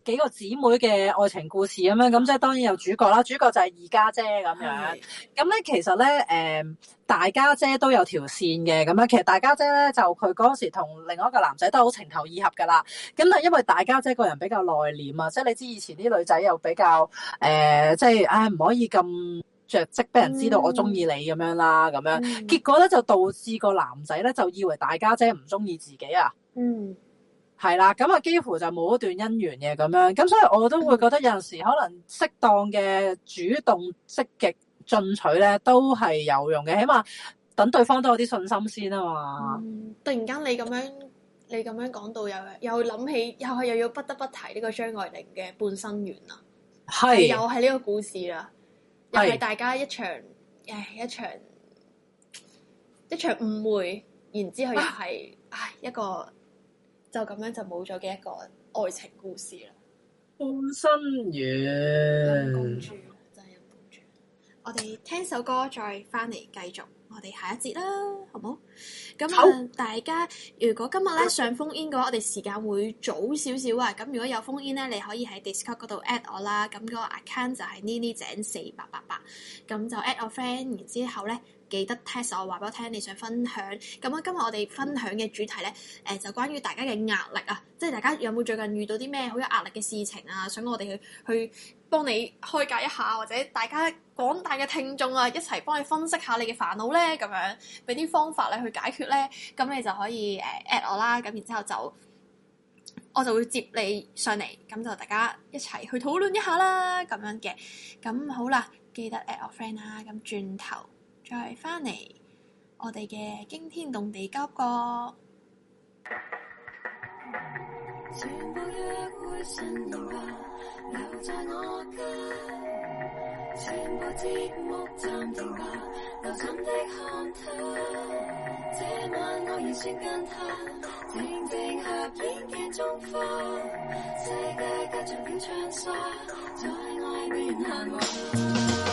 幾個姊妹嘅愛情故事咁樣，咁即係當然有主角啦，主角就係二家姐咁樣。咁咧的其實咧，誒，大家姐都有條線嘅。咁啊，其實大家姐咧就佢嗰時同另外一個男仔都好情投意合噶啦。咁啊，因為大家姐個人比較內斂啊，即係你知以前啲女仔又比較誒、呃，即係唉唔可以咁着跡俾人知道我中意你咁樣啦，咁、嗯、樣。結果咧就導致個男仔咧就以為大家姐唔中意自己啊。嗯。係啦，咁啊幾乎就冇一段姻緣嘅咁樣，咁所以我都會覺得有陣時可能適當嘅主動積極進取咧，都係有用嘅，起碼等對方都有啲信心先啊嘛，嗯。突然間你咁樣你咁樣講到又又諗起又係又要不得不提呢個張愛玲嘅半生緣啊，係是又係呢個故事啦，又係大家一場誒是、哎、一場一場誤會，然之後又係唉、啊哎、一個。就咁樣就冇咗嘅一個愛情故事啦。半身嘢，公、 (noise) 嗯、主真係公主。我哋聽首歌再翻嚟繼續，我哋下一節啦，好唔好？咁吵大家如果今日咧上 phone in 嘅話，我哋時間會早少少啊。咁如果有 phone in 咧，你可以喺 Discord 嗰度 at 我啦。咁、那、嗰個 account 就係呢呢井四八八八，咁就 at 我 friend，然後之後咧。記得 test 我話俾我聽，你想分享咁啊。今日我哋分享嘅主題呢，誒就關於大家嘅壓力啊，即係大家有冇最近遇到啲咩好有壓力嘅事情啊？想我哋去去幫你開解一下，或者大家廣大嘅聽眾啊，一齊幫你分析下你嘅煩惱呢？咁樣俾啲方法你去解決呢。咁你就可以誒 at 我啦。咁然之後就我就會接你上嚟，咁就大家一齊去討論一下啦。咁樣嘅。咁好啦，記得 at 我 friend 啦。咁轉頭。再返嚟我哋嘅驚天動地 9up 過。在我面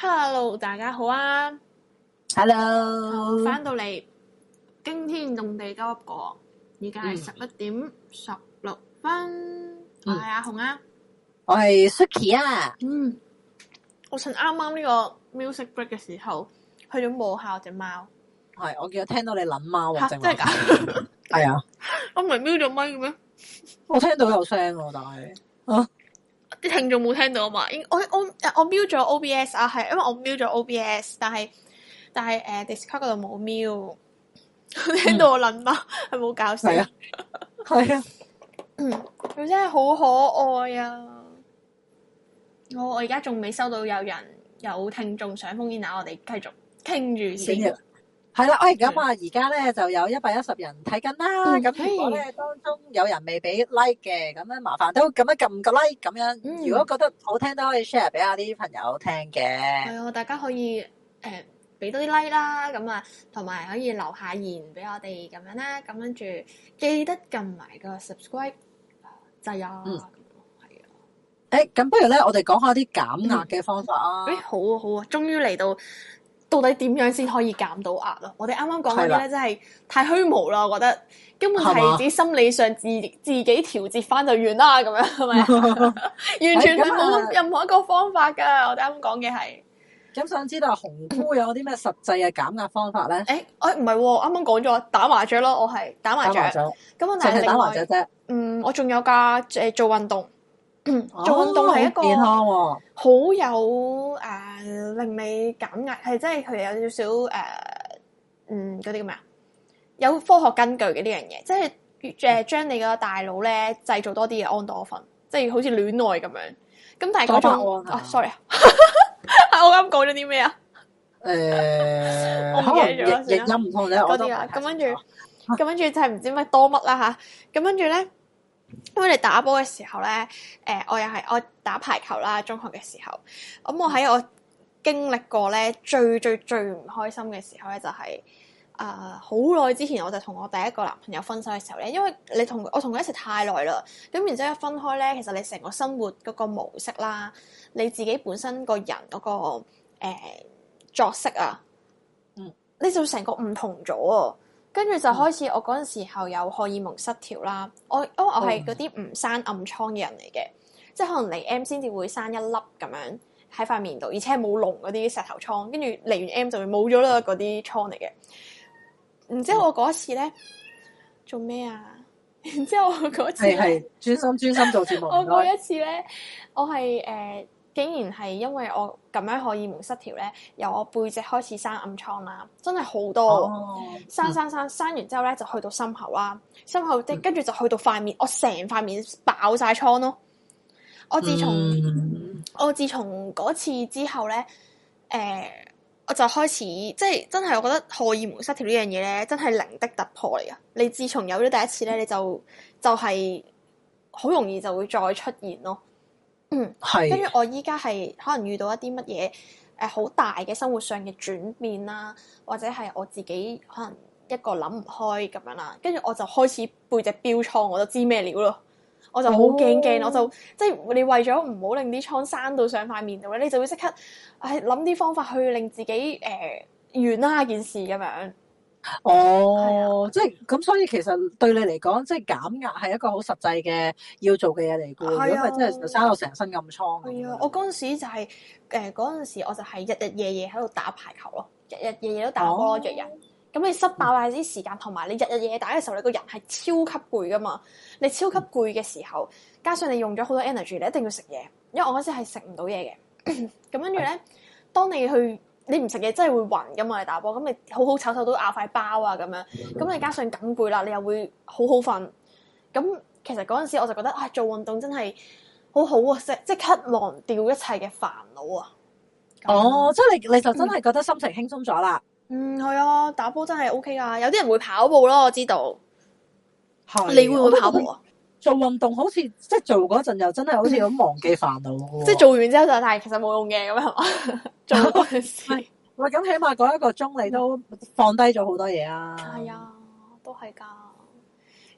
hello，大家好啊！hello，翻到嚟驚天動地 9up 過，而家係十一點十六分，係、mm hmm. 阿紅啊，我係 Suki 啊，嗯，我趁啱啱呢個 music break 嘅時候去咗摸下我隻貓，係、啊、我見到聽到你諗貓，真係噶，係 (laughs) (laughs) (laughs) 啊，我唔係瞄咗麥嘅咩？我聽到有聲，但係啊。啲聽眾冇聽到啊嘛？我我我瞄咗 OBS 啊，係因為我瞄咗 OBS，但係但係誒 Discord 度冇瞄，呃嗯、聽到我諗啊，係冇搞笑，係啊的，佢真係好可愛啊！我我而家仲未收到有人有聽眾上 phone in 啊，我哋繼續傾住先。係、哎、啦，哎咁啊，而家咧就有一百一十人睇緊啦。咁如果咧當中有人未俾 like 嘅，咁樣麻煩都咁樣撳個 like 咁樣。嗯、如果覺得好聽都可以 share 俾我啲朋友聽嘅。係啊、嗯，大家可以誒俾多啲 like 啦，咁啊同埋可以留下言俾我哋咁樣啦。咁跟住記得撳埋個 subscribe 掣啊。嗯，係啊。誒、欸，咁不如咧，我哋講下啲減壓嘅方法啊。誒、嗯欸，好啊，好啊，終於嚟到。到底點樣先可以減到壓咯？我哋啱啱講嗰啲咧真係太虛無啦，我覺得根本係自己心理上自自己調節翻就完啦，咁樣係咪？ (laughs) (laughs) 完全係冇任何一個方法噶。我哋啱啱講嘅係咁想知道，紅夫有啲咩實際嘅減壓方法咧？誒誒唔係喎，啱啱講咗打麻雀咯，我係打麻雀。咁打麻雀，但係另外，嗯，我仲有架誒、呃、做運動。做運動係一個健康好有誒令你減壓，係真係佢有少少誒，嗯，嗰啲叫咩啊？有科學根據嘅呢樣嘢，即係誒將你個大腦咧製造多啲嘅安多芬，即係好似戀愛咁樣。咁但係嗰種，sorry，我啱講咗啲咩啊？誒、啊，可能亦有唔通嘅安多芬。咁跟住，咁跟住就係唔知咩多乜啦吓。咁跟住咧。因為你打波嘅時候咧，誒、呃，我又係我打排球啦，中學嘅時候，咁我喺我經歷過咧最最最唔開心嘅時候咧、就是，就係啊好耐之前我就同我第一個男朋友分手嘅時候咧，因為你同我同佢一齊太耐啦，咁然之後一分開咧，其實你成個生活嗰個模式啦，你自己本身個人嗰、那個誒、呃、作息啊，嗯，你就成個唔同咗啊。跟住就開始，嗯、我嗰陣時候有荷爾蒙失調啦。我因為我係嗰啲唔生暗瘡嘅人嚟嘅，嗯、即係可能嚟 M 先至會生一粒咁樣喺塊面度，而且冇膿嗰啲石頭瘡。跟住嚟完 M 就會冇咗啦，嗰啲瘡嚟嘅。然之後我嗰次咧做咩啊？然之後我嗰次係係專心專心做節目。 (laughs) 我嗰一次咧，我係誒。Uh, 竟然係因為我咁樣荷爾蒙失調咧，由我背脊開始生暗瘡啦，真係好多，oh. 生生生生完之後咧就去到心口啦，心口即跟住就去到塊面，我成塊面爆晒瘡咯。我自從、um. 我自從嗰次之後咧，誒、呃，我就開始即係真係我覺得荷爾蒙失調呢樣嘢咧，真係零的突破嚟㗎！你自從有咗第一次咧，你就就係、是、好容易就會再出現咯。嗯，係是。跟住我依家係可能遇到一啲乜嘢，誒、呃，好大嘅生活上嘅轉變啦，或者係我自己可能一個諗唔開咁樣啦，跟住我就開始背脊標瘡，我就知咩料咯，哦、我就好驚驚，我就即係你為咗唔好令啲倉山到上塊面度咧，你就會即刻，唉，諗啲方法去令自己誒、呃、完啦件事咁樣。哦，哎、呀即係咁，所以其實對你嚟講，即係減壓係一個好實際嘅要做嘅嘢嚟嘅。如果唔係真係生到成身暗瘡。係啊、就是哎，我嗰陣時就係誒嗰陣時，我就係日日夜夜喺度打排球咯，日日夜夜都打波，日、哦、人。咁、嗯、你失爆啊啲時間，同埋你日日夜夜打嘅時候，你個人係超級攰噶嘛？你超級攰嘅時候，嗯、加上你用咗好多 energy，你一定要食嘢。因為我嗰時係食唔到嘢嘅，咁跟住咧，當你去。你唔食嘢真係會暈噶嘛？你打波咁，你好好丑醜都咬塊包啊咁樣，咁你加上攰啦，你又會好好瞓。咁其實嗰陣時我就覺得啊、哎，做運動真係好好啊，即即刻忘掉一切嘅煩惱啊。哦，即係你你就真係覺得心情輕鬆咗啦。嗯，係、嗯、啊，打波真係 OK 啊。有啲人會跑步咯、啊，我知道。的你會唔會跑步啊？做運動好似即係做嗰陣又真係好似咁忘記煩惱，嗯，即係做完之後就，但係其實冇用嘅咁樣係嘛？係 (laughs) 喂，咁 (laughs) 起碼嗰一個鐘你都放低咗好多嘢啊！係啊、哎，都係噶。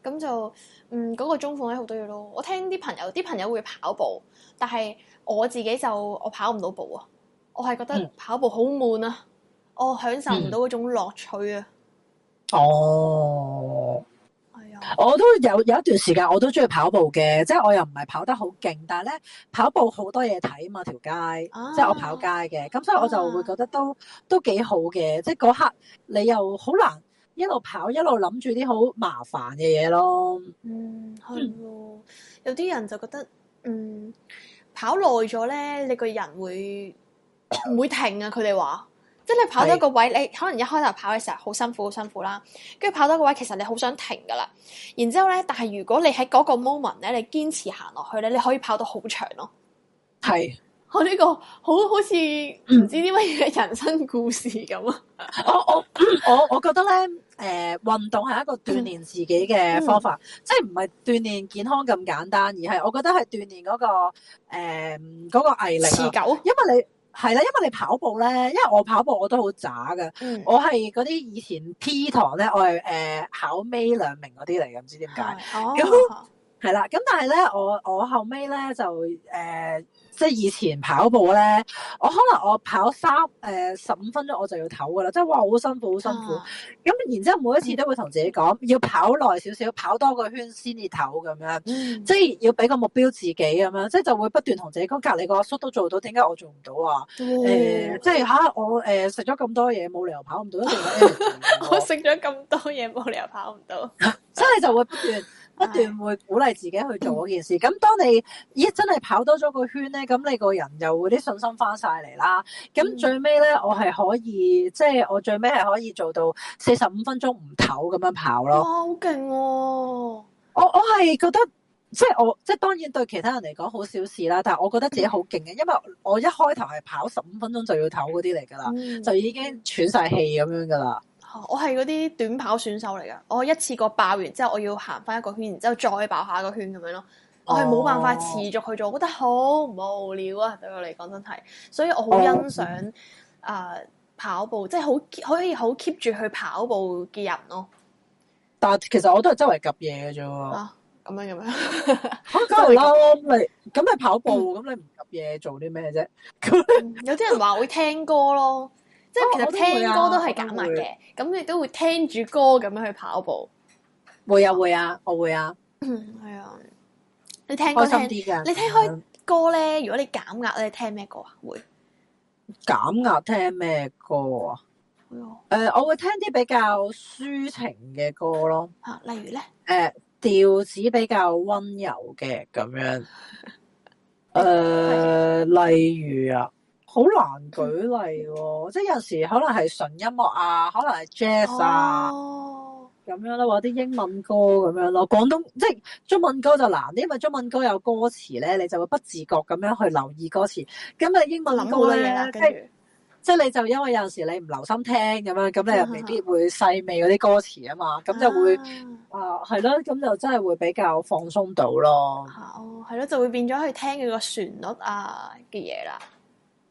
咁就嗯嗰、嗰個鐘放喺好多嘢咯。我聽啲朋友，啲朋友會跑步，但係我自己就我跑唔到步啊。我係覺得跑步好悶啊，嗯、我享受唔到嗰種樂趣啊。嗯嗯、哦。我都有有一段時間，我都中意跑步嘅，即係我又唔係跑得好勁，但係咧跑步好多嘢睇啊嘛，條街，啊、即係我跑街嘅，咁所以我就會覺得都、啊、都幾好嘅，即係嗰刻你又好難一路跑一路諗住啲好麻煩嘅嘢咯。嗯，係咯，嗯、有啲人就覺得，嗯，跑耐咗咧，你個人會唔 (coughs) 會停啊？佢哋話。即係你跑咗個位，是你可能一開頭跑嘅時候好辛苦好辛苦啦，跟住跑咗個位，其實你好想停噶啦。然之後咧，但係如果你喺嗰個 moment 咧，你堅持行落去咧，你可以跑到長是、哦這個、好長咯。係，我呢個好好似唔知啲乜嘢人生故事咁啊、嗯！ (laughs) 我 (laughs) 我我我覺得咧，誒、呃，運動係一個鍛煉自己嘅方法，嗯嗯、即係唔係鍛煉健康咁簡單，而係我覺得係鍛煉嗰、那個誒、呃那個毅力、持久。因為你。係啦，因為你跑步咧，因為我跑步我都好渣噶，嗯，我係嗰啲以前 P 堂咧，我係誒考尾兩名嗰啲嚟嘅，唔知點解，哦，咁係啦，咁但係咧，我我後尾咧就誒。呃即係以前跑步咧，我可能我跑三誒十五分鐘我就要唞噶啦，即係哇好辛苦好辛苦。咁、啊、然之後每一次都會同自己講，要跑耐少少，跑多個圈先至唞咁樣，嗯、即係要俾個目標自己咁樣，即係就會不斷同自己講，隔離個阿叔都做到，點解我做唔到啊？誒、哦，即係嚇、啊、我誒食咗咁多嘢，冇理由跑唔到 (laughs) 。我食咗咁多嘢，冇理由跑唔到。 (laughs) 所以就會不斷不斷會鼓勵自己去做嗰件事。咁 (laughs) 當你咦真係跑多咗個圈咧，咁你個人又會啲信心翻晒嚟啦。咁最尾咧，我係可以即係我最尾係可以做到四十五分鐘唔唞咁樣跑咯。哇！好勁喎、哦！我我係覺得即係我即係當然對其他人嚟講好小事啦，但係我覺得自己好勁嘅，因為我一開頭係跑十五分鐘就要唞嗰啲嚟噶啦，就已經喘晒氣咁樣噶啦。 (laughs) 我係嗰啲短跑選手嚟㗎，我一次過爆完之後，我要行翻一個圈，然之後再爆下一個圈咁樣咯。Oh. 我係冇辦法持續去做，我覺得好無聊啊！對我嚟講真係，所以我好欣賞、oh. 啊跑步，即係好可以好 keep 住去跑步嘅人咯。但係其實我都係周圍夾嘢嘅啫，咁、啊、樣咁樣。咁唔係咁咪跑步，咁 (laughs) 你唔夾嘢做啲咩啫？ (laughs) 有啲人話會聽歌咯。即係其實我聽歌都係減壓嘅，咁你都會聽住歌咁樣去跑步。會啊會啊，我會啊，係啊，你聽開心啲噶，你聽開歌咧，如果你減壓咧，你聽咩歌啊？會減壓聽咩歌啊？誒，我會聽啲比較抒情嘅歌咯。啊，例如咧？誒，調子比較温柔嘅咁樣。誒，例如啊。好難舉例喎，即係有時可能係純音樂啊，可能係 Jazz 啊咁、oh. 樣咯，或者英文歌咁樣咯。廣東即係中文歌就難啲，因為中文歌有歌詞咧，你就會不自覺咁樣去留意歌詞。咁啊，英文諗歌咧，即係即係你就是、因為有陣時你唔留心聽咁樣，咁你又未必會細味嗰啲歌詞啊嘛，咁就會啊係咯，咁、ah. 呃、就真係會比較放鬆到咯。哦，係咯，就會變咗去聽佢個旋律啊嘅嘢啦。.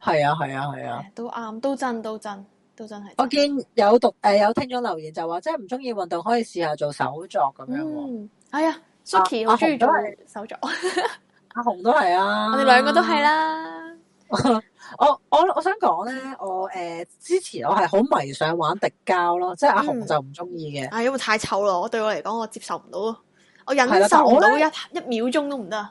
係啊係啊係啊，啊啊啊都啱，都真，都真，都真係。我見有讀誒、呃、有聽咗留言就話，即係唔中意運動，可以試下做手作咁樣、哦。嗯，係、哎、啊，Suki 我中意做手作，阿、啊、紅都係 (laughs) 啊。啊我哋兩個都係啦。 (laughs) 我我我，我想講咧，我誒之前我係好迷上玩滴膠咯，即係阿紅、嗯、就唔中意嘅。係、哎、因為太臭咯，我對我嚟講我接受唔到，我忍受唔到一一秒鐘都唔得。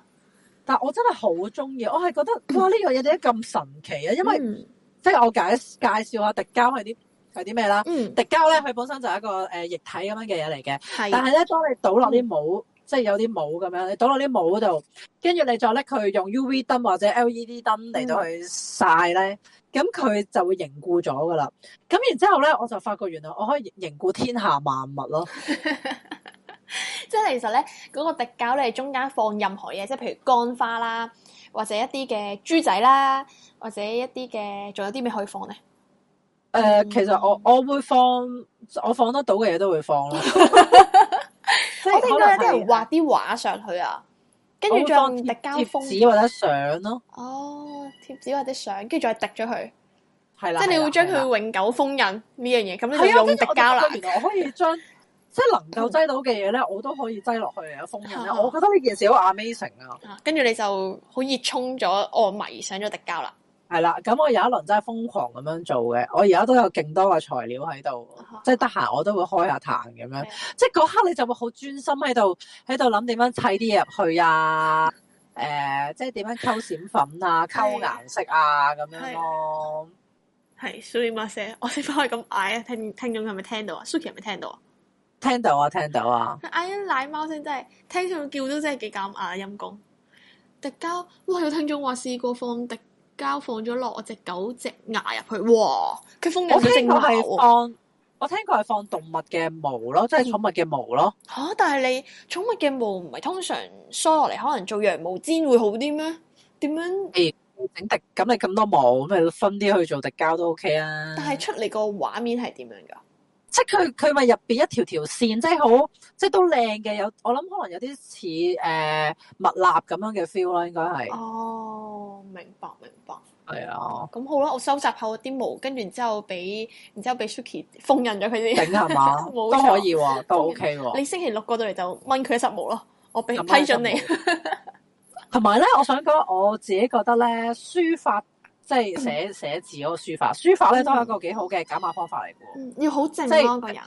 但我真係好中意，我係覺得哇呢樣嘢點解咁神奇啊？因為、嗯、即係我解介紹下滴膠係啲係啲咩啦。滴膠咧，佢、嗯、本身就係一個誒、呃、液體咁樣嘅嘢嚟嘅。但係咧，當你倒落啲帽，嗯、即係有啲帽咁樣，你倒落啲帽嗰度，跟住你再拎佢用 U V 燈或者 L E D 燈嚟到去曬咧，咁佢、嗯、就會凝固咗噶啦。咁然之後咧，我就發覺原來我可以凝固天下萬物咯。 (laughs) 即係其實咧，嗰個滴膠咧，中間放任何嘢，即係譬如乾花啦，或者一啲嘅珠仔啦，或者一啲嘅，仲有啲咩可以放咧？誒、嗯，其實我我會放，我放得到嘅嘢都會放咯。我聽到有啲人畫啲畫上去啊，跟住再滴膠封紙貼紙或者相咯。哦，貼紙或者相，跟住再滴咗佢。係啦，即係你會將佢永久封印呢樣嘢，咁你用滴膠啦。原來我可以將。即係能夠擠到嘅嘢咧，我都可以擠落去啊！封印咧，我覺得呢件事好 amazing 啊！跟住你就好熱衷咗，我迷上咗迪膠啦。係啦，咁我有一輪真係瘋狂咁樣做嘅，我而家都有勁多個材料喺度，最後即係得閒我都會開下彈咁樣。即係嗰刻你就會好專心喺度，喺度諗點樣砌啲嘢入去啊？誒，即係點樣溝閃粉啊？溝顏色啊？咁樣咯。係，sorry，my 我先可以咁嗌啊！聽聽眾係咪聽到啊？Suki 係咪聽到啊？聽到啊，聽到啊！哎呀，奶貓先，真係聽到叫都真係幾驚訝，陰公。迪膠，哇！有聽眾話試過放迪膠，放咗落我隻狗隻牙入去，哇！佢封咗隻牙。我聽過係放，我聽過係放動物嘅毛咯，即係寵物嘅毛咯。吓、嗯啊？但係你寵物嘅毛唔係通常梳落嚟，可能做羊毛氈會好啲咩？點樣？誒、哎，整迪咁你咁多毛，咁咪分啲去做迪膠都 OK 啊？但係出嚟個畫面係點樣噶？即係佢佢咪入邊一條條線，即係好，即係都靚嘅，有，我諗可能有啲似，誒蜜蠟咁樣嘅 feel 啦，應該係。哦，明白明白，係啊的。咁好啦，我收集好啲毛，跟住之後俾，然之後俾 Suki 封印咗佢啲頂係嘛？都可以話都 OK 喎。你星期六過到嚟就掹佢一撮毛咯，我俾批准你。同埋咧，我想講，我自己覺得咧，書法。即係寫寫字嗰個書法，書法咧都係一個幾好嘅減壓方法嚟嘅。要好靜咯，個人。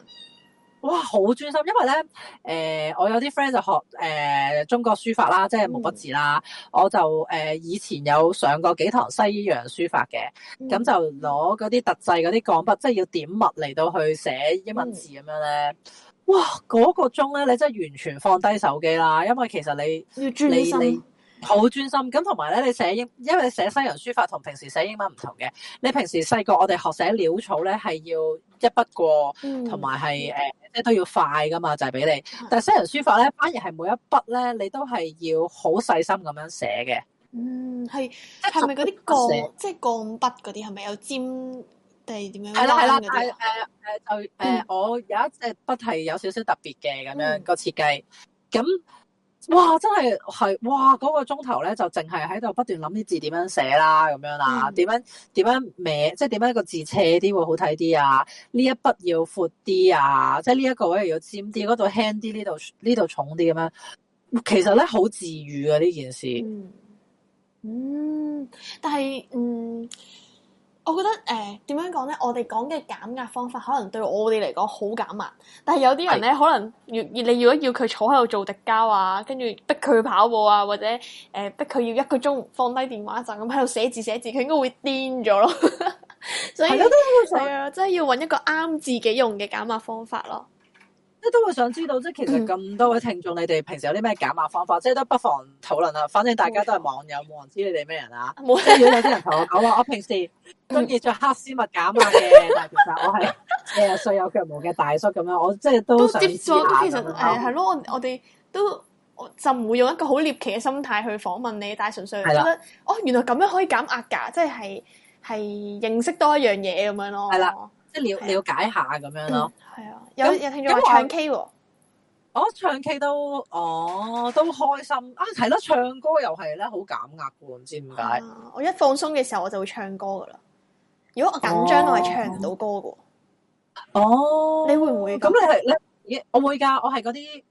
哇，好專心！因為咧，誒，我有啲 friend 就學誒中國書法啦，即係毛筆字啦。我就誒以前有上過幾堂西洋書法嘅，咁就攞嗰啲特製嗰啲鋼筆，即係要點墨嚟到去寫英文字咁樣咧。哇，嗰個鐘咧，你真係完全放低手機啦，因為其實你你你。好專心咁，同埋咧，你寫英，因為你寫西洋書法同平時寫英文唔同嘅。你平時細個我哋學寫潦草咧，係要一筆過，同埋係誒，即係、呃、都要快噶嘛，就係、是、俾你。但西洋書法咧，反而係每一筆咧，你都係要好細心咁樣寫嘅。嗯，係，即係咪嗰啲鋼，寫即係鋼筆嗰啲，係咪有尖定係點樣拉嗰啲？係啦係啦，誒誒誒，就誒，呃嗯、我有一隻筆係有少少特別嘅咁樣個設計。咁、嗯嗯哇！真係係哇，嗰個鐘頭咧就淨係喺度不斷諗啲字點樣寫啦，咁樣啦，點樣、嗯、點樣歪，即係點樣一個字斜啲會好睇啲啊？呢一筆要闊啲啊，即係呢一個咧要尖啲，嗰度輕啲，呢度呢度重啲咁樣。其實咧好治癒啊，呢件事。嗯，嗯，但係嗯。我覺得誒，點、呃、樣講咧？我哋講嘅減壓方法，可能對我哋嚟講好減壓，但係有啲人咧，的可能要你如果要佢坐喺度做滴膠啊，跟住逼佢跑步啊，或者誒、呃、逼佢要一個鐘放低電話就咁喺度寫字寫字，佢應該會癲咗咯 (laughs) 所以所。所以係啊，即係要揾一個啱自己用嘅減壓方法咯。即都會想知道，即係其實咁多位聽眾，你哋平時有啲咩減壓方法？即係都不妨討論啊。反正大家都係網友，冇人知你哋咩人啊。即係如果有啲人同我講啦，我平時都中意着黑絲襪減壓嘅，但其實我係誒歲有腳毛嘅大叔咁樣。我即係都想知下。其實係係咯，我哋都就唔會用一個好獵奇嘅心態去訪問你，但係純粹覺得哦，原來咁樣可以減壓噶，即係係認識多一樣嘢咁樣咯。係啦，即係了了解下咁樣咯。係啊。有那有聽眾話唱 K 喎說，我、哦、唱 K 都哦都開心啊，係咯，唱歌又係咧好減壓噶，唔知點解、啊？我一放鬆嘅時候，我就會唱歌噶啦。如果緊張、哦、我緊張，我係唱唔到歌噶。哦，你會唔會？咁、哦、你係咧？我會噶，我係嗰啲。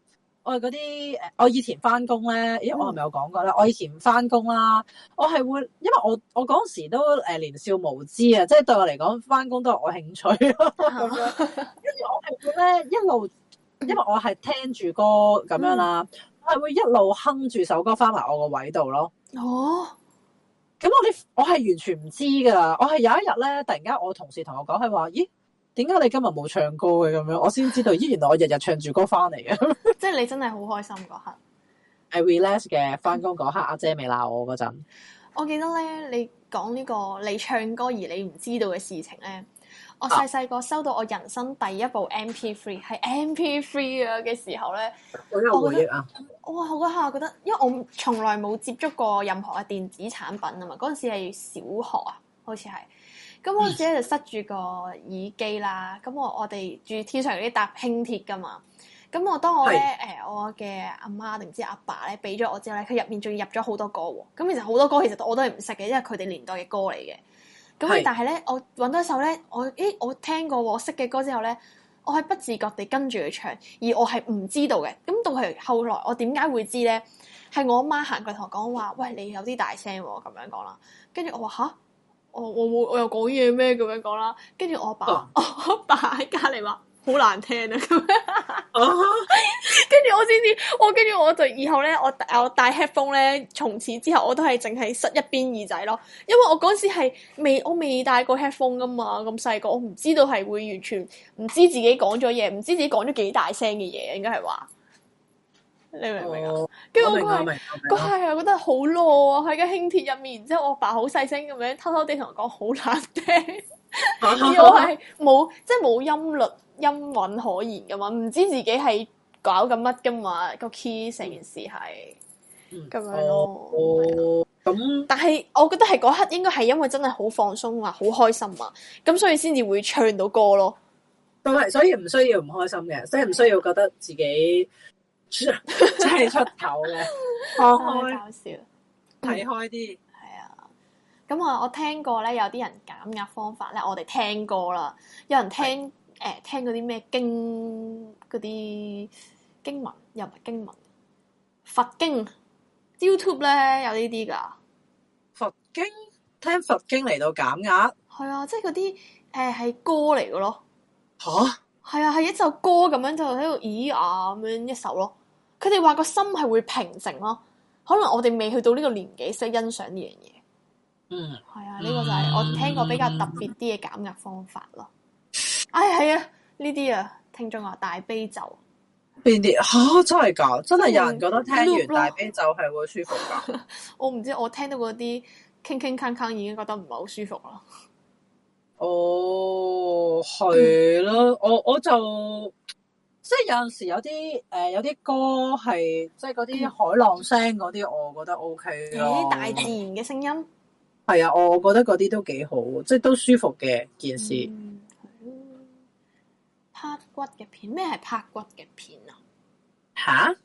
我哋嗰啲誒，我以前翻工咧，咦，我係咪有講過咧？嗯、我以前翻工啦，我係會，因為我我嗰時都誒年少無知啊，即係對我嚟講，翻工都係我興趣咯。跟住我係會咧一路，因為我係聽住歌咁樣啦，嗯、我係會一路哼住首歌翻埋我個位度咯。哦，咁我哋我係完全唔知噶，我係有一日咧，突然間我同事同我講係話，咦？點解你今日冇唱歌嘅咁樣？我先知道，咦？原來我日日唱住歌翻嚟嘅。 (laughs) 即係你真係好開心嗰刻。係 relax 嘅，翻工嗰刻阿姐未鬧我嗰陣。我記得咧，你講呢個你唱歌而你唔知道嘅事情咧，我細細個收到我人生第一部 M P three 係 M P three 啊嘅時候咧，我因為回憶啊，哇！嗰刻我覺得，因為我從來冇接觸過任何嘅電子產品啊嘛，嗰陣時係小學啊，好似係。咁、嗯、我自己就塞住個耳機啦，咁我我哋住天上嗰啲搭輕鐵噶嘛，咁我當我咧誒是、呃、我嘅阿媽定唔知阿爸咧俾咗我之後咧，佢入面仲要入咗好多歌喎，咁其實好多歌其實我都係唔識嘅，因為佢哋年代嘅歌嚟嘅。咁是但係咧我揾到一首咧，我誒、欸、我聽過我識嘅歌之後咧，我係不自覺地跟住佢唱，而我係唔知道嘅，咁到係後來我點解會知咧？係我阿媽行過嚟同我講話，喂，你有啲大聲喎、啊，咁樣講啦，跟住我話吓！」哦、我我冇我又講嘢咩咁樣講啦，跟住我阿爸，哦、我爸喺隔籬話好難聽啊咁樣，跟 (laughs) 住我先知、哦我，我跟住我就以後咧，我我戴 headphone 咧，從此之後我都係淨係塞一邊耳仔咯，因為我嗰時係未我未戴過 headphone 㗎嘛，咁細個我唔知道係會完全唔知自己講咗嘢，唔知自己講咗幾大聲嘅嘢，應該係話。你明唔明啊？跟住我係我係，我覺得好 low 啊！喺個輕鐵入面，然之後我爸好細聲咁樣偷偷地同我講，好難聽。我係冇即係冇音律音韻可言噶嘛，唔知自己係搞緊乜噶嘛，個 key 成件事係咁樣咯。咁但係我覺得係嗰刻應該係因為真係好放鬆啊，好開心啊，咁所以先至會唱到歌咯。都係，所以唔需要唔開心嘅，所以唔需要覺得自己。真係出頭嘅，好搞笑，嗯。睇開啲。係啊，咁啊，我聽過咧，有啲人減壓方法咧，我哋聽過啦。有人聽誒是、欸，聽嗰啲咩經，嗰啲經文又唔係經文，佛經 YouTube 咧有呢啲噶。佛經，聽佛經嚟到減壓。係 (laughs) 啊，即係嗰啲誒係歌嚟嘅咯。吓？係啊，係、啊、一首歌咁樣就喺度，咦啊咁樣一首咯。佢哋話個心係會平靜咯，可能我哋未去到呢個年紀識欣賞呢樣嘢。嗯，係啊，呢個就係我聽過比較特別啲嘅減壓方法咯。哎，係啊，呢啲啊，聽眾話，大悲咒邊啲吓？真係噶，真係有人覺得聽完大悲咒係會舒服噶？我唔知，我聽到嗰啲鏗鏗鏗鏗已經覺得唔係好舒服咯。哦、嗯、係、嗯、咯，我我就。即係有陣時有啲誒、呃，有啲歌係即係嗰啲海浪聲嗰啲，我覺得 O K。有啲大自然嘅聲音係啊，我覺得嗰啲都幾好，即係都舒服嘅件事。拍、嗯嗯、骨嘅片咩係拍骨嘅片啊？吓？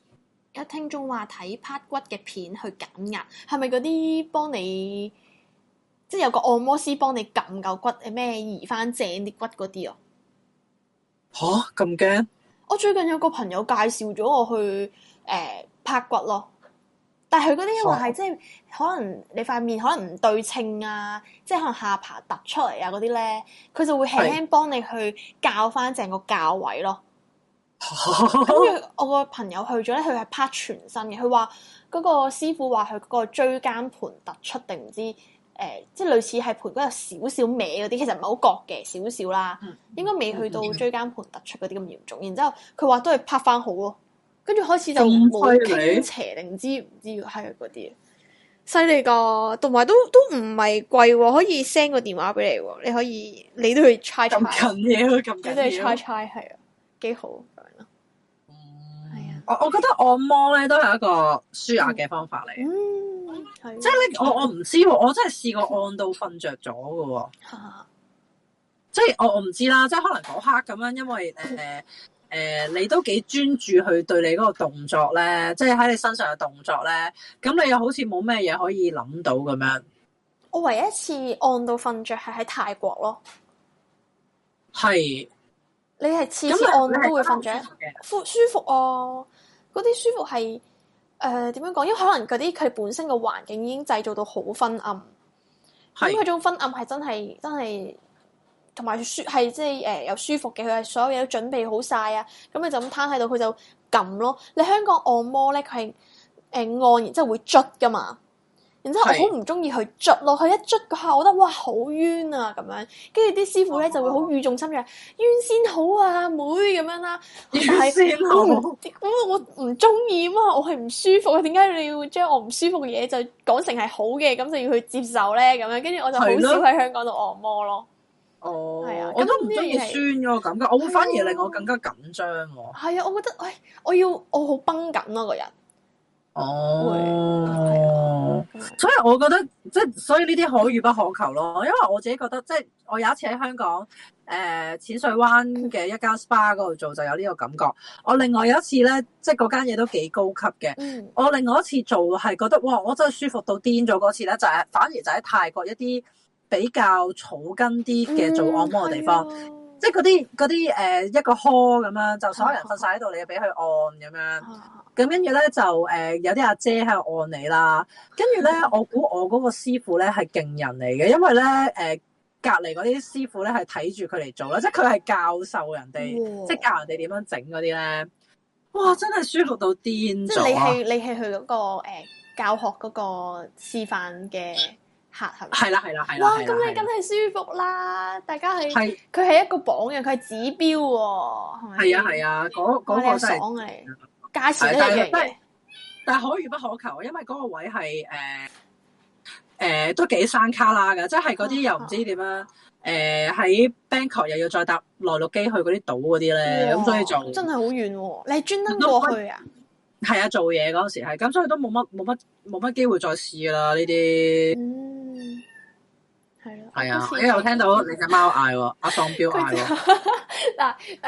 有聽眾話睇拍骨嘅片去減壓，係咪嗰啲幫你即係有個按摩師幫你撳嚿骨誒？咩移翻正啲骨嗰啲啊？吓，咁驚？我最近有個朋友介紹咗我去誒、呃、拍骨咯，但係佢嗰啲因為係、嗯、即係可能你塊面可能唔對稱啊，即係可能下巴突出嚟啊嗰啲咧，佢就會輕輕幫你去校翻正個較位咯。跟住 (laughs) 我個朋友去咗咧，佢係拍全身嘅，佢話嗰個師傅話佢嗰個椎間盤突出定唔知。誒，即係類似係盆骨有少少歪嗰啲，其實唔係好覺嘅，少少啦，應該未去到椎間盤突出嗰啲咁嚴重。然之後佢話都係拍翻好咯，跟住開始就冇傾斜定之唔知係嗰啲，犀利噶，同埋都都唔係貴喎，可以 send 個電話俾你喎，你可以你都可以猜猜，咁近嘢，去咁你都係猜猜係啊，幾好咁咯，係啊，我我覺得按摩咧都係一個舒壓嘅方法嚟。嗯、即係咧，我我唔知，啊，我真係試過按到瞓着咗㗎。即係我我唔知啦，即係可能嗰刻咁樣，因為誒誒、呃嗯呃，你都幾專注去對你嗰個動作咧，即係喺你身上嘅動作咧，咁你又好似冇咩嘢可以諗到咁樣。我唯一一次按到瞓着係喺泰國咯。係是你係次次按都會瞓着？嗯，舒服哦，嗰啲舒服係。誒點、呃、樣講？因為可能嗰啲佢本身嘅環境已經製造到好昏暗，咁佢是種昏暗係真係真係同埋舒係即係誒又舒服嘅。佢係所有嘢都準備好晒啊！咁、嗯、佢就咁攤喺度，佢就撳咯。你香港按摩咧，佢係誒按然，然之後會捽噶嘛。然之後我、啊、好唔中意，去捽落去一捽嘅話，我覺得哇好冤啊咁樣，跟住啲師傅咧就會好語重心長，冤先好啊妹咁樣啦。冤先好，我唔中意啊，我係唔舒服啊，點解你要將我唔舒服嘅嘢就講成係好嘅，咁就要去接受咧？咁樣跟住我就好少喺香港度按摩咯。哦，係啊，啊我都唔中意酸嘅感覺，我會反而令我更加緊張，啊。係啊，我覺得喂，我要我好繃緊咯，個人。哦、oh. (noise) 所以我覺得即係，所以呢啲可遇不可求咯。因為我自己覺得，即係我有一次喺香港，誒、呃，淺水灣嘅一家 SPA 嗰度做，就有呢個感覺。我另外有一次咧，即係嗰間嘢，都幾高級嘅。我另外一次做係覺得，哇，我真係舒服到癲咗嗰次咧，就係、是，反而就喺泰國一啲比較草根啲嘅做按摩嘅地方。嗯。即係嗰啲啲誒一個窩咁樣，就所有人瞓晒喺度，你就俾佢按咁樣。咁跟住咧就誒、呃、有啲阿姐喺度按你啦。跟住咧，嗯、我估我嗰個師傅咧係勁人嚟嘅，因為咧誒隔離嗰啲師傅咧係睇住佢嚟做啦，即係佢係教授人哋，哦、即係教人哋點樣整嗰啲咧。哇！真係舒服到癲咗。即係你係你係去嗰個、呃、教學嗰個示範嘅。係啦，係啦，係 (noise) 啦樂！哇，咁、 (music) 哦、你梗係舒服啦，大家係佢係一個榜樣，佢係指標喎，係咪？係啊，係啊，嗰、那、嗰個、啊啊、真係是，價錢、啊啊、但係可遇不可求，因為嗰個位係誒誒都幾山卡拉噶，即係嗰啲又唔知點樣啊，啊，誒喺 Bangkok 又要再搭內陸機去嗰啲島嗰啲咧，咁哇所以就真係好遠，你專登過去啊？係啊，做嘢嗰時係，咁所以都冇乜冇乜冇乜機會再試㗎啦呢啲。嗯，係咯，係啊、哎呀，今日、哎、我聽到你隻貓嗌，阿喪標嗌咯嗱，誒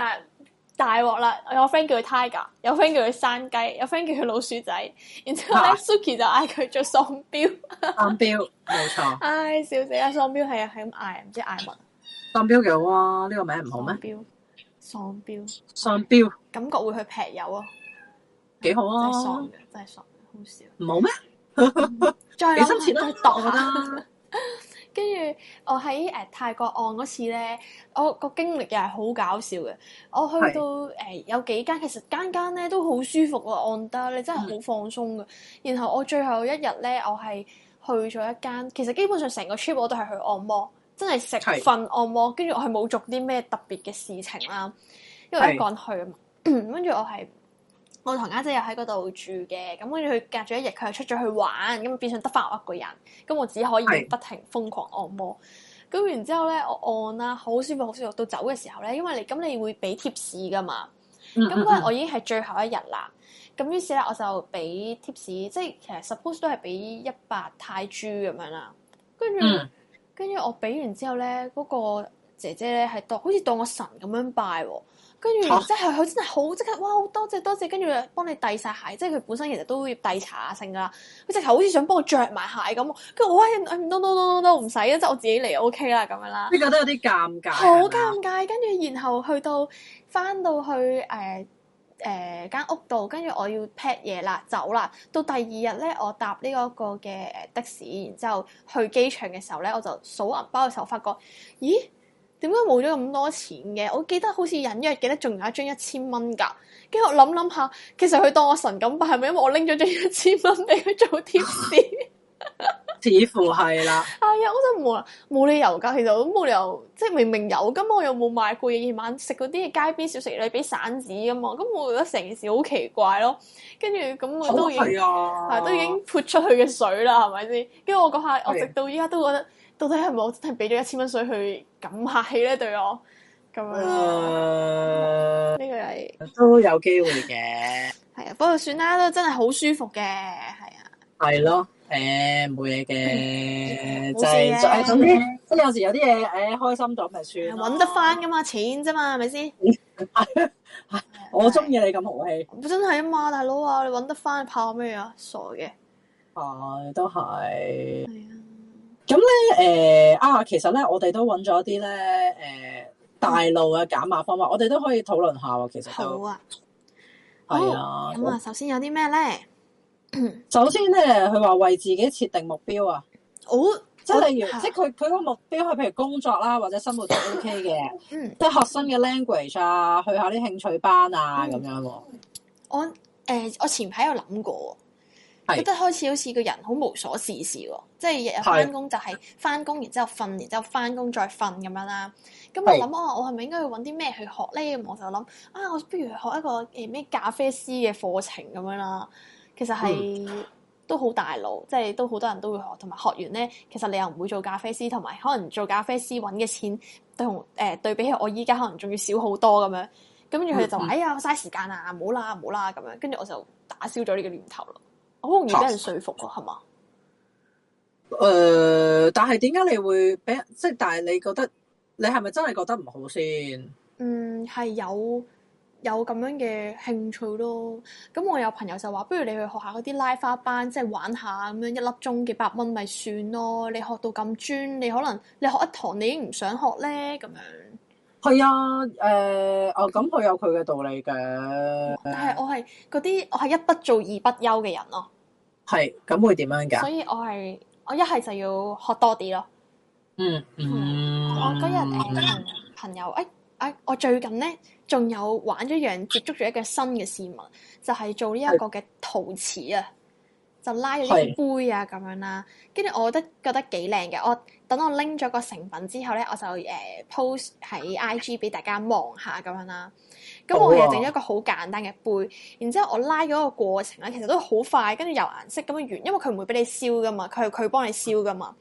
大鑊啦！我有 friend 叫佢 Tiger，有 friend 叫佢山雞，有 friend 叫佢老鼠仔，然之後咧 Suki 就嗌佢做喪標，喪標冇錯，唉笑死啦！喪標係係咁嗌，唔、哎啊、知嗌乜喪標幾好啊？呢、這個名唔好咩？喪標，喪標，彪感覺會去劈友啊，幾好啊，真係 (laughs) 爽嘅，真係爽，的真的爽的，好笑，唔好咩？嗯、再諗住再蕩啦，跟住 (laughs) (laughs) 我喺誒、呃、泰國按嗰次咧，我個經歷又係好搞笑嘅。我去到誒是、呃、有幾間，其實間間咧都好舒服啊，按得你真係好放鬆嘅。是然後我最後一日咧，我係去咗一間，其實基本上成個 trip 我都係去按摩，真係食瞓按摩。跟住我係冇做啲咩特別嘅事情啦、啊，因為一個人去啊嘛。跟住是 (coughs) 我係。我同家姐又喺嗰度住嘅，咁跟住佢隔咗一日，佢又出咗去玩，咁變相得翻我一個人，咁我只可以不停瘋狂按摩。咁是然之後咧，我按啦，好舒服，好舒服。到走嘅時候咧，因為你咁，你會俾 tips 噶嘛。咁嗰日我已經係最後一日啦，咁於是咧，我就俾 tips，即係其實 suppose 都係俾一百泰銖咁樣啦。跟住，跟住、嗯、我俾完之後咧，嗰、那個姐姐咧係當好似當我神咁樣拜喎、哦。跟住，即係佢真係好即刻，哇！好多謝多謝，跟住幫你遞晒鞋，即係佢本身其實都要遞茶剩噶啦。佢直頭好似想幫我着埋鞋咁，跟住我唉唔，唔、哎，唔、哎，唔，唔，唔，唔，唔使啊，即係我自己嚟 O K 啦，咁樣啦。呢個都有啲尷尬。好尷尬，跟住然後去到翻到去誒誒間屋度，跟、呃、住、呃、我要 pat 嘢啦，走啦。到第二日咧，我搭呢一個嘅誒的士，然之後去機場嘅時候咧，我就數銀包嘅時候發覺，咦？點解冇咗咁多錢嘅？我記得好似隱約記得仲有一張一千蚊㗎。跟住我諗諗下，其實佢當我神咁吧？係咪因為我拎咗張一千蚊俾佢做 tips (laughs) 似乎係啦。係啊、 (laughs) 哎，我真冇冇冇理由㗎。其實我都冇理由，即係明明有㗎，我又冇買過。夜晚食嗰啲街邊小食咧，俾散紙㗎嘛。咁我覺得成件事好奇怪咯。跟住咁我都已經係、啊、都已經潑出去嘅水啦，係咪先？跟住我嗰下，我直到依家都覺得。到底係咪我真係俾咗一千蚊水去咁客氣咧？對我咁樣？呢、呃嗯，這個係都有機會嘅。係啊，不過算啦，都真係好舒服嘅。係啊，係咯，誒冇嘢嘅，就係即係有時有啲嘢，誒開心咗咪算，啊。揾得翻噶嘛錢啫嘛，係咪先。 (laughs) (laughs) (laughs) 我中意你咁豪氣的、嗯嗯哦。真係啊嘛，大佬啊，你揾得翻，你怕咩啊？傻嘅。係，都係。咁咧，誒、呃、啊，其實咧，我哋都揾咗啲咧，誒、呃、大路嘅減壓方法，我哋都可以討論下喎。其實都好啊，係、哦、啊，咁啊、哦，那首先有啲咩咧？首先咧，佢話為自己設定目標啊，好、哦，即係例如，哦、即係佢佢個目標係譬如工作啦、啊，或者生活都 OK 嘅，嗯，即係學生嘅 language 啊，去下啲興趣班啊，咁、嗯、樣喎、啊。我誒、呃，我前排有諗過。是覺得開始好似個人好無所事事喎，即係日日翻工就係翻工，是然之後瞓，然之後翻工再瞓咁樣啦。咁我諗啊，我係咪應該要揾啲咩去學咧？咁我就諗啊，我不如學一個誒咩、欸、咖啡師嘅課程咁樣啦。其實係、嗯、都好大腦，即、就、係、是、都好多人都會學，同埋學完咧，其實你又唔會做咖啡師，同埋可能做咖啡師揾嘅錢同誒對、呃、對比起我依家可能仲要少好多咁樣。咁跟住佢哋就話：哎呀，嘥時間啊，唔好啦，唔好啦咁樣。跟住我就打消咗呢個念頭咯。好容易俾人說服喎，係嘛？誒、呃，但係點解你會俾即係？但係你覺得你係咪真係覺得唔好先？嗯，係有有咁樣嘅興趣咯。咁我有朋友就話：不如你去學下嗰啲拉花班，即係玩下咁樣一粒鐘幾百蚊，咪算咯。你學到咁專，你可能你學一堂，你已經唔想學咧咁樣。係啊，誒、呃、哦，咁佢有佢嘅道理嘅。但係我係嗰啲我係一不做二不休嘅人咯。係，咁會點樣㗎？所以我係我一係就要學多啲咯。嗯嗯，嗯。我嗰日誒朋友誒誒、哎哎，我最近咧仲有玩咗樣接觸咗一個新嘅事物，就係、是、做呢一個嘅陶瓷啊，是就拉咗啲杯啊咁樣啦，跟住是我覺得覺得幾靚嘅我。等我拎咗個成品之後咧，我就誒、呃、post 喺 IG 俾大家望下咁樣啦。咁、啊、我係整咗一個好簡單嘅杯，然之後我拉咗個過程咧，其實都好快，跟住有顏色咁樣完，因為佢唔會俾你燒噶嘛，佢佢幫你燒噶嘛。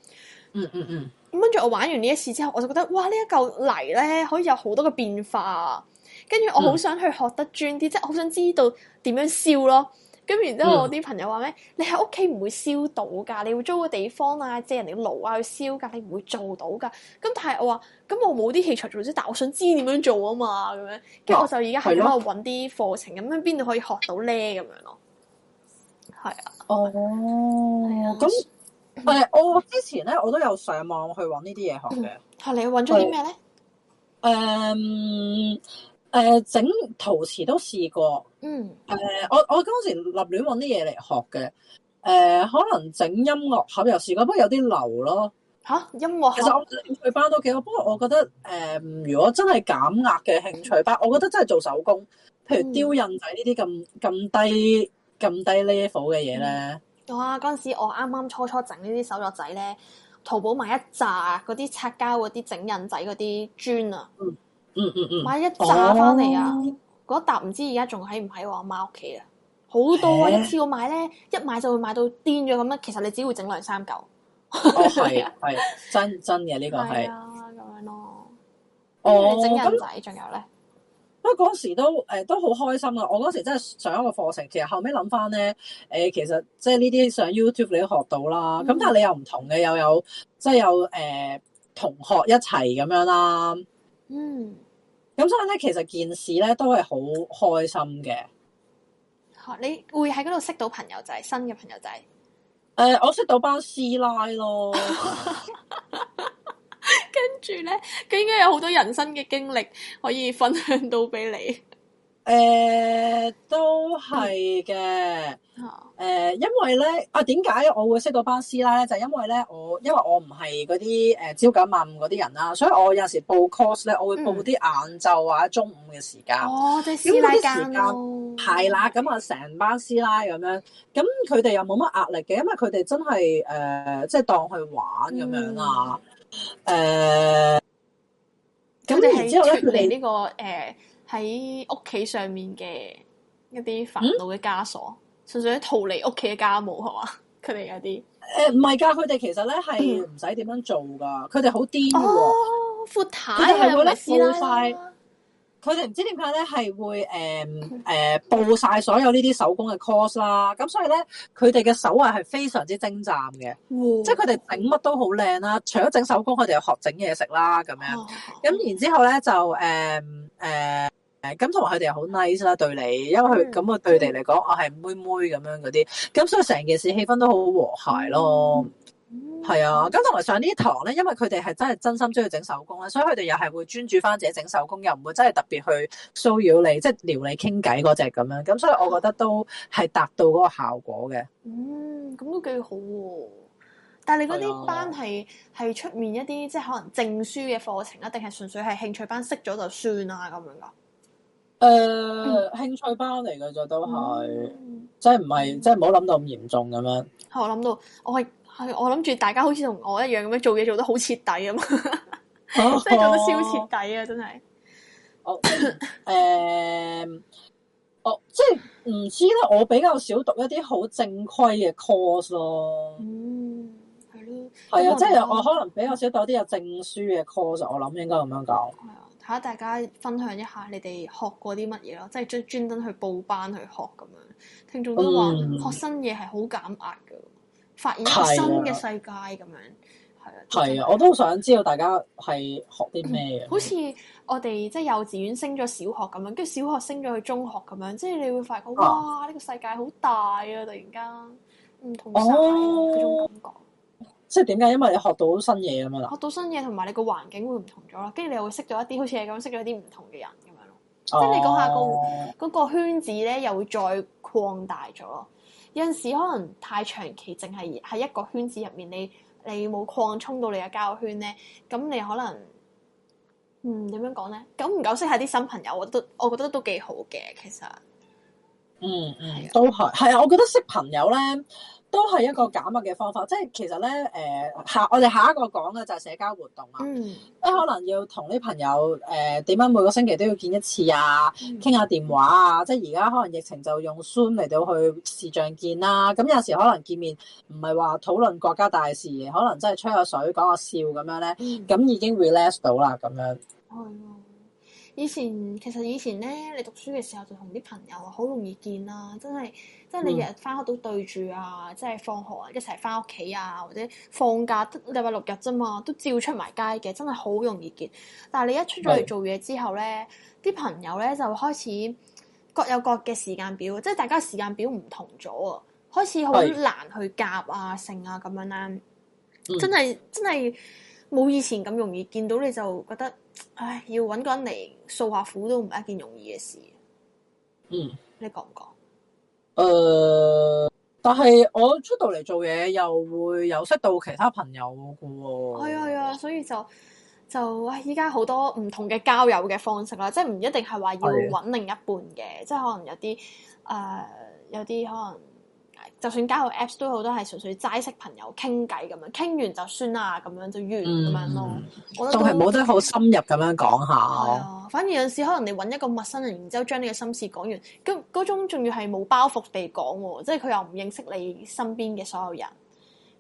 嗯嗯嗯。咁跟住我玩完呢一次之後，我就覺得哇！呢一嚿泥咧可以有好多個變化啊。跟住我好想去學得專啲，嗯、即係好想知道點樣燒咯。咁然之後我啲朋友話咩？嗯、你喺屋企唔會燒到噶，你會租個地方啊，借人哋嘅爐啊去燒噶，你唔會做到噶。咁但係我話，咁我冇啲器材做啫，但係我想知點樣做啊嘛，咁樣。跟住、哦、我就而家係度去搵啲課程，咁樣邊度可以學到咧？咁樣咯，係啊，哦那，係啊、嗯。咁誒，我之前咧我都有上網去搵呢啲嘢學嘅。吓、嗯啊，你搵咗啲咩咧？嗯。誒，整、呃、陶瓷都試過，呃、嗯，誒，我我嗰陣時立亂搵啲嘢嚟學嘅，誒、呃，可能整音樂盒又試過，不過有啲流咯，吓、啊、音樂。其實興趣班都幾好，不過我覺得，誒、呃，如果真係減壓嘅興趣班，嗯、我覺得真係做手工，譬如雕印仔呢啲咁咁低咁低 level 嘅嘢咧。哇！嗰陣時我啱啱初初整呢啲手作仔咧，淘寶買一紮嗰啲擦膠嗰啲整印仔嗰啲磚啊。嗯嗯嗯嗯，買一扎翻嚟啊！嗰一沓唔知而家仲喺唔喺我阿媽屋企啊？好多啊！一次要買咧，一買就會買到癲咗咁啦。其實你只會整兩三嚿。係啊係，真真嘅呢個係。咁樣咯。哦，咁仔仲有咧？不過嗰時都誒都好開心啊。我嗰時真係上一個課程，其實後尾諗翻咧，誒其實即係呢啲上 YouTube 你都學到啦。咁但係你又唔同嘅，又有即係有誒同學一齊咁樣啦。嗯。咁所以咧，其實件事咧都係好開心嘅。哦，你會喺嗰度識到朋友仔，新嘅朋友仔。誒，呃，我識到班師奶咯， (laughs) (laughs) (laughs) 跟住咧，佢應該有好多人生嘅經歷可以分享到俾你。誒、呃、都係嘅，誒、嗯哦呃、因為咧啊，點解我會識到班師奶咧？就係、因為咧我因為我唔係嗰啲誒朝九晚五嗰啲人啦，所以我有時報 course 咧、嗯， 我會報啲晏晝或者中午嘅時間。哦，啲師奶間。係、嗯、啦，咁啊成班師奶咁樣，咁佢哋又冇乜壓力嘅，因為佢哋真係誒、呃、即係當去玩咁樣啊。誒、嗯，咁你係佢哋呢、呢個誒？呃喺屋企上面嘅一啲煩惱嘅枷鎖，嗯、純粹係逃離屋企嘅家務，係嘛？佢 (laughs) 哋有啲誒唔係㗎，佢哋、呃、其實咧係唔使點樣做噶，佢哋好癲嘅喎，闊、哦、太係、啊、咪啦？佢哋唔知點解咧，係會誒誒報晒所有呢啲手工嘅 course 啦，咁所以咧佢哋嘅手藝係非常之精湛嘅，呃、即係佢哋整乜都好靚啦。除咗整手工，佢哋又學整嘢食啦咁樣。咁、哦嗯、然之後咧就誒誒誒，咁同埋佢哋又好 nice 啦對你，因為佢咁啊對佢哋嚟講，我係妹妹咁樣嗰啲。咁所以成件事氣氛都好和諧咯。嗯係、嗯、啊，咁同埋上呢堂咧，因為佢哋係真係真心中意整手工咧，所以佢哋又係會專注翻自己整手工，又唔會真係特別去騷擾你，即係撩你傾偈嗰隻咁樣。咁所以我覺得都係達到嗰個效果嘅。嗯，咁都幾好啊。但係你嗰啲班係係出面一啲，即係可能證書嘅課程啊，定係純粹係興趣班？識咗就算啦，咁樣噶。誒、嗯，興趣班嚟嘅就都係，嗯、即係唔係，嗯、即係唔好諗到咁嚴重咁樣。我諗到，我係。係，我諗住大家好似同我一樣咁樣做嘢，做，做得好徹底吖嘛，oh, (laughs) 真係做得超徹底啊！真係。誒，我即係唔知啦。我比較少讀一啲好正規嘅 course 咯。嗯，係咯。係啊，能即係我可能比較少讀啲有證書嘅 course。我諗應該咁樣搞，係啊、嗯，睇下大家分享一下你哋學過啲乜嘢咯？即係專專登去報班去學咁樣。聽眾都話、嗯、學新嘢係好減壓㗎。發現一個新嘅世界咁樣，係啊，係啊，我都想知道大家係學啲咩、嗯、好似我哋即係幼稚園升咗小學咁樣，跟住小學升咗去中學咁樣，即係你會發覺、啊、哇，呢、呢個世界好大啊！突然間唔同新、哦、嗰種感覺。即係點解？因為你學到新嘢咁樣啦。學到新嘢，同埋你個環境會唔同咗咯，跟住你又會識到一啲好似你咁識咗啲唔同嘅人咁樣咯。即係你講下、啊嗰個嗰、嗰個、圈子咧，又會再擴大咗。有陣時可能太長期，淨係喺一個圈子入面，你你冇擴充到你嘅交友圈咧，咁你可能，嗯，點樣講咧？久唔久識下啲新朋友，我都我覺得都幾好嘅，其實。嗯嗯，嗯啊、都係，係啊，我覺得識朋友咧，都係一個減壓嘅方法，即係其實咧，誒、呃、下我哋下一個講嘅就係社交活動啦，即係、嗯、可能要同啲朋友誒點、呃、樣每個星期都要見一次啊，傾下電話啊，嗯、即係而家可能疫情就用 Zoom 嚟到去視像見啦，咁有時可能見面唔係話討論國家大事，可能真係吹下水、講下笑咁樣咧，咁、嗯、已經 relax 到啦咁樣。係、嗯。以前其實以前咧，你讀書嘅時候就同啲朋友啊，好容易見啦、啊，真係，即係你日日翻學都對住啊，嗯、即係放學啊，一齊翻屋企啊，或者放假禮拜六日啫嘛，都照出埋街嘅，真係好容易見。但係你一出咗嚟做嘢之後咧，啲是、嗯、朋友咧就開始各有各嘅時間表，即係大家時間表唔同咗啊，開始好難去夾啊，成啊咁樣啦，真係是、嗯、真係冇以前咁容易見到，你就覺得。唉，要搵個人嚟訴下苦都唔係一件容易嘅事。嗯，你講唔講？誒、呃，但係我出到嚟做嘢又會有識到其他朋友嘅喎、哦。係啊係啊，所以就就依家好多唔同嘅交友嘅方式啦，即係唔一定係話要搵另一半嘅，的即係可能有啲誒、呃，有啲可能。就算加個 Apps 都好，都係純粹齋識朋友傾偈咁樣，傾完就算啦，咁樣就完咁樣咯。嗯、我覺得都係冇得好深入咁樣講下、啊。反而有陣時可能你揾一個陌生人，然之後將你嘅心事講完，咁嗰種仲要係冇包袱地講喎，即係佢又唔認識你身邊嘅所有人，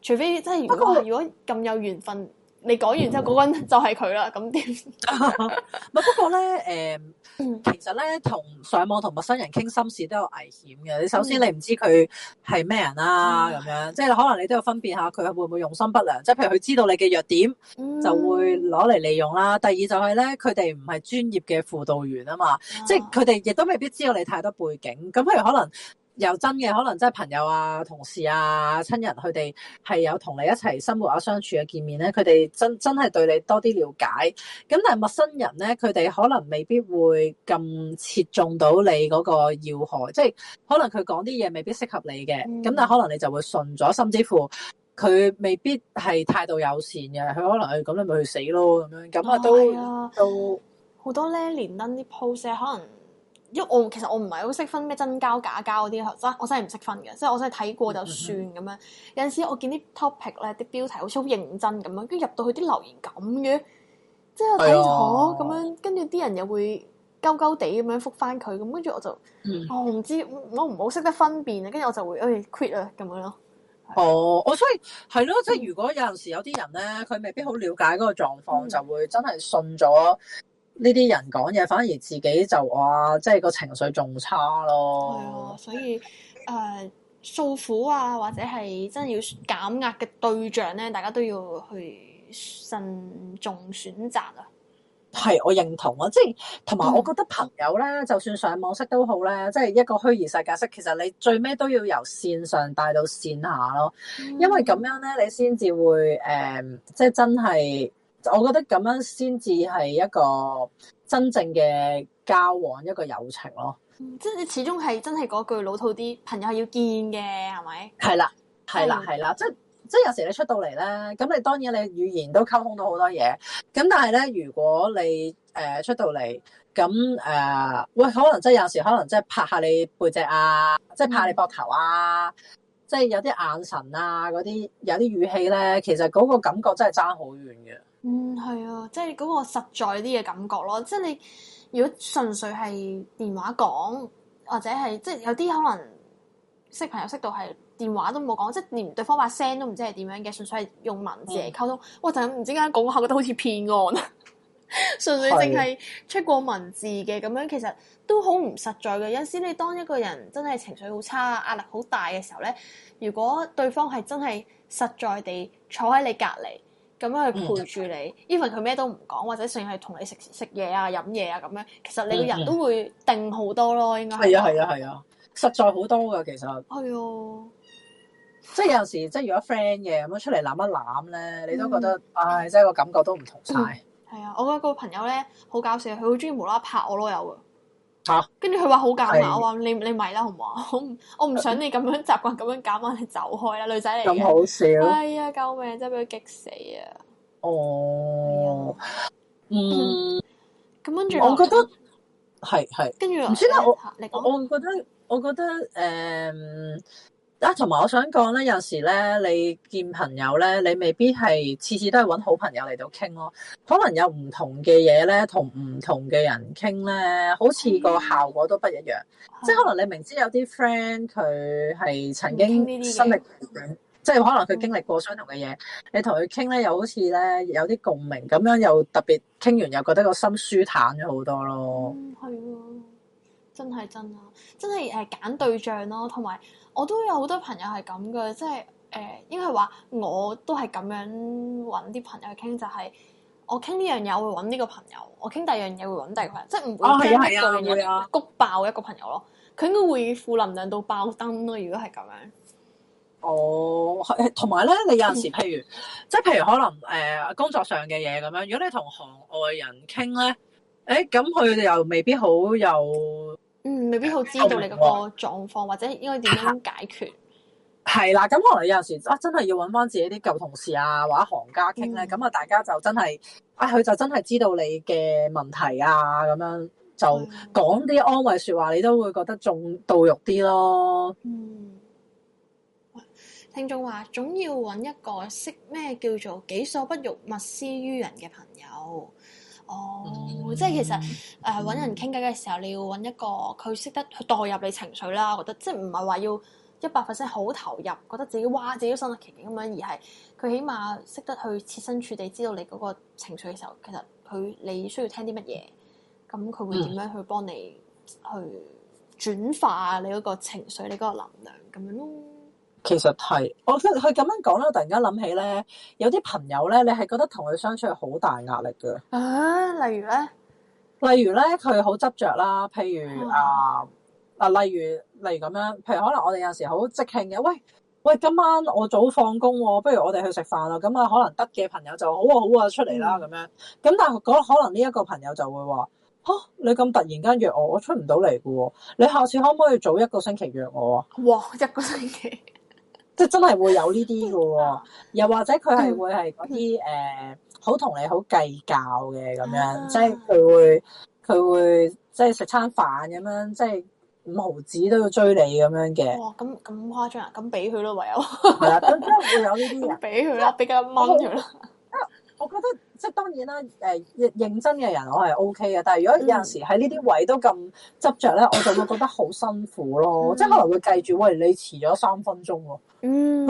除非即係如果過如果咁有緣分。你講完之後，嗰個人就係佢啦，咁點？ (laughs) (laughs) 不過咧，誒、嗯，其實咧，同上網同陌生人傾心事都有危險嘅。你首先你唔知佢係咩人啦、啊，咁、嗯、樣即係可能你都要分別下佢會唔會用心不良。即係譬如佢知道你嘅弱點，嗯、就會攞嚟利用啦。第二就係咧，佢哋唔係專業嘅輔導員啊嘛，啊即係佢哋亦都未必知道你太多背景。咁譬如可能。又真嘅可能，真係朋友啊、同事啊、親人佢哋係有同你一齊生活啊、相處啊、見面咧，佢哋真真係對你多啲了解。咁但係陌生人咧，佢哋可能未必會咁切中到你嗰個要害，即係可能佢講啲嘢未必適合你嘅。咁、嗯、但係可能你就會順咗，甚至乎佢未必係態度友善嘅，佢可能係咁，哎、你咪去死咯咁樣。咁啊都都好、哎、呀到多咧，連登啲 post 可能。因為我其實我唔係好識分咩真膠假膠啲，真我真係唔識分嘅，即係我真係睇過就算咁、嗯、哼樣。有陣時我見啲 topic 咧，啲標題好似好認真咁樣，跟住入到去啲留言咁嘅，即係睇咗咁樣，跟住啲人又會鳩鳩地咁樣覆翻佢，咁跟住我就，我唔知我唔好識得分辨，跟住我就會唉 quit 啊咁樣咯。哦，我所以係咯，嗯、即係如果有時有啲人咧，佢未必好了解嗰個狀況，嗯、就會真係信咗。呢啲人講嘢，反而自己就哇，即係個情緒仲差咯。係啊，所以誒，訴、呃、苦啊，或者係真要減壓嘅對象咧，大家都要去慎重選擇啊。係，我認同啊，即係同埋我覺得朋友咧，嗯、就算上網識都好咧，即係一個虛擬世界識，其實你最尾都要由線上帶到線下咯。因為咁樣咧，你先至會誒、呃，即係真係。我覺得咁樣先至係一個真正嘅交往，一個友情咯。即係你始終係真係嗰句老套，啲朋友係要見嘅，係咪？係啦，係啦，係啦。即係即係有時你出到嚟咧，咁你當然你語言都溝通到好多嘢。咁但係咧，如果你誒、呃、出到嚟咁誒，喂，可能即係有時可能即係拍下你背脊啊，嗯、啊，即係拍你膊頭啊，即係有啲眼神啊嗰啲，有啲語氣咧，其實嗰個感覺真係差好遠嘅。嗯，係啊，即係嗰個實在啲嘅感覺咯。即係你如果純粹係電話講，或者係即係有啲可能識朋友識到係電話都冇講，即係連對方把聲都唔知係點樣嘅，純粹係用文字嚟溝通。我就咁唔知點解講下，覺得好似騙案，純 (laughs) 粹淨係出過文字嘅咁樣，其實都好唔實在嘅。有時你當一個人真係情緒好差，壓力好大嘅時候咧，如果對方係真係實在地坐喺你隔籬，咁樣去陪住你，even 佢咩都唔講，或者淨係同你食食嘢啊、飲嘢啊咁樣，其實你個人都會定好多咯，應該係啊、 (laughs) 哎，係、哎、啊，係、哎、啊，實在好多㗎其實，係啊、哎呀，即係有陣時，即係如果 friend 嘅咁出嚟攬一攬咧，你都覺得，唉、嗯哎，即係個感覺都唔同晒。係啊、嗯哎，我覺得個朋友咧好搞笑，佢好中意無啦拍我咯，有跟住佢話好尷尬，我話你你咪啦，好唔好啊？我唔想你咁樣習慣咁樣揀，我你走開啦，女仔嚟嘅。咁好笑！哎呀，救命！真係俾佢激死啊！哦，嗯，咁跟住我覺得係係，跟住唔知咧，我我覺得我覺得誒。同埋、啊、我想講咧，有時咧，你見朋友咧，你未必係次次都係揾好朋友嚟到傾咯，可能有唔同嘅嘢咧，同唔同嘅人傾咧，好似個效果都不一樣。嗯、即係可能你明知有啲 friend 佢係曾經經歷，即係可能佢經歷過相同嘅嘢，嗯、你同佢傾咧，又好似咧有啲共鳴，咁樣又特別傾完又覺得個心舒坦咗好多咯。係、嗯、啊，真係真啊，真係誒揀對象咯，同埋。我都有好多朋友係咁嘅，即係誒，因為話我都係咁樣揾啲朋友傾，就係、是、我傾呢樣嘢我會揾呢個朋友，我傾第二樣嘢會揾第二個，哦、即係唔會傾一個嘢谷爆一個朋友咯。佢應該會負能量到爆燈咯。如果係咁樣，哦，同埋咧，你有陣時譬如， (laughs) 譬如即係譬如可能誒、呃、工作上嘅嘢咁樣，如果你同行外人傾咧，誒咁佢哋又未必好有。嗯，未必好知道你嗰個狀況，或者應該點樣解決？係啦、啊，咁可能有陣時啊，真係要揾返自己啲舊同事啊，或者行家傾咧，咁啊、嗯，大家就真係啊，佢就真係知道你嘅問題啊，咁樣就講啲安慰說話，你都會覺得仲到肉啲咯。嗯，聽眾話，總要揾一個識咩叫做己所不欲，勿施於人嘅朋友。哦，oh，即係其實誒揾、呃、人傾偈嘅時候，你要揾一個佢識得去代入你情緒啦，我覺得即係唔係話要一百 percent 好投入，覺得自己哇自己身歷其境咁樣，而係佢起碼識得去設身處地知道你嗰個情緒嘅時候，其實佢你需要聽啲乜嘢，咁佢會點樣去幫你去轉化你嗰個情緒、你嗰個能量咁樣咯。其實係，我佢咁樣講咧，我突然間諗起咧，有啲朋友咧，你係覺得同佢相處係好大壓力噶啊？例如咧，例如咧，佢好執着啦，譬如唉啊嗱，例如例如咁樣，譬如可能我哋有陣時好即興嘅，喂喂，今晚我早放工，啊，不如我哋去食飯啦。咁啊，可能得嘅朋友就好啊好啊，出嚟啦咁，嗯，樣。咁但係可能呢一個朋友就會話，吓，啊，你咁突然間約我，我出唔到嚟嘅。你下次可唔可以早一個星期約我啊？哇，一個星期！ (laughs) 即係真係會有呢啲嘅喎，又或者佢係會係嗰啲誒，好同你好計較嘅咁樣，即係佢會佢會即係食餐飯咁樣，即係五毫子都要追你咁樣嘅。哇！咁咁誇張啊！咁俾佢咯，唯有係啦，真係會有呢啲人俾佢啦，俾幾蚊佢啦。 (laughs) 我， (laughs) 我覺得。即係當然啦，誒、呃、認認真嘅人我係 O K 嘅，但係如果有陣時喺呢啲位都咁執着咧，嗯、我就會覺得好辛苦咯。嗯、即係可能會計住，喂，你遲咗三分鐘喎、哦，嗯，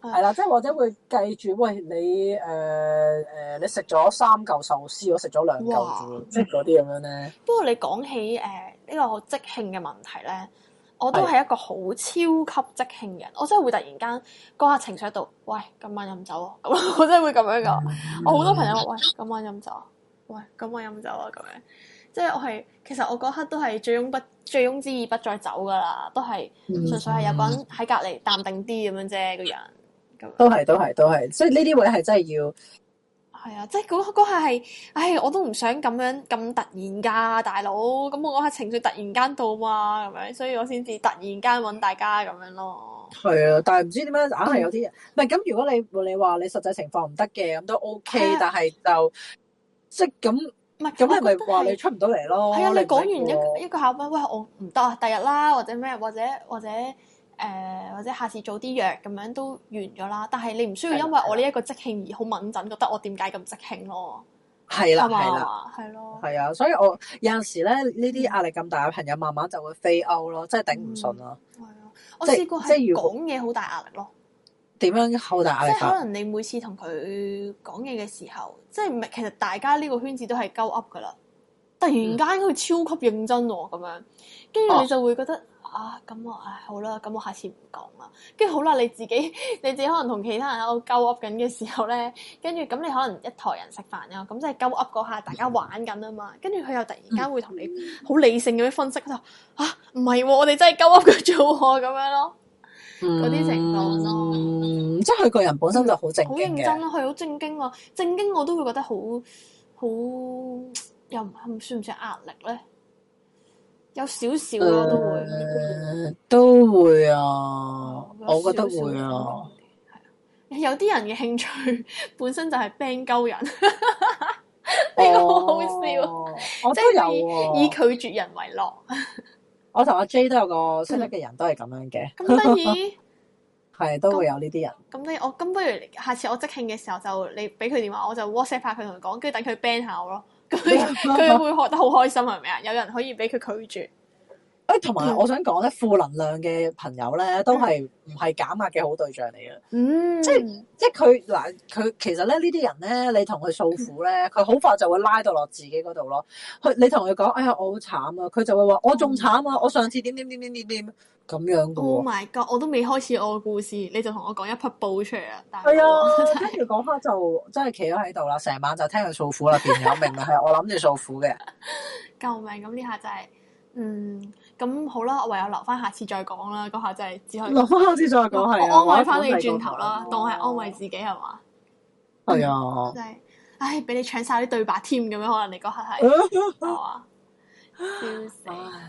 係 (laughs) 啦，即係或者會計住，喂，你誒誒、呃呃，你食咗三嚿壽司，我食咗兩嚿啫，即係嗰啲咁樣咧。不過你講起誒呢、呃呢個即興嘅問題咧。我都係一個好超級即興人，我真係會突然間嗰下情緒度，喂，今晚飲酒咯，咁 (laughs) 我真係會咁樣講。我好多朋友，喂，今晚飲酒，喂，今晚飲酒啊，咁樣，即係我係其實我嗰刻都係醉翁不醉翁之意不在酒㗎喇，都係純粹係有個人喺隔離淡定啲咁樣啫，個人。咁樣都係都係都係，所以呢啲位係真係要。係啊，即係嗰下係，唉，我都唔想咁樣咁突然㗎，大佬，咁我嗰下情緒突然間到嘛，咁樣，所以我先至突然間揾大家咁樣咯。係啊，但係唔知點解硬係有啲人，唔係咁。如果你你話你實際情況唔得嘅，咁都 OK，啊，但係就即係咁，唔係咁係咪話你出唔到嚟咯？係啊，你講完一個一個考分，喂，我唔得啊，第日啦，或者咩，或者或者。或者誒、呃、或者下次做啲藥咁樣都完咗啦，但係你唔需要因為我呢一個即興而好敏感，覺得我點解咁即興咯？係啦，係啦，係咯，係啊，所以我有陣時咧呢啲壓力咁大嘅朋友，慢慢就會飛歐咯，真係頂唔順咯。係啊，我試過即係講嘢好大壓力咯。點樣好大壓力？即係可能你每次同佢講嘢嘅時候，即係唔係其實大家呢個圈子都係鳩噏㗎啦，突然間佢超級認真喎、啊、咁樣，跟住你就會覺得，啊啊，咁我唉好啦，咁我下次唔講啦。跟住好啦，你自己你自己可能同其他人喺度鳩噏緊嘅時候咧，跟住咁你可能一台人食飯啊，咁即係鳩噏嗰下大家玩緊啊嘛。跟住佢又突然間會同你好理性咁樣分析佢話啊，唔係、啊，我哋真係鳩噏佢做啊咁樣咯，嗰啲情況咯。即係佢個人本身就好正經，好認真佢、啊、好正經啊，正經我都會覺得好好，又唔算唔算壓力咧。有少少啊，都會，嗯、都會啊！點點啊，我覺得會啊，有啲人嘅興趣本身就係 ban 鳩人，呢個好好笑，即係以以拒絕人為樂。 (laughs) 我同阿 J 都有個識得嘅人都係咁樣嘅，咁所以，係 (laughs) 那 (laughs) 都會有呢啲人。咁你我咁不如下次我即興嘅時候就你俾佢電話，我就 WhatsApp 發佢同佢講，跟住等佢 ban 下我咯。佢佢 (laughs) 會學得好開心，係咪啊？有人可以俾佢拒絕。同埋我想講咧，嗯、負能量嘅朋友咧，都係唔係減壓嘅好對象嚟嘅。嗯，即係即係佢嗱佢其實咧呢啲人咧，你同佢訴苦咧，佢好快就會拉到落自己嗰度咯。佢你同佢講，哎呀我好慘啊，佢就會話、嗯、我仲慘啊，我上次點點點點點咁樣嘅。Oh my god！我都未開始我嘅故事，你就同我講一匹布出嚟啊。係啊，跟住嗰刻就真係企咗喺度啦，成晚就聽佢訴苦啦，邊有明啦，係 (laughs) 我諗住訴苦嘅。 (laughs) 救命！咁呢下就係、是、嗯。咁好啦，我唯有留翻下次再講啦。嗰下就係只可以留翻下次再講，係啊，安慰翻你轉頭啦，當係安慰自己係嘛？係啊，真係唉，俾你搶晒啲對白添，咁樣可能你嗰刻係係笑死！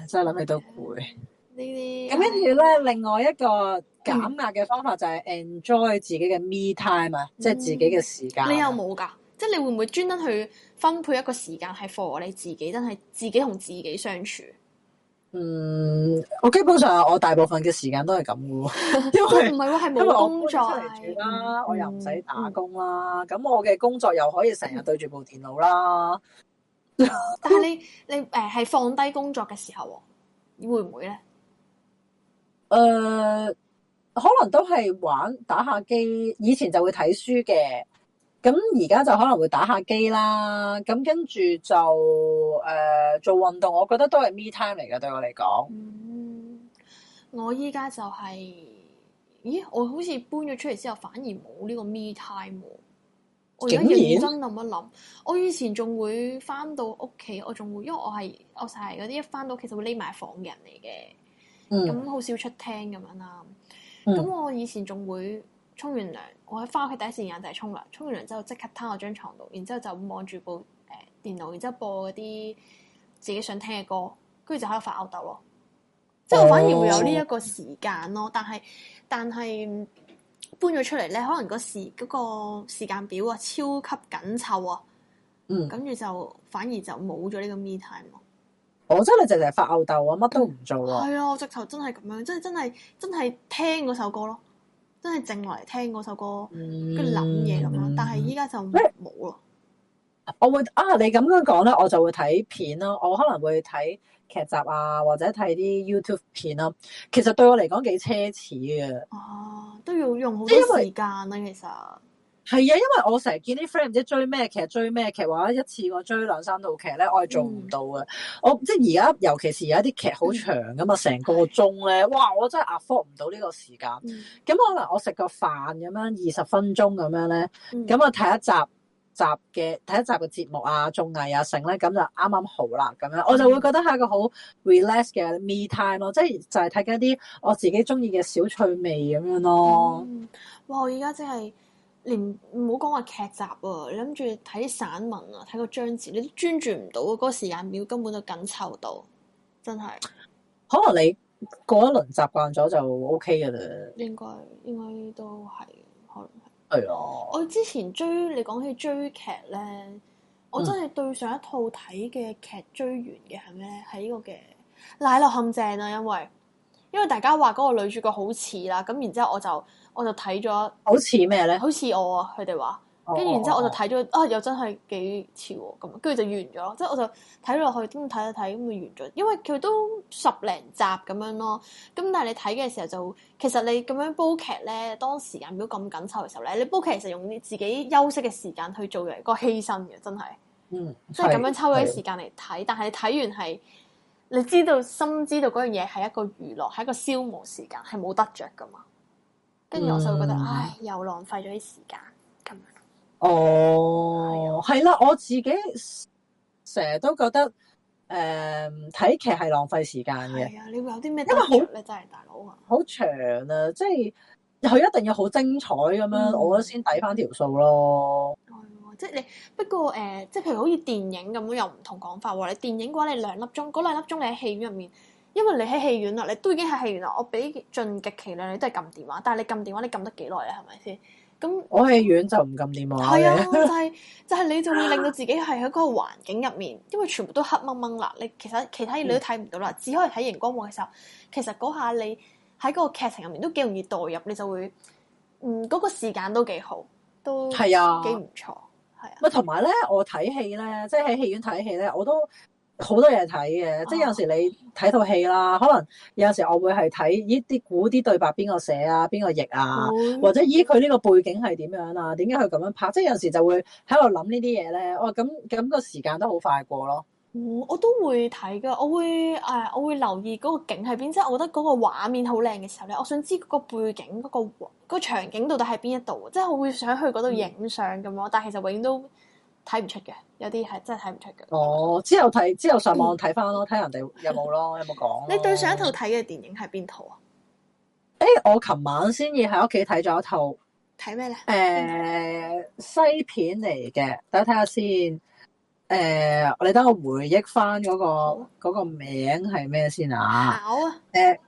真係諗起都攰、啊、呢啲。咁跟住咧，另外一個減壓嘅方法就係 enjoy 自己嘅 me time，即係、嗯、自己嘅時間。你有冇噶？即係你會唔會專登去分配一個時間係 for 你自己，真係自己同自己相處？嗯，我基本上我大部分嘅時間都係咁噶喎，因為唔係喎，係冇 (laughs) 工作啦，嗯、我又唔使打工啦，咁、嗯、我嘅工作又可以成日對住部電腦啦。嗯、 (laughs) 但係你你誒係放低工作嘅時候，你會唔會咧？誒、呃，可能都係玩打下機，以前就會睇書嘅。咁而家就可能會打下機啦，咁跟住就誒、呃、做運動，我覺得都係 me time 嚟嘅。對我嚟講、嗯，我依家就係、是，咦，我好似搬咗出嚟之後反而冇呢個 me time 喎。我而家認真諗一諗，然我以前仲會返到屋企，我仲會，因為我係我成日嗰啲一返到屋企就會匿埋房嘅人嚟嘅。咁好、嗯、少出廳咁樣啦。咁、嗯、我以前仲會。沖完涼，我喺翻屋企第一時間就係沖涼，沖完涼之後即刻攤我張床度，然之後就望住部誒電腦，然之後播嗰啲自己想聽嘅歌，跟住就喺度發吽逗咯。即係我反而會有呢一個時間咯，哦、但係但係搬咗出嚟咧，可能個時嗰、嗰個時間表啊，超級緊湊啊，嗯，跟住就反而就冇咗呢個 me time 咯。我真係淨淨係發吽逗啊，乜都唔做啊。係、嗯、啊，我直頭真係咁樣，即係真係真係聽嗰首歌咯。真係靜落嚟聽嗰首歌，跟住諗嘢咁樣。但係依家就冇咯。我會啊！你咁樣講咧，我就會睇片囉。我可能會睇劇集啊，或者睇啲 YouTube 片啦、啊。其實對我嚟講幾奢侈嘅。哦、啊，都要用好多時間咧、啊，為其實。係啊，因為我成日見啲 friend 唔知追咩劇，追咩劇，話一次過追兩三套劇咧，我係做唔到嘅。嗯、我即係而家，尤其是有一啲劇好長噶嘛，成、嗯、個鐘咧，哇！我真係 afford 唔到呢個時間。咁、嗯、可能我食個飯咁樣，二十分鐘咁樣咧，咁啊睇一集集嘅睇一集嘅節目啊，綜藝啊成咧，咁就啱啱好啦。咁樣我就會覺得係一個好 relax 嘅 me time 咯、嗯，即係就係睇緊一啲我自己中意嘅小趣味咁樣咯、嗯。哇！我而家真係～連唔好講話劇集啊，你諗住睇散文啊，睇個章節，你都專注唔到啊！嗰、嗰個時間表根本就緊湊到，真係。可能你過一輪習慣咗就 OK 嘅啦。應該應該都係，可能係。係啊、哎呀，我之前追你講起追劇咧，我真係對上一套睇嘅劇追完嘅係咩咧？係、嗯、呢個嘅《奶酪陷阱》啊，因為因為大家話嗰個女主角好似啦，咁然之後我就。我就睇咗，好似咩咧？好似我啊，佢哋話，跟住、oh, 然之後我就睇咗、oh. 啊，又真係幾似喎咁。跟住就完咗，即係我就睇落去咁睇睇睇咁就完咗。因為佢都十零集咁樣咯。咁但係你睇嘅時候就其實你咁樣煲劇咧，當時間表咁緊湊嘅時候咧，你煲劇其實用你自己休息嘅時間去做嘅一個犧牲嘅，真係嗯，即係咁樣抽咗啲時間嚟睇。的但係你睇完係你知道心知道嗰樣嘢係一個娛樂，係一個消磨時間，係冇得着噶嘛。跟住我就覺得，嗯、唉，又浪費咗啲時間咁。哦，係啦、哎呀，我自己成日都覺得，誒、呃，睇劇係浪費時間嘅。係啊，你會有啲咩？因為好，你真係大佬啊，好長啊，即係佢一定要好精彩咁樣，嗯、我覺得先抵翻條數咯。係、啊、即係你不過誒、呃，即係譬如好似電影咁樣，又唔同講法喎。你電影嘅話，你兩粒鐘嗰兩粒鐘，你喺戲院入面，面，面。因為你喺戲院啦，你都已經喺戲院啦。我俾盡極其量，你都係撳電話，但係你撳電話，你撳得幾耐啊？係咪先？咁我喺戲院就唔撳電話。係啊，但係就係你仲要令到自己係喺嗰個環境入面， (laughs) 因為全部都黑掹掹啦。你其實其他嘢你都睇唔到啦，嗯、只可以喺熒光幕嘅時候。其實嗰下你喺嗰個劇情入面都幾容易代入，你就會嗯嗰個時間都幾好，都係啊，幾唔錯，係啊。同埋咧，我睇戲咧，即係喺戲院睇戲咧，我都。好多嘢睇嘅，即係有時你睇套戲啦，啊、可能有陣時我會係睇依啲古啲對白邊個寫啊，邊個譯啊，嗯、或者依佢呢個背景係點樣啊，點解佢咁樣拍？即係有時就會喺度諗呢啲嘢咧。哇，咁、那、咁個時間都好快過咯。嗯、我都會睇噶，我會誒、呃，我會留意嗰個景係邊，即、就、係、是、我覺得嗰個畫面好靚嘅時候咧，我想知個背景嗰、那個、那個場景到底喺邊一度，即、就、係、是、我會想去嗰度影相咁咯。嗯、但係其實永遠都。睇唔出嘅，有啲係真係睇唔出嘅。哦，之後睇之後上網睇翻咯，睇人哋有冇咯，有冇講。 (laughs) 你對上一套睇嘅電影係邊套啊？誒、欸，我琴晚先至喺屋企睇咗一套。睇咩咧？誒、呃，西片嚟嘅，等我睇下先。誒、呃，你等我回憶翻嗰、嗰個、哦、個名係咩先啊？誒好，佢、呃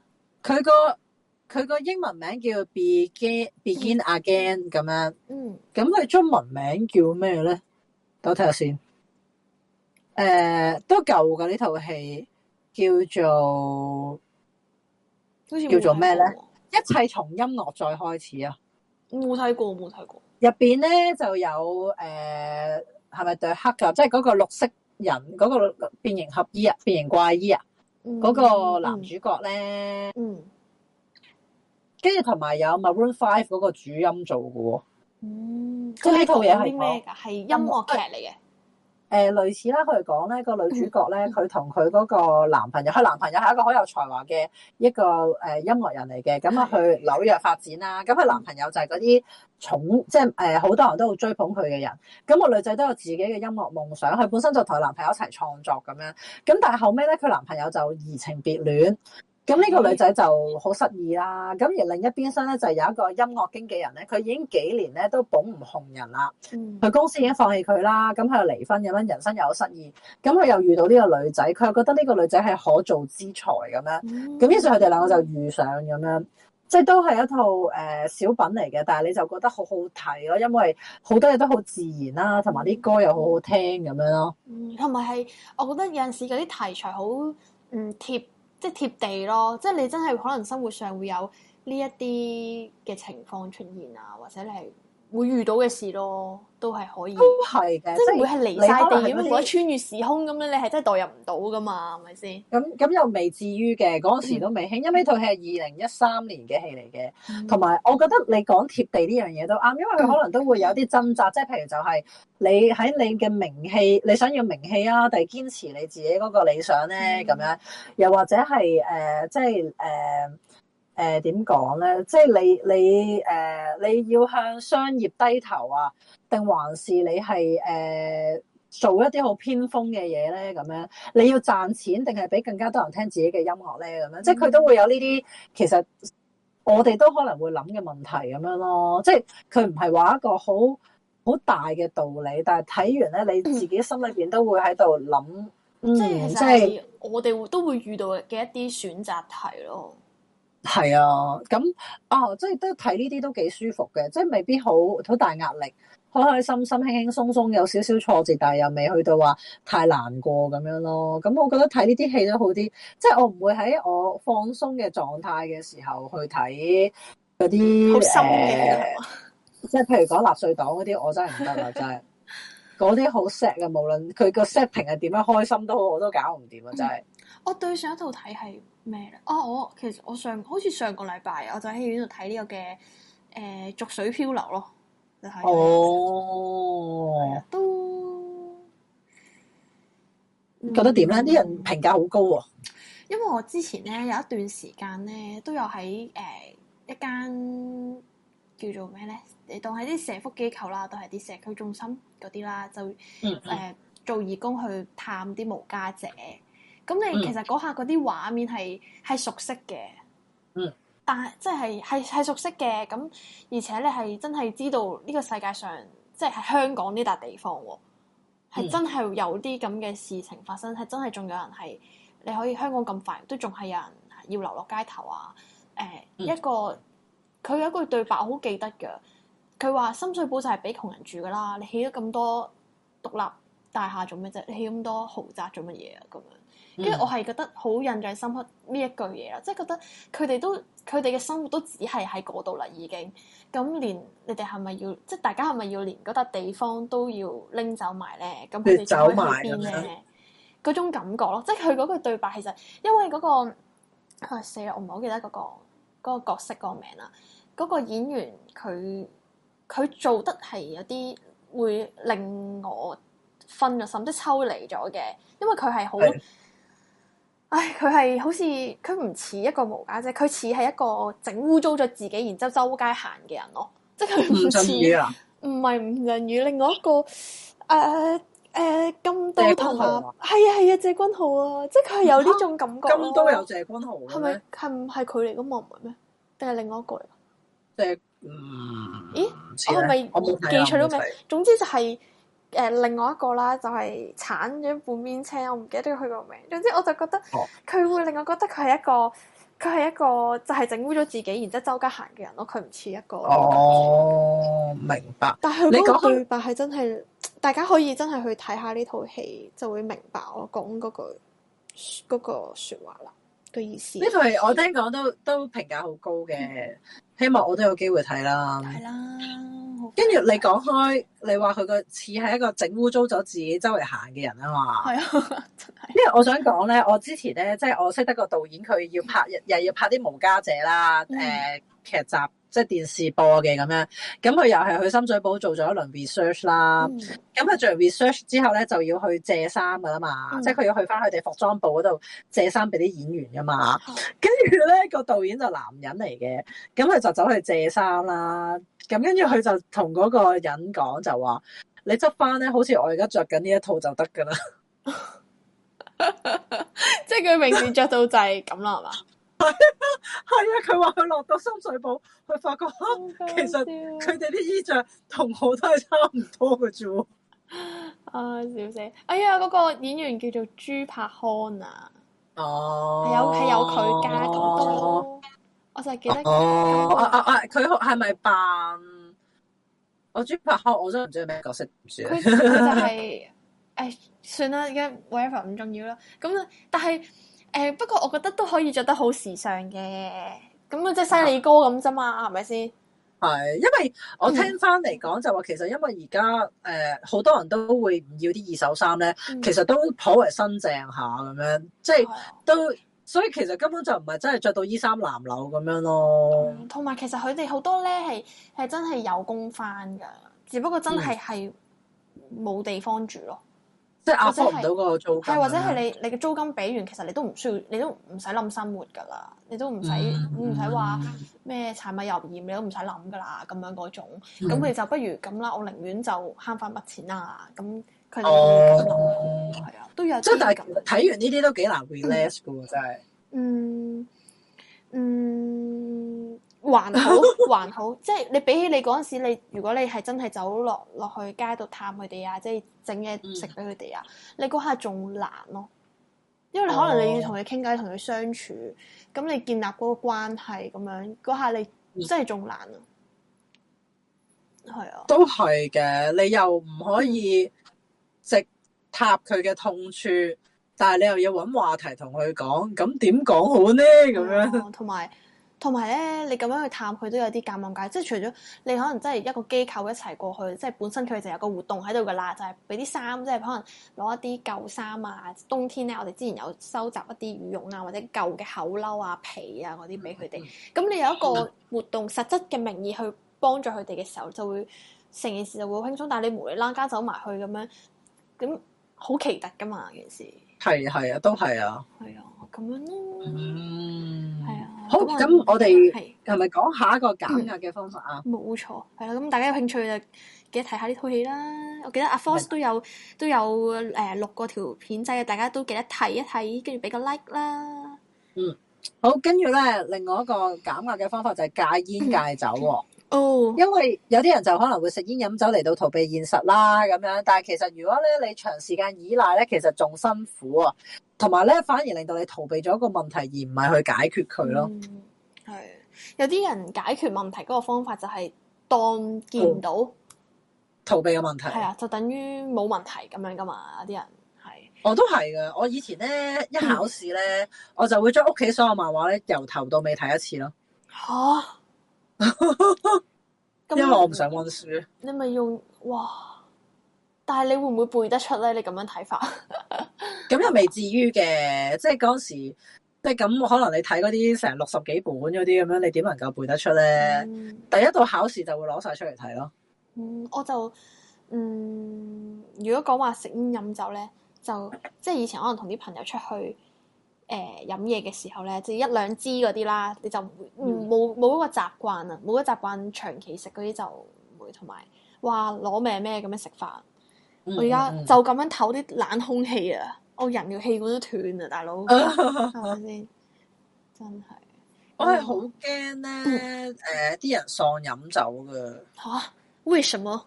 嗰個佢個英文名叫 begin begin again 咁樣。嗯。咁佢中文名叫咩咧？我睇下先，誒、呃，都舊噶呢套戲，叫做好似叫做咩咧？一切從音樂再開始、呃、是是啊！冇睇過，冇睇過。入邊咧就有誒，係咪對黑噶？即係嗰個綠色人，嗰、嗰個變形合衣啊，變形怪衣啊，嗰、嗯、個男主角咧，跟住同埋有 Maroon Five 嗰、嗰個主音做嘅嗯，咁呢套嘢係咩噶？係、嗯、音樂劇嚟嘅。誒、呃，類似啦，佢講咧個女主角咧，佢同佢嗰個男朋友，佢、嗯、男朋友係一個好有才華嘅一個誒音樂人嚟嘅。咁啊去紐約發展啦。咁佢的男朋友就係嗰啲寵，即係誒好多人都好追捧佢嘅人。咁、個女仔都有自己嘅音樂夢想，佢本身就同男朋友一齊創作咁樣。咁但係後尾咧，佢男朋友就移情別戀。咁呢個女仔就好失意啦。咁而另一邊身咧就是、有一個音樂經紀人咧，佢已經幾年咧都捧唔紅人啦。佢、嗯、公司已經放棄佢啦。咁佢又離婚咁樣，人生又好失意。咁佢又遇到呢個女仔，佢又覺得呢個女仔係可造之材咁樣。咁、嗯、於是佢哋兩個就遇上咁樣，即係都係一套誒、呃、小品嚟嘅。但係你就覺得好好睇咯，因為好多嘢都好自然啦，同埋啲歌又好好聽咁樣咯。同埋係我覺得有陣時嗰啲題材好嗯貼。即係貼地咯，即係你真係可能生活上會有呢一啲嘅情況出現啊，或者你係。會遇到嘅事咯，都係可以，都係嘅，即係唔係離曬地咁樣，這個、穿越時空咁咧，你係真係代入唔到噶嘛，係咪先？咁咁又未至於嘅，嗰時都未興，因為呢套戲係二零一三年嘅戲嚟嘅，同埋、嗯、我覺得你講貼地呢樣嘢都啱，因為佢可能都會有啲掙扎，即係譬如就係你喺你嘅名氣，你想要名氣啊，定係堅持你自己嗰個理想咧咁、嗯、樣，又或者係誒、呃，即係誒。呃呃誒，點講咧？即係你你誒、呃，你要向商業低頭啊，定還是你係誒、呃、做一啲好偏鋒嘅嘢咧？咁樣你要賺錢，定係俾更加多人聽自己嘅音樂咧？咁樣即係佢都會有呢啲，其實我哋都可能會諗嘅問題咁樣咯。即係佢唔係話一個好好大嘅道理，但係睇完咧，你自己心裏邊都會喺度諗，即係其實我哋都會遇到嘅一啲選擇題咯。係 (noise) 啊，咁啊、哦，即係都睇呢啲都幾舒服嘅，即係未必好好大壓力，開開心心，輕輕松鬆，有少少挫折，但係又未去到話太難過咁樣咯。咁、嗯、我覺得睇呢啲戲都好啲，即係我唔會喺我放鬆嘅狀態嘅時候去睇嗰啲誒，心呃、即係譬如講納粹黨嗰啲，我真係唔得啦，真係嗰啲好 sad 嘅，無論佢個 setting 係點樣開心都好，我都搞唔掂啊，真係。我對上一套睇係。咩咧？啊、哦，我其實我上好似上個禮拜，我就喺院度睇呢個嘅誒《濁、呃、水漂流》咯，你睇哦。都覺得點咧？啲人評價好高喎、哦嗯。因為我之前咧有一段時間咧，都有喺誒、呃、一間叫做咩咧，你當喺啲社福機構啦，都係啲社區中心嗰啲啦，就誒、嗯哼呃、做義工去探啲無家者。咁你、嗯、其實嗰下嗰啲畫面係係熟悉嘅，嗯，但係即係係係熟悉嘅。咁而且你係真係知道呢個世界上即係喺香港呢笪地方喎，係真係有啲咁嘅事情發生，係真係仲有人係你可以香港咁快都仲係有人要流落街頭啊。誒、呃，嗯、一個佢有一句對白我好記得㗎，佢話深水埗就係俾窮人住㗎啦。你起咗咁多獨立大廈做咩啫？你起咁多豪宅做乜嘢啊？咁樣。跟住、嗯、我係覺得好印象深刻呢一句嘢啦，即係覺得佢哋都佢哋嘅生活都只係喺嗰度啦，已經咁連你哋係咪要即係大家係咪要連嗰笪地方都要拎走埋咧？咁佢哋走喺邊咧？嗰種感覺咯，啊、即係佢嗰句對白，其實因為嗰、嗰個啊死啦！我唔係好記得嗰、嗰個嗰個角色嗰、嗰個名啦，嗰、嗰個演員佢佢做得係有啲會令我分咗心，即係抽離咗嘅，因為佢係好。唉，佢係好似，佢唔似一個無家姐，佢似係一個整污糟咗自己，然之後周街行嘅人咯、啊，即係佢唔似，唔係吳鎮宇，另外一個誒誒、呃呃、金刀同啊，係啊係啊謝君豪啊，即係佢係有呢種感覺，咁多、啊、有謝君豪、啊，係咪係唔係佢嚟噶嘛，唔係咩，定係另外一個嚟啊？誒、嗯，唔，咦，呢我係咪我冇記錯咗名？總之就係、是。誒、呃、另外一個啦，就係鏟咗半邊車，我唔記得佢個名。總之我就覺得佢、oh. 會令我覺得佢係一個佢係一個就係整污咗自己，然之後周街行嘅人咯。佢唔似一個。哦、oh,，明白。但佢你講對白係真係大家可以真係去睇下呢套戲，就會明白我講嗰句嗰個説、那個那個、話啦嘅、那個、意思。呢套戲我聽講都都評價好高嘅。嗯希望我都有機會睇啦。係啦，跟住你講開，你話佢個似係一個整污糟咗自己周圍行嘅人啊嘛。係啊對，因為 (laughs) (laughs) 我想講咧，我之前咧即係我識得個導演，佢要拍又又要拍啲無家者啦，誒、 (laughs) 呃、劇集。即係電視播嘅咁樣，咁佢又係去深水埗做咗一輪 research 啦。咁佢、嗯、做完 research 之後咧，就要去借衫噶啦嘛。嗯、即係佢要去翻佢哋服裝部嗰度借衫俾啲演員噶嘛。跟住咧個導演就男人嚟嘅，咁佢就走去借衫啦。咁跟住佢就同嗰個人講，就話你執翻咧，好似我而家着緊呢一套就得噶啦。 (laughs) (laughs) 即係佢平時着到就係咁啦，係嘛？係， (laughs) 啊！佢話佢落到深水埗，佢發覺、哦、其實佢哋啲衣着同我都係差唔多嘅啫。啊，笑死！哎呀，嗰、嗰個演員叫做朱柏康啊。哦，有係有佢家咁多。哦、我就記得哦哦哦，佢係咪扮我朱柏康？我真唔知係咩角色，唔知啦。就係、是、誒、哎，算啦，而家 whatever 唔重要啦。咁啊，但係。誒、呃，不過我覺得都可以着得好時尚嘅。咁啊，即係犀利哥咁啫嘛，係咪先？係，因為我聽翻嚟講就話，其實因為而家誒，好多人都會唔要啲二手衫咧，嗯、其實都頗為新淨下咁樣，即、就、係、是啊、都，所以其實根本就唔係真係着到衣衫襤褸咁樣咯。同埋、嗯、其實佢哋好多咧係係真係有工翻噶，只不過真係係冇地方住咯。即係壓縮到個租金，係或者係你你嘅租金俾完，其實你都唔需要，你都唔使諗生活噶啦，你都唔使唔使話咩柴米油鹽，你都唔使諗噶啦，咁樣嗰種，咁佢、嗯、就不如咁啦，我寧願就慳翻筆錢啦、啊，咁佢唔會咁諗，係、哦哦、啊，都有。即係但係睇完呢啲都幾難 relax 嘅喎，真係、嗯。嗯嗯。還好還好，即係你比起你嗰陣時，你如果你係真係走落落去街度探佢哋啊，即係整嘢食俾佢哋啊，嗯、你嗰下仲難咯，因為你可能你要同佢傾偈，同佢、哦、相處，咁你建立嗰個關係咁樣，嗰下你真係仲難啊！係啊，都係嘅，你又唔可以直踏佢嘅痛處，但係你又要搵話題同佢講，咁點講好呢？咁樣同埋。嗯同埋咧，你咁樣去探佢都有啲尷尬，即係除咗你可能真係一個機構一齊過去，即係本身佢就有個活動喺度㗎啦，就係俾啲衫，即係可能攞一啲舊衫啊，冬天咧我哋之前有收集一啲羽絨啊，或者舊嘅口褸啊、皮啊嗰啲俾佢哋。咁你有一個活動實質嘅名義去幫助佢哋嘅時候，就會成件事就會好輕鬆。但係你無理啦家走埋去咁樣，咁好奇特噶嘛件事。係啊係啊，都係啊。係啊，咁樣咯。係啊、嗯。好，咁、嗯、我哋係係咪講下一個減壓嘅方法啊？冇錯、嗯，係、嗯、啦，咁大家有興趣就記得睇下呢套戲啦。我記得阿 Force 都有的都有誒錄過條片仔嘅，大家都記得睇一睇，跟住俾個 like 啦。嗯，好，跟住咧另外一個減壓嘅方法就係戒煙戒酒。嗯嗯哦，因為有啲人就可能會食煙飲酒嚟到逃避現實啦咁樣，但係其實如果咧你長時間依賴咧，其實仲辛苦啊，同埋咧反而令到你逃避咗一個問題，而唔係去解決佢咯。係、嗯，有啲人解決問題嗰個方法就係當見唔到、嗯、逃避嘅問題，係啊，就等於冇問題咁樣噶嘛。有啲人係，我、哦、都係噶。我以前咧一考試咧，嗯、我就會將屋企所有漫畫咧由頭到尾睇一次咯。吓、啊！ (laughs) 因為我唔想溫書， (music) 你咪用哇！但係你會唔會背得出咧？你咁樣睇法，咁 (laughs) (music) (music) 又未至於嘅，即係嗰陣時即係咁，可能你睇嗰啲成六十幾本嗰啲咁樣，你點能夠背得出咧？嗯、第一到考試就會攞晒出嚟睇咯。嗯，我就嗯，如果講話食煙飲酒咧，就即係以前可能同啲朋友出去。誒，飲嘢嘅時候咧，就一兩支嗰啲啦，你就唔冇冇嗰個習慣啊，冇嗰習慣長期食嗰啲就唔會，同埋話攞命咩咁樣食飯。我而家就咁樣透啲冷空氣啊，我人嘅氣管都斷啦，大佬係咪先看看？ (laughs) 真係，嗯、我係好驚咧，誒、嗯，啲、呃、人喪飲酒噶吓、啊？為什麼？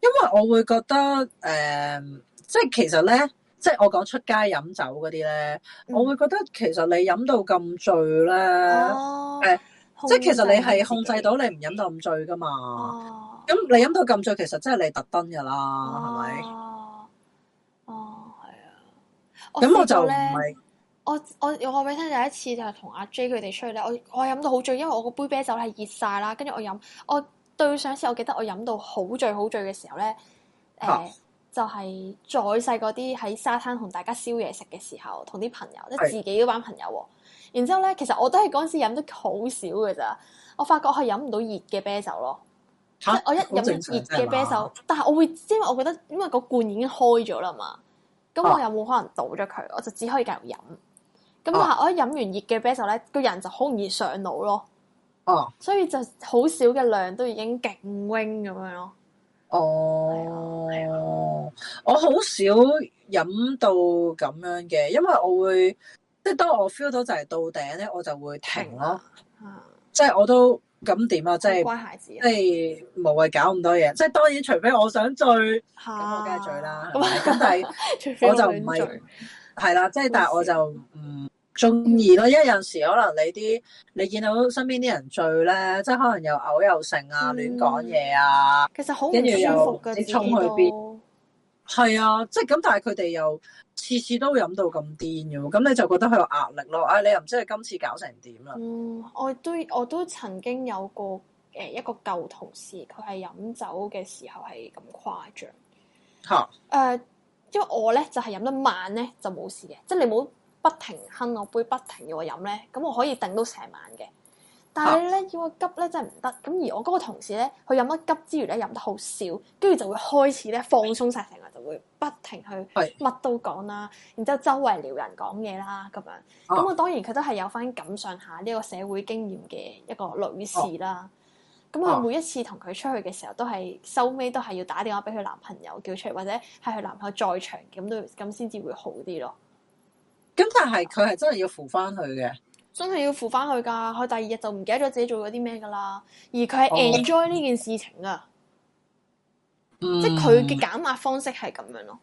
因為我會覺得誒、呃，即係其實咧。即係我講出街飲酒嗰啲咧，嗯、我會覺得其實你飲到咁醉咧，誒、啊，哎、即係其實你係控制到你唔飲到咁醉㗎嘛。咁、啊、你飲到咁醉，其實真係你特登㗎啦，係咪？哦，係啊。咁我就我我我話俾你聽有一次就係同阿 J 佢哋出去咧，我我飲到好醉，因為我個杯啤酒係熱晒啦，跟住我飲，我對上一次我記得我飲到好醉好醉嘅時候咧，誒、呃。啊就係再細嗰啲喺沙灘同大家燒嘢食嘅時候，同啲朋友即係自己嗰班朋友喎。是然之後咧，其實我都係嗰陣時飲得好少嘅咋。我發覺我係飲唔到熱嘅啤酒咯。啊、我一飲熱嘅啤酒，啊啊、但係我會，因為我覺得因為個罐已經開咗啦嘛。咁我又冇可能倒咗佢，我就只可以繼續飲。咁就我一飲完熱嘅啤酒咧，個人就好容易上腦咯。哦、啊。所以就好少嘅量都已經勁 Wing 咁樣咯。哦，哦我好少飲到咁樣嘅，因為我會即係當我 feel 到就係到頂咧，我就會停咯。 (music) 即係我都咁點啊！即係乖孩子，即係無謂搞咁多嘢。即係當然，除非我想醉，咁 (music) 我梗係醉啦。咁但係 (laughs) 我就唔係，係啦。即係 (laughs) 但係我就唔，嗯中意咯，因為有時可能你啲你見到身邊啲人醉咧，即係可能又嘔又成啊，亂講嘢啊，其實好唔舒服嗰啲咯。係啊，即係咁，但係佢哋又次次都飲到咁癲嘅，咁你就覺得佢有壓力咯。啊、哎，你又唔知佢今次搞成點啦。嗯，我都我都曾經有過誒一個舊同事，佢係飲酒嘅時候係咁誇張嚇。誒哈，uh, 因為我咧就係、是、飲得慢咧就冇事嘅，即、就、係、是、你冇。不停哼我杯，不停要我飲咧，咁我可以頂到成晚嘅。但係咧，要我急咧真係唔得。咁而我嗰個同事咧，佢飲得急之餘咧，飲得好少，跟住就會開始咧放鬆晒成日，就會不停去乜都講啦，然之後周圍撩人講嘢啦咁樣。咁、啊、我當然佢都係有返感上下呢個社會經驗嘅一個女士啦。咁佢、啊、每一次同佢出去嘅時候，都係收尾都係要打電話俾佢男朋友叫出嚟，或者係佢男朋友在場咁都咁先至會好啲咯。咁但係佢係真係要扶翻去嘅，真係要扶翻去噶。佢第二日就唔記得咗自己做咗啲咩噶啦。而佢係 enjoy 呢件事情啊，哦、即係佢嘅減壓方式係咁樣咯。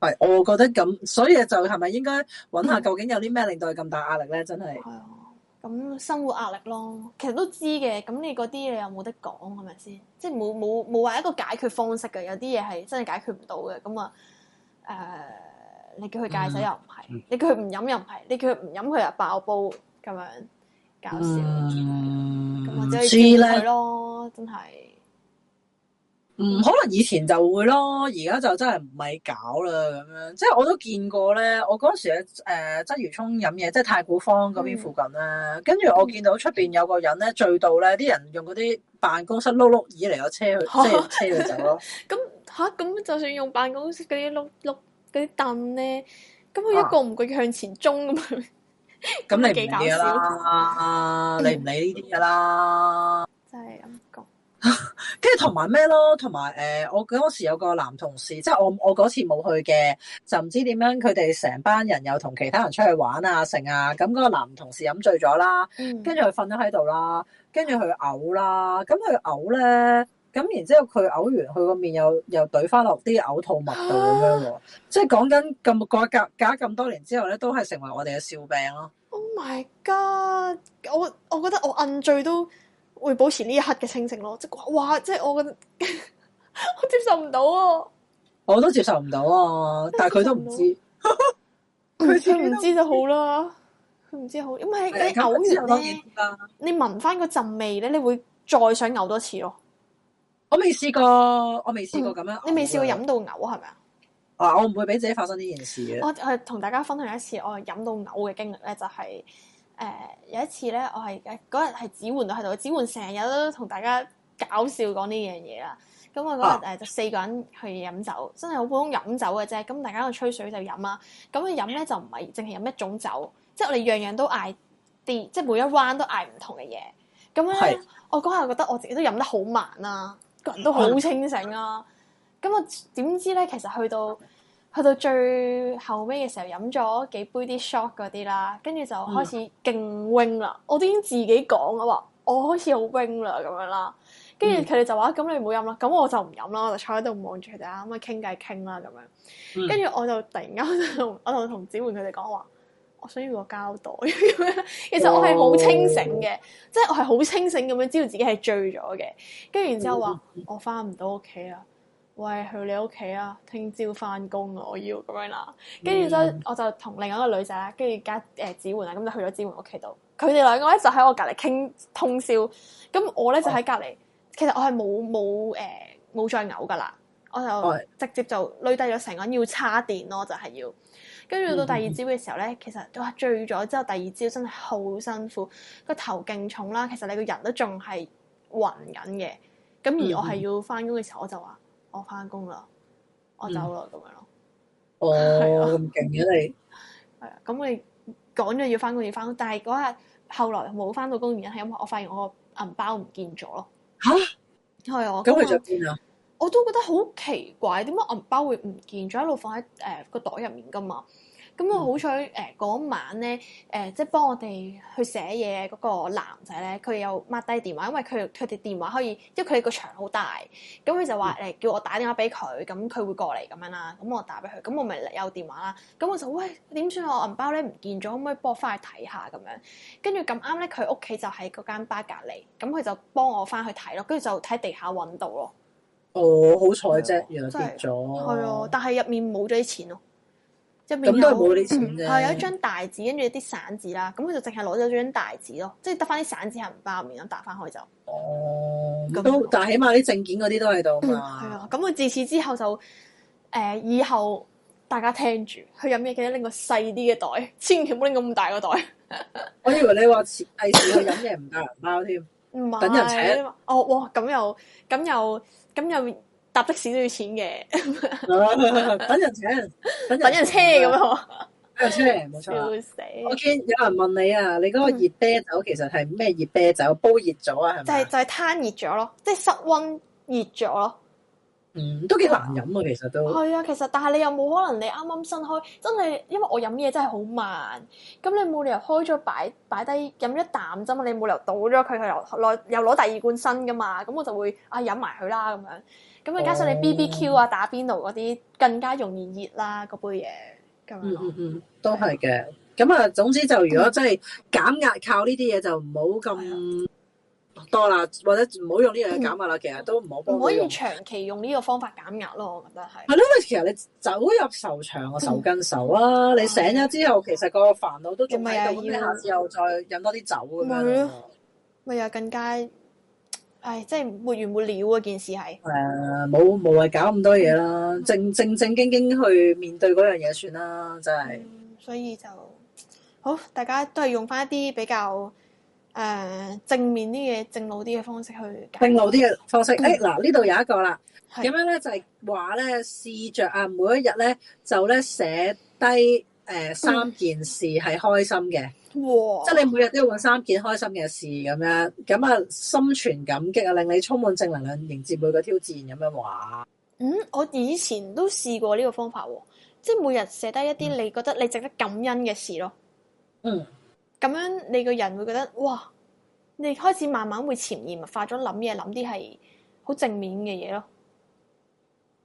係、嗯，我覺得咁，所以就係咪應該揾下究竟有啲咩令到佢咁大壓力咧？真係。係啊、哎，咁、嗯嗯嗯、生活壓力咯，其實都知嘅。咁你嗰啲你又冇得講係咪先？即係冇冇冇話一個解決方式嘅，有啲嘢係真係解決唔到嘅。咁啊，誒、呃。你叫佢戒酒又唔係，你叫佢唔飲又唔係，你叫佢唔飲佢又爆煲咁樣搞笑，咁我真可以見咯，真係。唔可能以前就會咯，而家就真係唔係搞啦咁樣。即係我都見過咧，我嗰時咧誒，鰂魚涌飲嘢，即係太古坊嗰邊附近咧。跟住我見到出邊有個人咧醉到咧，啲人用嗰啲辦公室碌碌椅嚟攞車去，即係車佢走咯。咁吓，咁就算用辦公室嗰啲碌碌。嗰啲凳咧，咁佢一個唔會向前衝咁，咁、啊、 (laughs) 你唔要啦， (laughs) 你唔理呢啲噶啦？真係咁講，跟住同埋咩咯？同埋誒，我嗰時有個男同事，即係我我嗰次冇去嘅，就唔知點樣佢哋成班人又同其他人出去玩啊成啊，咁、那、嗰個男同事飲醉咗啦，跟住佢瞓咗喺度啦，跟住佢嘔啦，咁佢嘔咧。咁然之後佢嘔完，佢個面又又懟翻落啲嘔吐物度咁樣，即係講緊咁改革搞咁多年之後咧，都係成為我哋嘅笑柄咯。Oh my god！我我覺得我暗醉都會保持呢一刻嘅清醒咯，即係哇，即係我覺得我接受唔到啊！我都接受唔到啊，但係佢都唔知，佢唔知就好啦。佢唔知好，因為你嘔完你聞翻嗰陣味咧，你會再想嘔多次咯。我未試過，我未試過咁樣、嗯。你未試過飲到嘔係咪啊？啊，我唔會俾自己發生呢件事嘅。我係同大家分享一次我飲到嘔嘅經歷咧，就係、是、誒、呃、有一次咧，我係嗰日係子煥都喺度，子煥成日都同大家搞笑講呢樣嘢啦。咁我嗰日誒就四個人去飲酒，真係好普通飲酒嘅啫。咁大家去吹水就飲啦、啊。咁去飲咧就唔係淨係飲一種酒，即、就、係、是、我哋樣樣都嗌啲，即、就、係、是、每一彎都嗌唔同嘅嘢。咁咧，是我嗰下覺得我自己都飲得好慢啦、啊。都好清醒啊。咁我點知咧？其實去到去到最後尾嘅時候，飲咗幾杯啲 shot 嗰啲啦，跟住就開始勁 wing 啦。我都已經自己講啊，話我開始好 wing 啦咁樣啦。跟住佢哋就話，咁、嗯、你唔好飲啦。咁我就唔飲啦，我就坐喺度望住佢哋啱啱傾偈傾啦咁樣。跟住我就突然間， (laughs) 我就同姊妹佢哋講話。我想要個膠袋 (laughs) 其實我係好清醒嘅，oh. 即係我係好清醒咁樣知道自己係醉咗嘅。跟住然之後話、oh. 我翻唔到屋企啦，喂，去你屋企啊，聽朝翻工我要咁樣啦。跟住之後我就同另外一個女仔啦，跟住加誒子桓啊，咁、呃、就去咗子桓屋企度。佢哋兩個咧就喺我隔離傾通宵，咁我咧就喺隔離。Oh. 其實我係冇冇誒冇再嘔噶啦，我就直接就累低咗成個人要叉電咯，就係、係、要。跟住到第二朝嘅時候咧，其實都係醉咗之後，第二朝真係好辛苦，個頭勁重啦。其實你個人都仲係暈緊嘅。咁而我係要翻工嘅時候，我就話我翻工啦，我走啦咁、嗯、樣咯。哦，咁勁嘅你。係啊，咁你哋講咗要翻工要翻工，但係嗰日後來冇翻到工，原因係因為我發現我銀包唔見咗咯。嚇蛤！係啊，咁佢就邊啊？我都覺得好奇怪，點解銀包會唔見咗？一路放喺誒個袋入面㗎嘛？咁、嗯、我好彩誒嗰晚咧誒、呃，即係幫我哋去寫嘢嗰、嗰個男仔咧，佢有抹低電話，因為佢佢哋電話可以，即係佢哋個場好大。咁、嗯、佢、嗯、就話誒叫我打電話俾佢，咁佢會過嚟咁樣啦。咁我打俾佢，咁我咪有電話啦。咁我就喂，點算，我銀包咧唔見咗，可唔可以幫我翻去睇下咁樣？跟住咁啱咧，佢屋企就喺嗰間巴隔離，咁佢就幫我翻去睇咯。跟住就喺地下揾到咯。哦，好彩啫，原來跌咗。係啊，但係入面冇咗啲錢咯。入面都冇啲錢啫。係有一張大紙，跟住啲散紙啦。咁佢就淨係攞咗張大紙咯，即係得翻啲散紙係唔包面咁，打翻開就。哦。都，但係起碼啲證件嗰啲都喺度嘛。係啊。咁佢自此之後就，誒，以後大家聽住，去飲嘢記得拎個細啲嘅袋，千祈唔好拎咁大個袋。我以為你話遲第時去飲嘢唔帶銀包添，唔係，等人請。哦，哇，咁又咁又。咁又搭的士都要錢嘅 (laughs) (laughs) ，等人請， (laughs) 等人車咁啊， (laughs) 等人車冇錯。笑死！我見有人問你啊，你嗰個熱啤酒其實係咩熱啤酒？煲熱咗啊，係咪、就係？就係就係攤熱咗咯，即係室溫熱咗咯。嗯，都幾難飲啊，其實都係、哦、啊，其實但係你又冇可能，你啱啱新開，真係因為我飲嘢真係好慢，咁你冇理由開咗擺擺低飲一啖啫嘛，你冇理由倒咗佢，佢又攞又攞第二罐新㗎嘛，咁我就會啊飲埋佢啦咁樣。咁啊、哦，加上你 BBQ 啊、打邊爐嗰啲，更加容易熱啦嗰杯嘢咁樣。嗯嗯,嗯,嗯都係嘅。咁啊，總之就如果真係減壓靠呢啲嘢，就唔好咁。多啦，或者唔好用呢樣嘢減壓啦，嗯、其實都唔好。唔可以長期用呢個方法減壓咯，我覺得係。係咯，其實你酒入愁腸啊，愁更愁啊，你醒咗之後，其實個煩惱都仲喺度。咁你、啊、下次再飲多啲酒咁樣，咪又、啊啊、更加，唉，即係沒完沒了嗰、啊、件事係。係啊、呃，冇無謂搞咁多嘢啦，正正正經經去面對嗰樣嘢算啦，真係、嗯。所以就好，大家都係用翻一啲比較。誒、呃，正面啲嘅正路啲嘅方式去正路啲嘅方式，誒嗱，呢度有一個啦，咁是樣咧，就係話咧，試着啊每一日咧，就咧寫低誒三件事係開心嘅，嗯、即係你每日都要搵三件開心嘅事咁樣，咁啊心存感激啊，令你充滿正能量迎接每個挑戰，咁樣話。嗯，我以前都試過呢個方法、哦，即係每日寫低一啲你覺得你值得感恩嘅事咯。嗯。嗯咁樣你個人會覺得哇，你開始慢慢會潛移默化咗諗嘢，諗啲係好正面嘅嘢咯。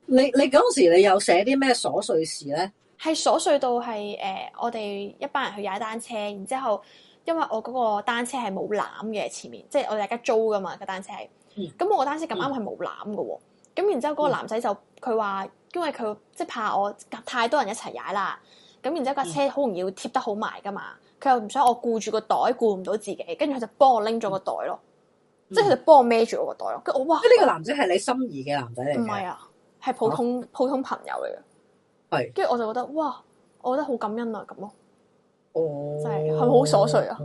你你嗰你時你有寫啲咩瑣碎事咧？係瑣碎到係誒、呃，我哋一班人去踩單車，然之後因為我嗰個單車係冇攬嘅，前面即係我哋大家租噶嘛個單車，咁、嗯、我單車咁啱係冇攬噶。咁、嗯、然之後嗰個男仔就佢話，嗯、因為佢即係怕我太多人一齊踩啦，咁然之後架車好容易貼得好埋噶嘛。佢又唔想我顧住個袋，顧唔到自己，跟住佢就幫我拎咗個袋咯，嗯、即係佢就幫我孭住我個袋咯。跟住、嗯、哇！呢個男仔係你心儀嘅男仔嚟，唔係啊，係普通、啊、普通朋友嚟嘅。係是。跟住我就覺得哇，我覺得好感恩啊咁咯。啊、哦。真係係咪好瑣碎啊！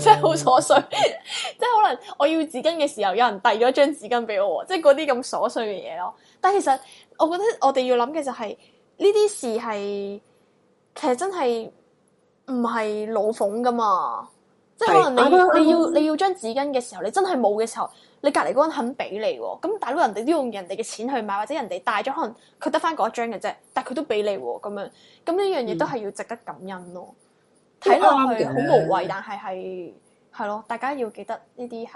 真係好瑣碎。 (laughs) 即係可能我要紙巾嘅時候，有人遞咗張紙巾俾我，即係嗰啲咁瑣碎嘅嘢咯。但係其實我覺得我哋要諗嘅就係呢啲事係其，就是其，就是、其實真係。實唔係老奉噶嘛，即係可能你 (noise) 你要你要張紙巾嘅時候，你真係冇嘅時候，你隔籬嗰人肯俾你喎。咁大佬人哋都用人哋嘅錢去買，或者人哋帶咗，可能佢得翻嗰一張嘅啫，但係佢都俾你咁樣，咁呢樣嘢都係要值得感恩咯。睇落去好無謂，但係係係咯，大家要記得呢啲係，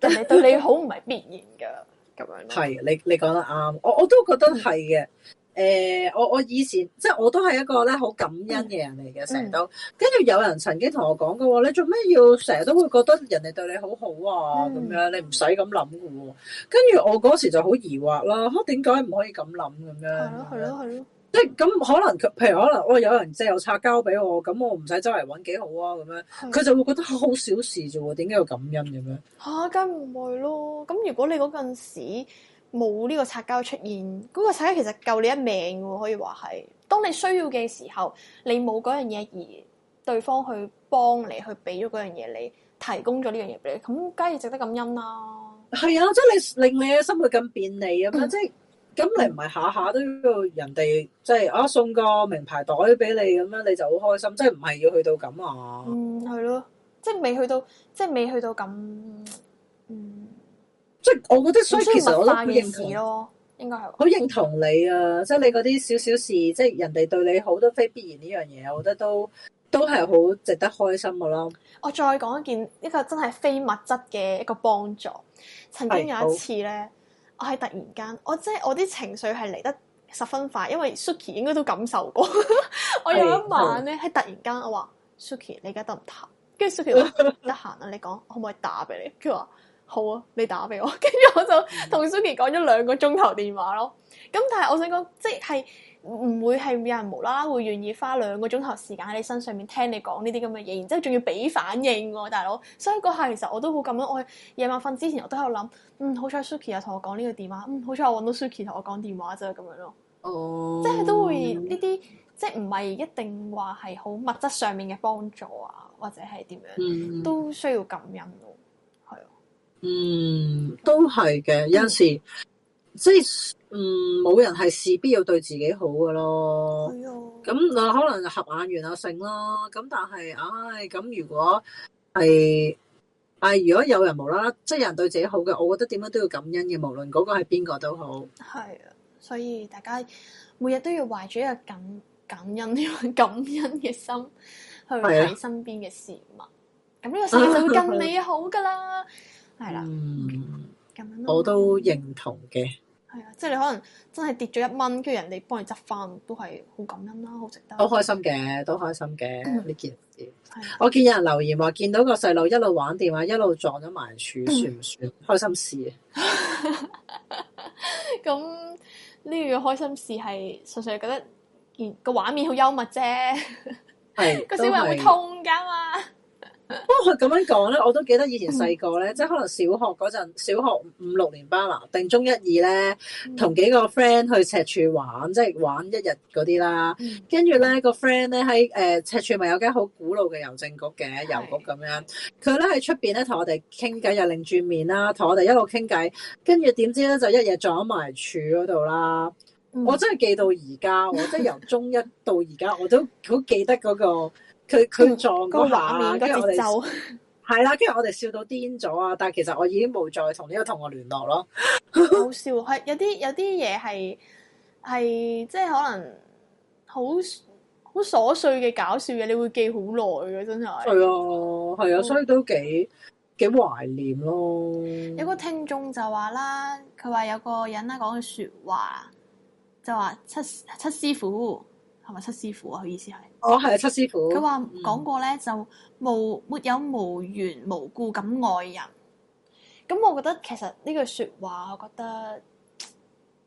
人哋對你好唔係必然噶。咁樣係你你講得啱，我我都覺得係嘅。 (noise) (noise) 誒、欸，我我以前即係我都係一個咧好感恩嘅人嚟嘅，成日、嗯、都跟住有人曾經同我講過，你做咩要成日都會覺得人哋對你好好啊？咁、嗯、樣你唔使咁諗嘅喎。跟住我嗰時就好疑惑啦，點解唔可以咁諗咁樣？係咯係咯係咯，即係咁可能譬如可能我有人即有擦膠俾我，咁我唔使周圍揾幾好啊？咁樣佢的就會覺得好小事啫喎，點解要感恩咁樣？嚇、啊，梗唔會咯，咁如果你嗰陣時。冇呢個擦膠出現，嗰個擦膠其實救你一命喎，可以話係。當你需要嘅時候，你冇嗰樣嘢，而對方去幫你去俾咗嗰樣嘢，你提供咗呢樣嘢俾你，咁梗係值得感恩啦。係啊，即係你令你嘅生活咁便利啊嘛，嗯、即係咁你唔係下下都要人哋即係啊送個名牌袋俾你咁樣，你就好開心，即係唔係要去到咁啊？嗯，係咯，即係未去到，即係未去到咁，嗯。即係我覺得，Suki 其實我都好認同咯，應該係好認同你啊！即係你嗰啲少少事，即係人哋對你好多非必然呢樣嘢，我覺得都都係好值得開心嘅咯。我再講一件，呢個真係非物質嘅一個幫助。曾經有一次咧，我係突然間，我即係我啲情緒係嚟得十分快，因為 Suki 應該都感受過。 (laughs) 我有一晚咧，喺突然間我， (laughs) 我話 Suki 你而家得唔得閒？跟住 Suki 話得閒啊，你講可唔可以打俾你？跟住話。好啊，你打俾我，跟 (laughs) 住我就同 Suki 講咗兩個鐘頭電話咯。咁但係我想講，即係唔會係有人無啦啦會願意花兩個鐘頭時間喺你身上面聽你講呢啲咁嘅嘢，然之後仲要俾反應啊，大佬。所以嗰下其實我都好感恩。我夜晚瞓之前我都有諗，嗯，好彩 Suki 又同我講呢個電話，嗯，好彩我搵到 Suki 同我講電話啫咁，就係樣咯。哦，oh，即係都會呢啲，即係唔係一定話係好物質上面嘅幫助啊，或者係點樣，都需要感恩。嗯，都係嘅，有陣時即係嗯，冇、嗯、人係事必要對自己好噶咯。咁我、啊、可能合眼緣啊，性咯。咁但係，唉，咁如果係唉、哎哎，如果有人無啦啦，即係有人對自己好嘅，我覺得點樣都要感恩嘅，無論嗰個係邊個都好。係啊，所以大家每日都要懷住一個感感恩、感恩嘅心去睇身邊嘅事物，咁呢、啊、個世界就會更美好噶啦。 (laughs) 係啦，咁、嗯、我都認同嘅。係啊，即係你可能真係跌咗一蚊，跟住人哋幫你執翻，都係好感恩啦，好值得。好開心嘅，都開心嘅呢、嗯、件事。的我見有人留言話，見到個細路一路玩電話，一路撞咗埋樹，算唔算、嗯、開心事啊？咁呢、 (laughs) 這個開心事係純粹覺得件個畫面好幽默啫。係個對 (laughs) 小朋友會，會痛㗎嘛？ (laughs) 嗯、不過佢咁樣講咧，我都記得以前細個咧，即係可能小學嗰陣，小學五六年班啦，定中一二咧，同幾個 friend 去赤柱玩，即係玩一日嗰啲啦。跟住咧個 friend 咧喺誒赤柱咪有間好古老嘅郵政局嘅郵局咁樣，佢咧喺出邊咧同我哋傾偈，又擰住面啦，同、嗯、我哋一路傾偈，跟住點知咧就一日撞埋柱嗰度啦。我真係記到而家，我即係由中一到而家，我都好記得嗰、嗰個。佢佢撞、嗯，那個畫面，跟住就，我哋係啦，跟住、啊、我哋笑到癲咗啊！但係其實我已經冇再同呢個同學聯絡咯。好笑係有啲有啲嘢係係即係可能好好瑣碎嘅搞笑嘅，你會記好耐嘅，真係係啊係啊，所以都幾、嗯、幾懷念咯。有個聽眾就話啦，佢話有個人啦，講嘅説話就話七七師傅。係咪七師傅啊？佢意思係？哦，係啊，七師傅。佢話講過咧，就冇，沒有無緣無故咁愛人。咁我覺得其實呢句説話，我覺得，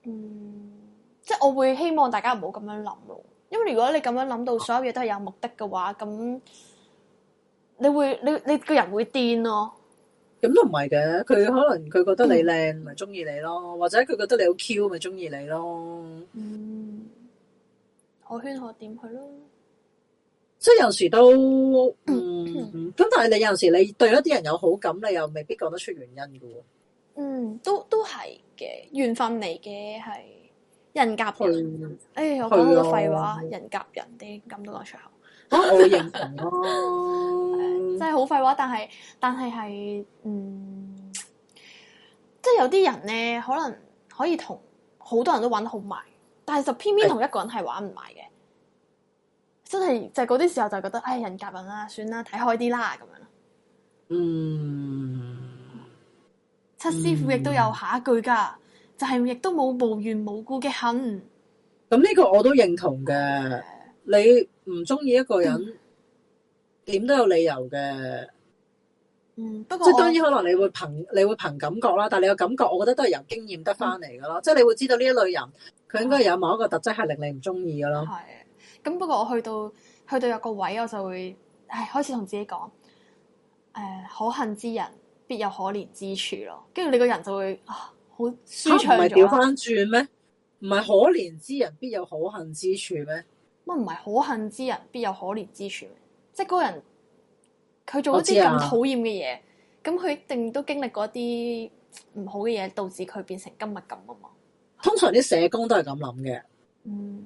嗯，即係我會希望大家唔好咁樣諗咯。因為如果你咁樣諗到所有嘢都係有目的嘅話，咁、啊、你會你你，你個人會癲咯。咁都唔係嘅，佢可能佢覺得你靚，咪中意你咯；或者佢覺得你好 Q，咪中意你咯。嗯我圈我點佢咯，即係有時都，咁、嗯、 (coughs) 但係你有陣時你對一啲人有好感，你又未必講得出原因嘅喎。嗯，都都係嘅，緣分嚟嘅，係人夾人。是哎、我講好多廢話，的人夾人啲咁 (laughs) 都講出口。好認同咯、 (laughs) 嗯，真係好廢話，但係但係係，嗯，即係有啲人咧，可能可以同好多人都玩得好埋。但係就偏偏同一個人係玩唔埋嘅，欸、真係就嗰、是、啲時候就覺得唉、哎，人夾人啦，算啦，睇開啲啦，咁樣咯。嗯，七師傅亦都有下一句噶，嗯、就係亦都冇無緣無故嘅恨。咁呢、嗯嗯、個我都認同嘅。你唔中意一個人，點、嗯、都有理由嘅。嗯，不過即當然可能你會憑你會憑感覺啦，但係你個感覺，我覺得都係由經驗得返嚟噶咯。嗯、即係你會知道呢一類人。佢應該有某一個特質係令你唔中意嘅咯。係，咁不過我去到去到有個位我就會，唉，開始同自己講，誒、呃，可恨之人必有可憐之處咯。跟住你個人就會啊，好舒暢咗。唔係調翻轉咩？唔係可憐之人必有可恨之處咩？乜唔係可恨之人必有可憐之處，之憐之處？即係嗰個人，佢做咗啲咁討厭嘅嘢，咁佢、啊、一定都經歷過啲唔好嘅嘢，導致佢變成今日咁啊嘛。通常啲社工都係咁諗嘅，嗯，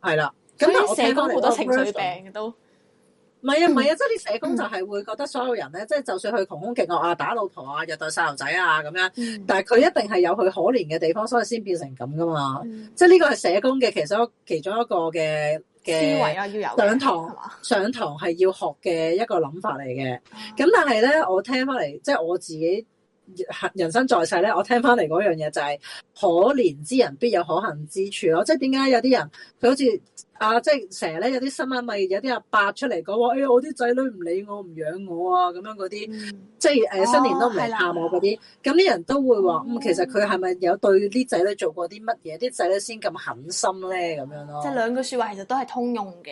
係啦了。咁啲以社工好多情緒病嘅都，唔係啊，唔係、嗯、啊，即係啲社工就係會覺得所有人咧，即係、嗯、就算佢窮凶極惡啊、打老婆啊、虐待細路仔啊咁樣、啊，但係佢一定係有佢可憐嘅地方，所以先變成咁噶嘛。嗯、即係呢個係社工嘅，其實其中一個嘅嘅思維啊，要有上堂，上堂係要學嘅一個諗法嚟嘅。咁但係咧，我聽翻嚟，即係我自己。人生在世咧，我聽翻嚟嗰樣嘢，就係可憐之人必有可恨之處咯，即係點解有啲人佢好似啊，即係成日咧有啲新聞咪有啲阿伯出嚟講話，哎呀我啲仔女唔理我唔養我啊，咁樣嗰啲，即係誒新年都唔嚟探我嗰啲，咁啲、嗯哦、人都會話，咁、嗯嗯、其實佢係咪有對啲仔女做過啲乜嘢，啲仔女先咁狠心咧咁樣咯？即係兩句說話其實都係通用嘅，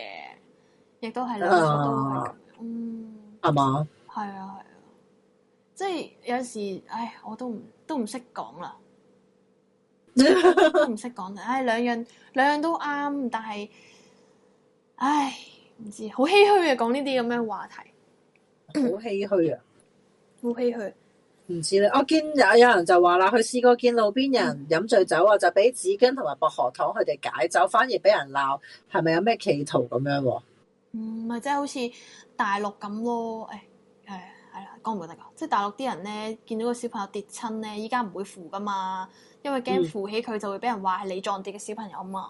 亦都係兩人嗯，係嘛？係啊即係有時，唉，我都唔都唔識講啦，都唔識講。唉，兩樣兩樣都啱，但係唉，唔知好唏嘘啊，講呢啲咁嘅話題，好唏嘘啊，好、嗯、唏嘘。唔知咧，我見有有人就話啦，佢試過見路邊有人飲醉酒啊，嗯、就俾紙巾同埋薄荷糖佢哋解酒，反而俾人鬧，係咪有咩企圖咁、嗯就是、樣？唔係，即係好似大陸咁咯，講唔會得噶，即係大陸啲人咧，見到個小朋友跌親咧，依家唔會扶噶嘛，因為驚扶起佢就會俾人話係你撞跌嘅小朋友嘛，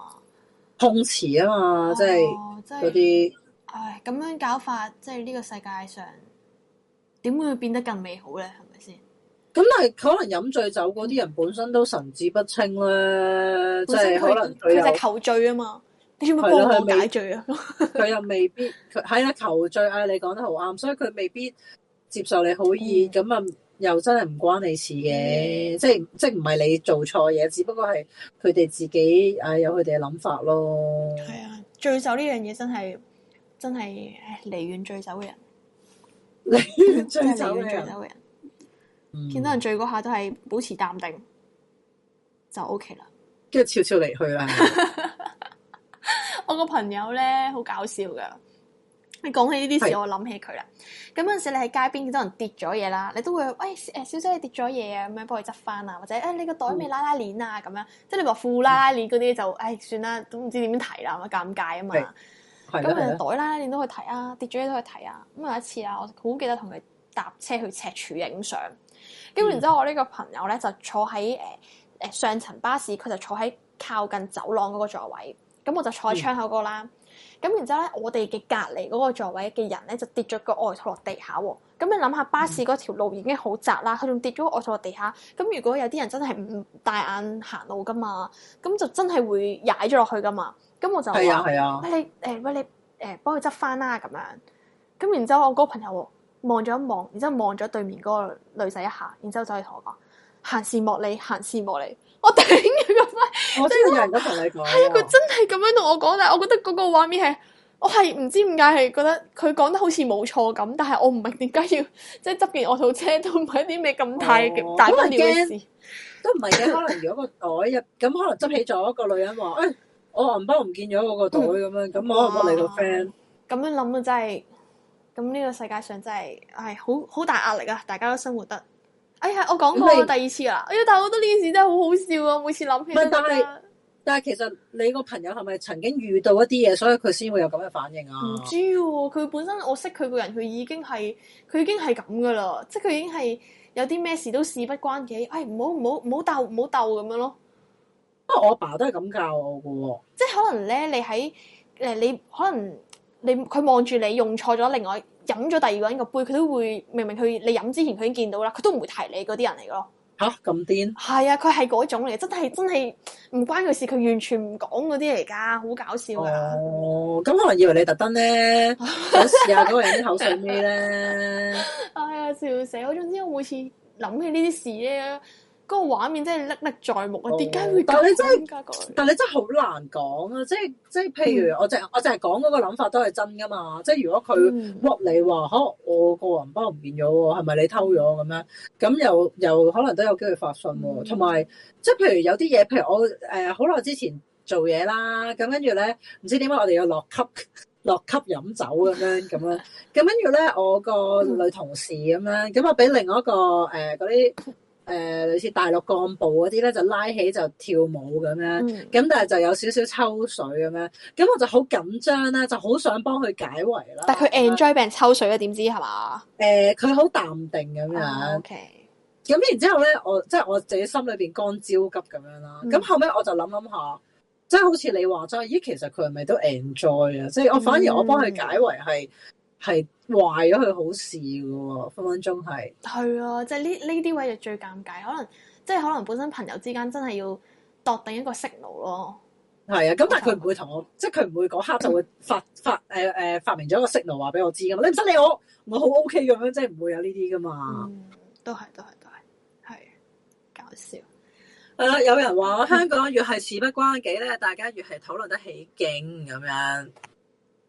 碰瓷啊嘛，即係嗰啲，些唉，咁樣搞法，即係呢個世界上點會變得更美好咧？係咪先？咁但係可能飲醉酒嗰啲人本身都神志不清咧，即係可能佢就求醉啊嘛，你做乜嚟解醉啊？佢又未必，佢係啦求醉，阿你講得好啱，所以佢未必。接受你好易，咁啊、嗯、又真係唔關你事嘅，即係即係唔係你做錯嘢，只不過係佢哋自己誒、哎、有佢哋嘅諗法咯。係啊，醉酒呢樣嘢真係真係離遠醉酒嘅人，離遠醉酒嘅人，嗯、見到人醉嗰下都係保持淡定就 OK 啦，跟住悄悄離去啦。 (laughs) (laughs) 我個朋友咧好搞笑噶。你講起呢啲事，是我諗起佢啦。咁嗰陣時，你喺街邊見到人跌咗嘢啦，你都會，喂、哎，誒小姐，你跌咗嘢啊，咁樣幫佢執翻啊，或者誒、哎，你個袋未拉拉鏈啊，咁樣。即係你話褲拉拉鏈嗰啲就，誒、哎，算啦，都唔知點樣提啦，咁啊尷尬啊嘛。咁其實袋拉鏈都可以提啊，跌咗嘢都可以提啊。咁有一次啊，我好記得同佢搭車去赤柱影相，咁、嗯、然之後我呢個朋友咧就坐喺誒誒上層巴士，佢就坐喺靠近走廊嗰個座位，咁我就坐喺窗口嗰、那個啦。咁然之後咧，我哋嘅隔離嗰個座位嘅人咧，就跌咗個外套落地下喎。咁你諗下，巴士嗰條路已經好窄啦，佢仲跌咗個外套落地下。咁如果有啲人真係唔大眼行路噶嘛，咁就真係會踩咗落去噶嘛。咁我就話：喂、啊啊，你誒，喂、呃、你誒，幫佢執返啦咁樣。咁然之後，我嗰個朋友望咗一望，然之後望咗對面嗰個女仔一下，然之後就去同我講：閒事莫理，閒事莫理。」我頂。我真係冇人咁同你講，係 (noise) 啊樂，佢真係咁樣同我講，但係我覺得嗰個畫面係，我係唔知點解係覺得佢講得好似冇錯咁，但係我唔明點解要即係執件臥鋪車都唔係啲咩咁大嘅大不了事，都唔係嘅，可能如果個袋入咁，可能執起咗個女人話，誒，我銀包唔見咗我個袋咁樣，咁我唔得你個 friend，咁樣諗啊真係，咁呢個世界上真係唉，好好大壓力啊，大家都生活得。哎呀，我講過是第二次啦。哎呀，但係我覺得呢件事真係好好笑啊！每次諗起都、啊、～係，但係但係其實你個朋友係咪曾經遇到一啲嘢，所以佢先會有咁嘅反應啊？唔知喎、啊，佢本身我識佢個人，佢已經係佢已經係咁噶啦，即係佢已經係有啲咩事都事不關己，哎，唔好唔好唔好鬥唔好鬥咁樣咯。不過我阿爸都係咁教我嘅喎、哦。即係可能咧，你喺誒你，你可能你佢望住你用錯咗另外。飲咗第二個人個杯，佢都會明明佢你飲之前佢已經見到啦，佢都唔會提你嗰啲人嚟噶咯。吓？咁癲？係啊，佢係嗰種嚟，真係真係唔關佢事，佢完全唔講嗰啲嚟噶，好搞笑啊！哦，咁，嗯，可能以為你特登咧，想試下嗰個人啲口水味咧。 (laughs) (laughs) (laughs) 哎呀，笑死我！總之我每次諗起呢啲事咧，嗰個畫面真係歷歷在目啊！點解會咁？但你真係，但你真係好難講啊！即係即係，譬如我淨我淨係講嗰個諗法都係真㗎嘛！即係如果佢屈你話，嚇我個人包唔見咗喎，係咪你偷咗咁樣？咁又又可能都有機會發信喎。同埋即係譬如有啲嘢，譬如我誒好耐之前做嘢啦，咁跟住咧唔知點解我哋有落級落級飲酒咁樣咁樣，咁跟住咧我個女同事咁樣，咁我俾另外一個誒嗰啲。誒、呃、類似大陸幹部嗰啲咧，就拉起就跳舞咁樣，咁、嗯、但係就有少少抽水咁樣，咁我就好緊張啦，就好想幫佢解圍啦。但係佢 enjoy 被抽水啊？點知係嘛？誒、呃，佢好淡定咁樣。O K、哦。咁、okay、然之後咧，我即係我自己心裏邊乾焦急咁樣啦。咁、嗯、後尾我就諗諗下，即係好似你話齋，咦，其實佢係咪都 enjoy 啊？即係我反而我幫佢解圍係。嗯係壞咗佢好事嘅，分分鐘係。係啊，即係呢，呢啲位就最尷尬，可能即係可能本身朋友之間真係要度定一個 signal 咯。係啊，咁但係佢唔會同我， (laughs) 即係佢唔會嗰刻就會發發誒誒、呃呃、發明咗個 signal 話俾我知㗎嘛。你唔使理我，我好 OK 咁樣，即係唔會有呢啲噶嘛。嗯、都係都係都係，係搞笑。係啦、 (laughs) 啊，有人話香港越係事不關己咧，大家越係討論得起勁咁樣。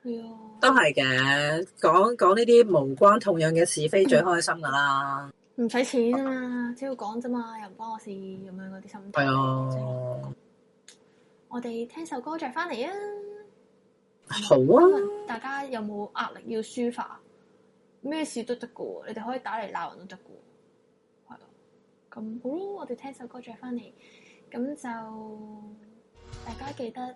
係啊，都係嘅，講講呢啲無關痛癢嘅是非最開心噶啦，唔使、嗯、錢啊嘛，只要講啫嘛，又唔關我事咁樣嗰啲心態。係啊，我哋聽首歌再翻嚟啊，好啊，大家有冇壓力要抒發？咩事都得噶，你哋可以打嚟鬧人都得噶，係啊，咁好咯、啊，我哋聽首歌再翻嚟，咁就大家記得。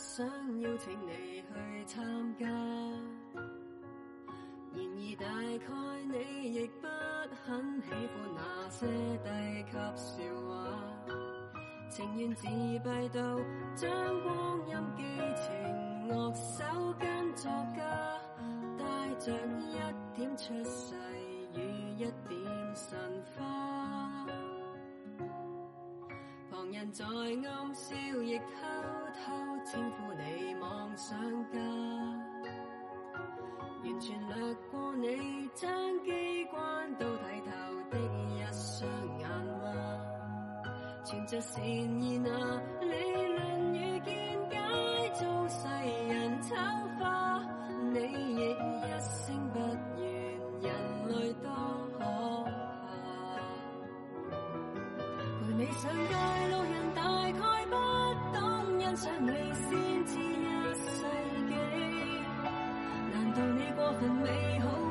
想邀請你去參加，然而大概你亦不很喜歡那些低級笑話，情願自閉到將光陰寄情樂手跟作家，帶着一點出世與一點神化。人在暗笑，亦偷偷稱呼你妄想家。完全掠過你，將機關都睇透的一雙眼嗎？存着善意那理論與見解，遭世人醜化。你亦一聲不怨，人類多可怕。陪你上街。想你先知一世紀，難道你過分美好？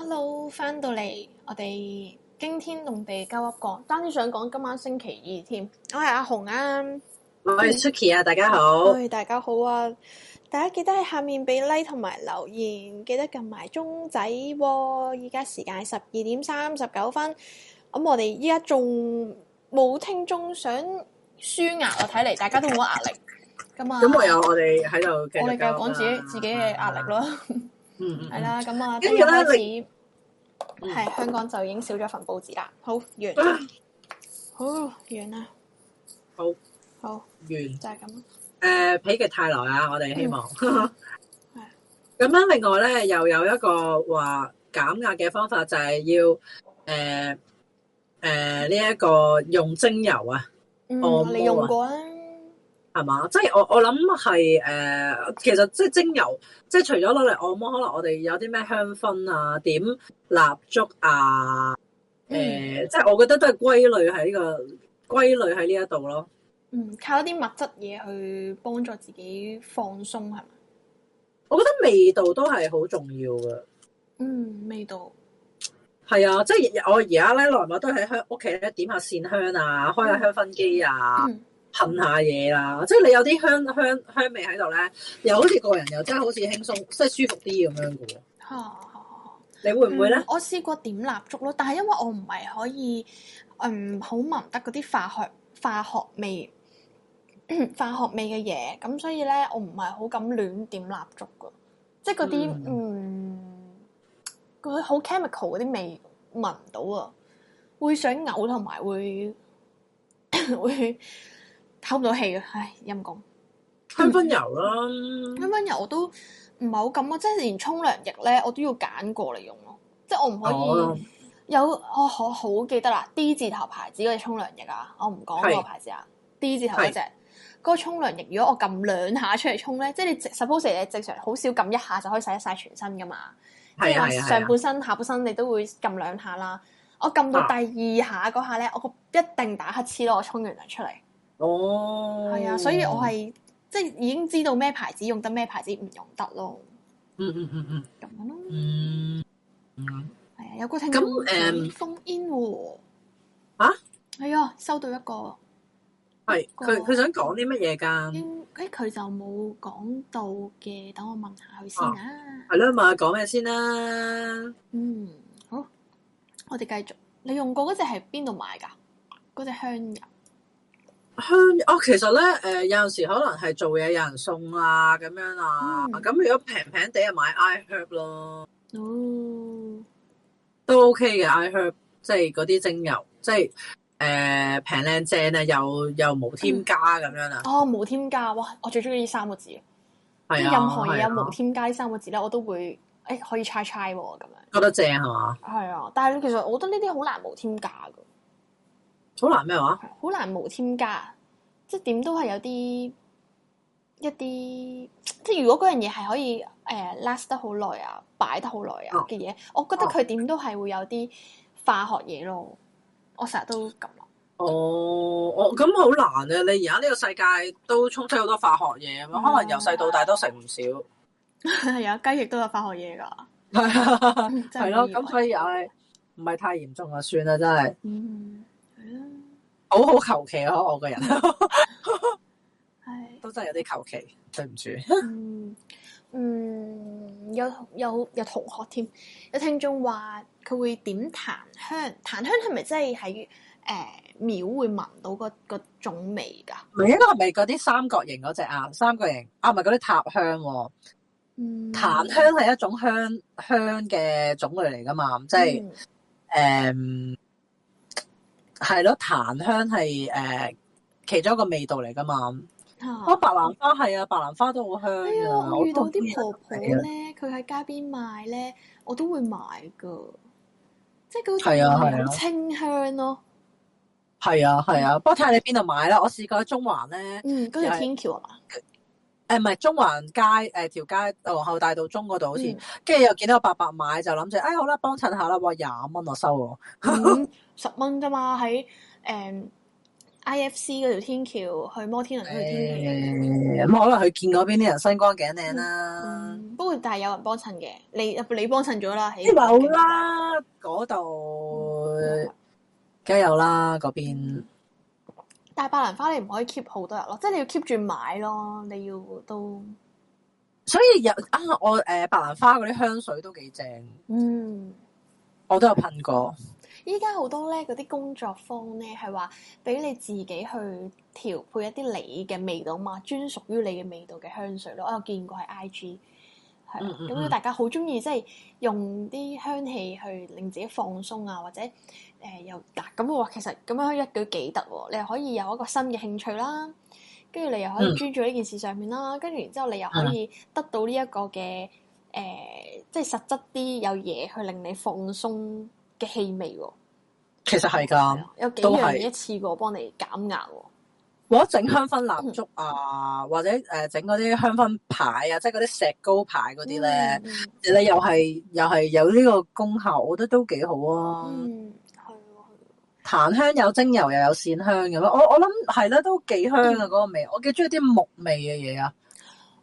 hello 翻到嚟，我哋驚天動地 9up 過，單止想講今晚星期二添。我係阿紅啊，我係喂 Suki 啊，大家好，喂大家好啊！大家記得喺下面俾 like 同埋留言，記得撳埋鐘仔、啊。依家時間係十二點三十九分，咁我哋依家仲冇聽眾，想訴壓。我睇嚟大家都冇乜壓力咁啊。咁唯、 (laughs) 嗯、有我哋喺度，嘅。我哋繼續講自己自己嘅壓力咯。 (laughs) 嗯嗯，係啦，咁啊，今日開始係、嗯、香港就已經少咗份報紙啦。好完，好完啦。好，好完就係咁。誒，否極泰來啊，我哋希望。係、嗯。咁啊，另外咧，又有一個話減壓嘅方法就係要誒誒呢一個用精油啊。哦、嗯，按摩 你用過啊？係嘛？即係我我諗係誒，其實即係精油，即係除咗攞嚟按摩，可能我哋有啲咩香薰啊、點蠟燭啊，誒、呃，嗯、即係我覺得都係歸類喺呢、這個歸類喺呢一度咯。嗯，靠一啲物質嘢去幫助自己放鬆，係咪？我覺得味道都係好重要嘅。嗯，味道係啊，即係我而家咧，耐唔耐都喺香屋企咧，點下線香啊，開下香薰機啊。嗯嗯噴下嘢啦，即係你有啲香香香味喺度咧，又好似個人又真好似輕鬆，即係 (coughs) 舒服啲咁樣嘅 (coughs) 你會唔會咧、嗯？我試過點蠟燭咯，但係因為我唔係可以嗯好聞得嗰啲化學化學味， (coughs) 化學味嘅嘢，咁所以咧我唔係好敢亂點蠟燭嘅，即係嗰啲嗯佢好、嗯、chemical 嗰啲味聞唔到啊，會想嘔同埋會會。 (coughs) (coughs) 唞唔到氣啊！唉，陰公。香薰油啦、啊，香薰油我都唔係好敢，我即係連沖涼液咧，我都要揀過嚟用咯。即係我唔可以有、哦、我可好記得啦，D 字頭牌子嘅沖涼液啊，我唔講嗰個牌子啊是，D 字頭嗰隻。嗰是個沖涼液，如果我撳兩下出嚟沖咧，即係你 suppose 你正常，好少撳一下就可以洗一晒全身噶嘛。的即係話上半身、的下半身你都會撳兩下啦。我撳到第二下嗰下咧，啊、我一定打乞嗤咯。我沖完涼出嚟。哦，係啊，所以我係即係已經知道咩牌子用得，咩牌子唔用得咯。嗯嗯嗯嗯，咁咯 (noise) 嗯。嗯嗯，係啊，有個聽眾 phone in 喎。啊？係啊，收到一個。係佢佢想講啲乜嘢噶？哎、欸，佢就冇講到嘅，等我問下佢先啊。係啦、啊，問下講咩先啦？嗯，好，我哋繼續。你用過嗰隻係邊度買噶？嗰隻香油。香哦，其實咧，誒、呃，有陣時可能係做嘢有人送啦，咁樣啊，咁如果平平地啊，買 iHerb 咯，哦，都 OK 嘅 iHerb，即係嗰啲精油，即係誒平靚正咧，又又無添加咁樣啊、嗯，哦，無添加，哇，我最中意呢三個字，啲、啊、任何嘢有無添加三個字咧，啊、我都會誒、欸、可以 try try 咁樣，覺得正係嘛，係啊，但係其實我覺得呢啲好難無添加噶。好難咩話？好難無添加，即係點都係有啲一啲，即係如果嗰樣嘢係可以誒 last、呃、得好耐啊，擺得好耐啊嘅嘢，我覺得佢點都係會有啲化學嘢咯。我成日都咁諗、哦。哦，我咁好難啊！你而家呢個世界都充斥好多化學嘢，可能由細到大都食唔少。係啊、嗯，雞 (laughs) 翼都有化學嘢噶。係啊 (laughs) 意、 (laughs) 嗯，係咯，咁所以唉，唔係太嚴重啊，算啦，真係、嗯。嗯好好求其囉！我個人，係 (laughs) 都真係有啲求其，對唔住、嗯。嗯有有有同學添，有聽眾話佢會點檀香？檀香係咪真係喺誒廟會聞到個個種味噶？唔係，應該係咪嗰啲三角形嗰隻啊？三角形啊，唔係嗰啲塔香、啊。嗯，檀香係一種香香嘅種類嚟噶嘛？即係誒。嗯 um, 係咯，檀香係誒、呃、其中一個味道嚟噶嘛。啊，啊，白蘭花係啊，白蘭花都好香啊。哎、呀我遇到啲婆婆咧，佢喺的街邊賣咧，我都會買噶，即係，嗰種好清香咯、啊。係啊係啊，不過睇下你邊度買啦。我試過喺中環咧，嗯，嗰條天橋啊嘛。誒，唔係、啊、中環街，誒、呃、條街皇、哦、后大道中嗰度，好似、嗯，跟住又見到個伯伯買，就諗住，哎，好啦，幫襯下啦，哇，廿蚊我收我，嗯、 (laughs) 十蚊啫嘛，喺誒、嗯、I F C 嗰條天橋去摩天輪嗰條天橋，咁可能佢見嗰邊啲人身光頸靚啦。不、嗯、過、嗯、但係有人幫襯嘅，你你幫襯咗啦，有啦，嗰度梗有啦，嗰邊。但係白蘭花你唔可以 keep 好多日咯，即係你要 keep 住買咯，你要都。所以有啊，我誒、呃、白蘭花嗰啲香水都幾正，嗯，我都有噴過。依家好多咧嗰啲工作坊咧，係話俾你自己去調配一啲你嘅味道嘛，專屬於你嘅味道嘅香水咯。我有見過喺 IG。係咁、嗯嗯嗯、大家好中意即係用啲香氣去令自己放鬆啊，或者誒又嗱咁我話其實咁樣可以一舉幾得喎、哦，你又可以有一個新嘅興趣啦，跟住你又可以專注呢件事上面啦，跟住然之後你又可以得到呢一個嘅誒、嗯呃、即係實質啲有嘢去令你放鬆嘅氣味喎、哦。其實係㗎，有幾樣一次過幫你減壓喎、哦。我覺整香薰蠟燭啊，或者誒整嗰啲香薰牌啊，即係嗰啲石膏牌嗰啲咧，你、嗯、又係又係有呢個功效，我覺得都幾好啊。嗯，係檀香有精油又有線香咁，我我諗係啦，都幾香啊嗰、嗯、個味。我幾中意啲木味嘅嘢啊。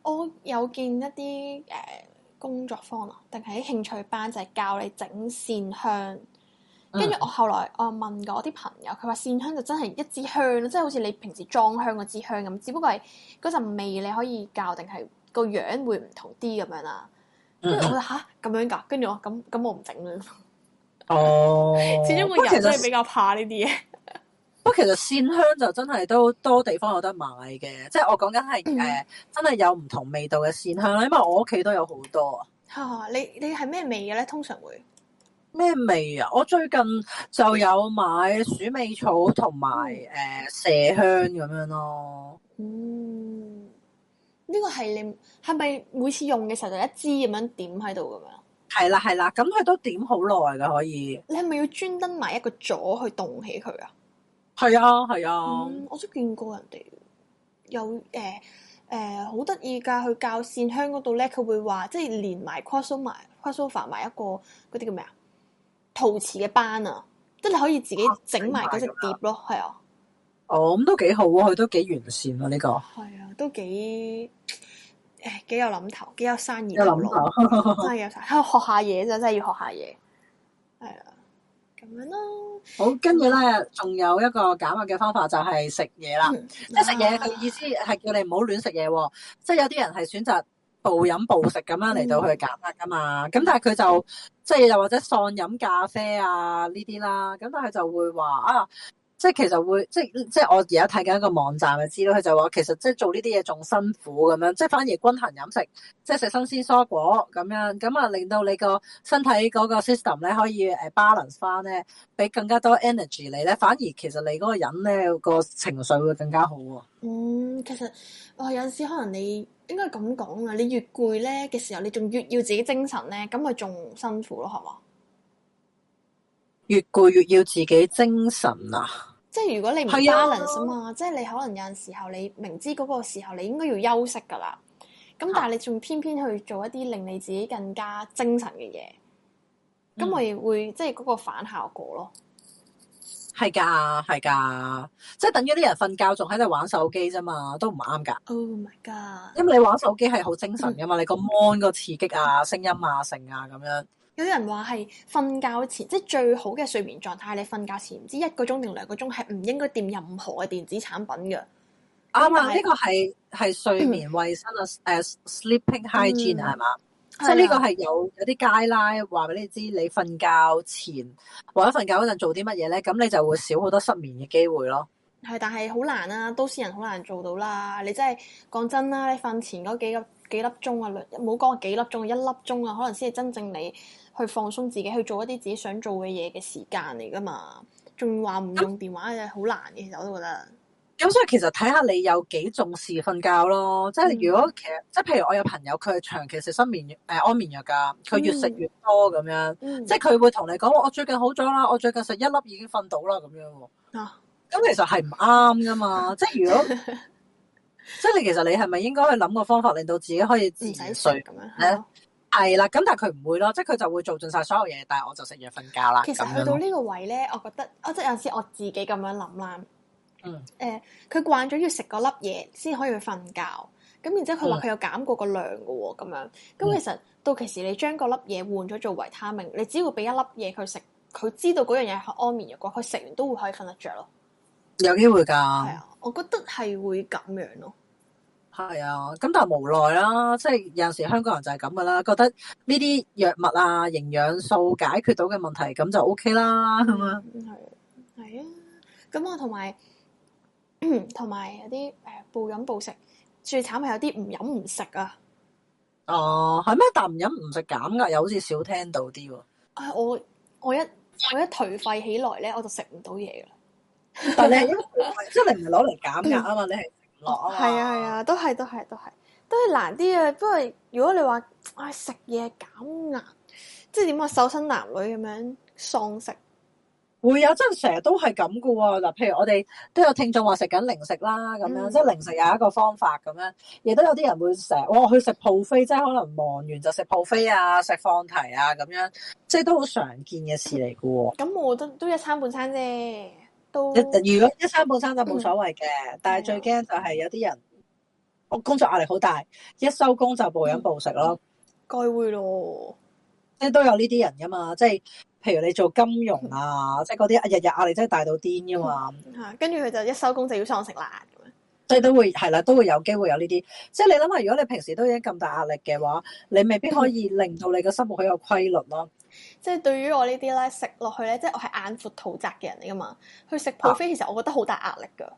我有見一啲誒、呃、工作坊啊，定係啲興趣班，就係教你整線香。跟住我後來我問過我啲朋友，佢話線香就真係一支香，即係好似你平時裝香嗰支香咁，只不過係嗰陣味你可以教定係個樣會唔同啲咁樣啦。我話嚇咁樣㗎，跟住我咁咁我唔整啦。哦，始終會有，真係比較怕呢啲嘢。不過其實線香就真係都多地方有得買嘅，即係我講緊係誒真係有唔同味道嘅線香啦，因為我屋企都有好多啊。你你係咩味嘅咧？通常會。咩味啊？我最近就有買鼠尾草同埋誒麝香咁樣咯。嗯，呢、這個係你係咪每次用嘅時候就一支咁樣點喺度咁樣？係啦係啦，咁佢都點好耐噶，可以。你係咪要專登買一個座去凍起佢啊？係啊係啊，嗯、我都見過人哋有誒誒好得意噶，去、呃呃、教線香嗰度咧，佢會話即係連埋 cross 埋 cross 埋一個嗰啲叫咩啊？陶瓷嘅班啊，即係你可以自己整埋嗰隻碟咯，係啊。哦，咁都幾好，佢都幾完善啊。呢個。係啊，都幾誒，幾有諗頭，幾有生意頭腦，真係有。喺度學下嘢就真係要學下嘢。係啊、嗯，咁樣咯。好、嗯，跟住咧，仲有一個減壓嘅方法就係食嘢啦。即係食嘢，佢意思係叫你唔好亂食嘢。即係有啲人係選擇。暴飲暴食咁樣嚟到去減壓噶嘛，咁、嗯、但係佢就即係又或者喪飲咖啡啊呢啲啦，咁但係就會話啊。即係其實會，即係即係我而家睇緊一個網站啊，知道佢就話其實即係做呢啲嘢仲辛苦咁樣，即係反而均衡飲食，即係食新鮮蔬果咁樣，咁啊令到你個身體嗰個 system 咧可以誒 balance 翻咧，俾更加多 energy 你咧，反而其實你嗰個人咧個情緒會更加好喎。嗯，其實啊、哦、有陣時可能你應該咁講啊，你越攰咧嘅時候，你仲越要自己精神咧，咁咪仲辛苦咯，係嘛？越攰越要自己精神啊！即係如果你唔 balance 啊嘛，啊即係你可能有陣時候你明知嗰個時候你應該要休息噶啦，咁但係你仲偏偏去做一啲令你自己更加精神嘅嘢，咁咪、啊、會、嗯、即係嗰個反效果咯。係噶，係噶，即係等於啲人瞓覺仲喺度玩手機啫嘛，都唔啱噶。Oh my god！因為你玩手機係好精神噶嘛，嗯、你個 mon 個刺激啊、聲音啊、成啊咁樣。有人話係瞓覺前，即係最好嘅睡眠狀態，你瞓覺前唔知一個鐘定兩個鐘，係唔應該掂任何嘅電子產品嘅啱啊！呢、這個係係睡眠衞生啊，誒、嗯 uh, sleeping hygiene 係嘛？即係呢個係有有啲 guideline 話俾你知，你瞓覺前或者瞓覺嗰陣做啲乜嘢咧，咁你就會少好多失眠嘅機會咯。係，但係好難啊！都市人好難做到啦。你真係講真啦，你瞓前嗰幾粒幾粒鐘啊，冇講幾粒鐘，一粒鐘啊，可能先係真正你。去放鬆自己，去做一啲自己想做嘅嘢嘅時間嚟噶嘛？仲話唔用電話嘅，好難嘅。其實我都覺得。咁所以其實睇下你有幾重視瞓覺咯。嗯、即係如果其實，即係譬如我有朋友，佢係長期食失眠誒安眠藥噶，佢越食越多咁樣。嗯、即係佢會同你講，我最近好咗啦，我最近食一粒已經瞓到啦咁樣。啊，咁其實係唔啱噶嘛？ (laughs) 即係如果，即係你其實你係咪應該去諗個方法，令到自己可以自己睡咁樣咧？嗯嗯係啦，咁但係佢唔會咯，即係佢就會做盡晒所有嘢，但係我就食嘢瞓覺啦。其實去到呢個位咧，我覺得我即係有陣時我自己咁樣諗啦，嗯，誒，佢慣咗要食嗰粒嘢先可以去瞓覺，咁然之後佢話佢有減過個量噶喎，咁樣，咁其實到時你將嗰粒嘢換咗做維他命，你只要俾一粒嘢佢食，佢知道嗰樣嘢係安眠藥嘅話，佢食完都會可以瞓得着咯，有機會噶，係啊，我覺得係會咁樣咯。係啊，咁但係無奈啦，即係有陣時香港人就係咁噶啦，覺得呢啲藥物啊、營養素解決到嘅問題咁就 O K 啦，係嘛？咁啊，係係啊，咁我同埋同埋有啲誒暴飲暴食，最慘係有啲唔飲唔食啊。哦，係咩？但唔飲唔食減壓又好似少聽到啲喎。啊，我我一我一頹廢起來咧，我就食唔到嘢噶啦。但你係因為，即係真係唔係攞嚟減壓啊嘛？你係。係、哦、啊係啊，都係都係都係，都係難啲啊！不過如果你話，唉食嘢減壓，即係點話瘦身男女咁樣喪食，會有真係成日都係咁嘅喎。嗱，譬如我哋都有聽眾話食緊零食啦，咁樣、嗯、即係零食有一個方法咁樣，亦都有啲人會成日哇去食泡飛，即係可能忙完就食泡飛啊，食放題啊咁樣，即係都好常見嘅事嚟嘅喎。咁、嗯、我都都一餐半餐啫。一如果一三冇三就冇所謂嘅，嗯、但係最驚就係有啲人，我工作壓力好大，一收工就暴飲暴食咯，該、嗯、會咯，即係都有呢啲人噶嘛，即係譬如你做金融啊，嗯、即係嗰啲日日壓力真係大到癲噶嘛，嗯嗯、跟住佢就一收工就要雙食啦。即係都會係啦，都會有機會有呢啲。即係你諗下，如果你平時都已經咁大壓力嘅話，你未必可以令到你個生活好有規律咯。即係、嗯嗯、對於我呢啲咧，食落去咧，即、就、係、是、我係眼闊肚窄嘅人嚟噶嘛。去食 buffet 其實我覺得好大壓力噶，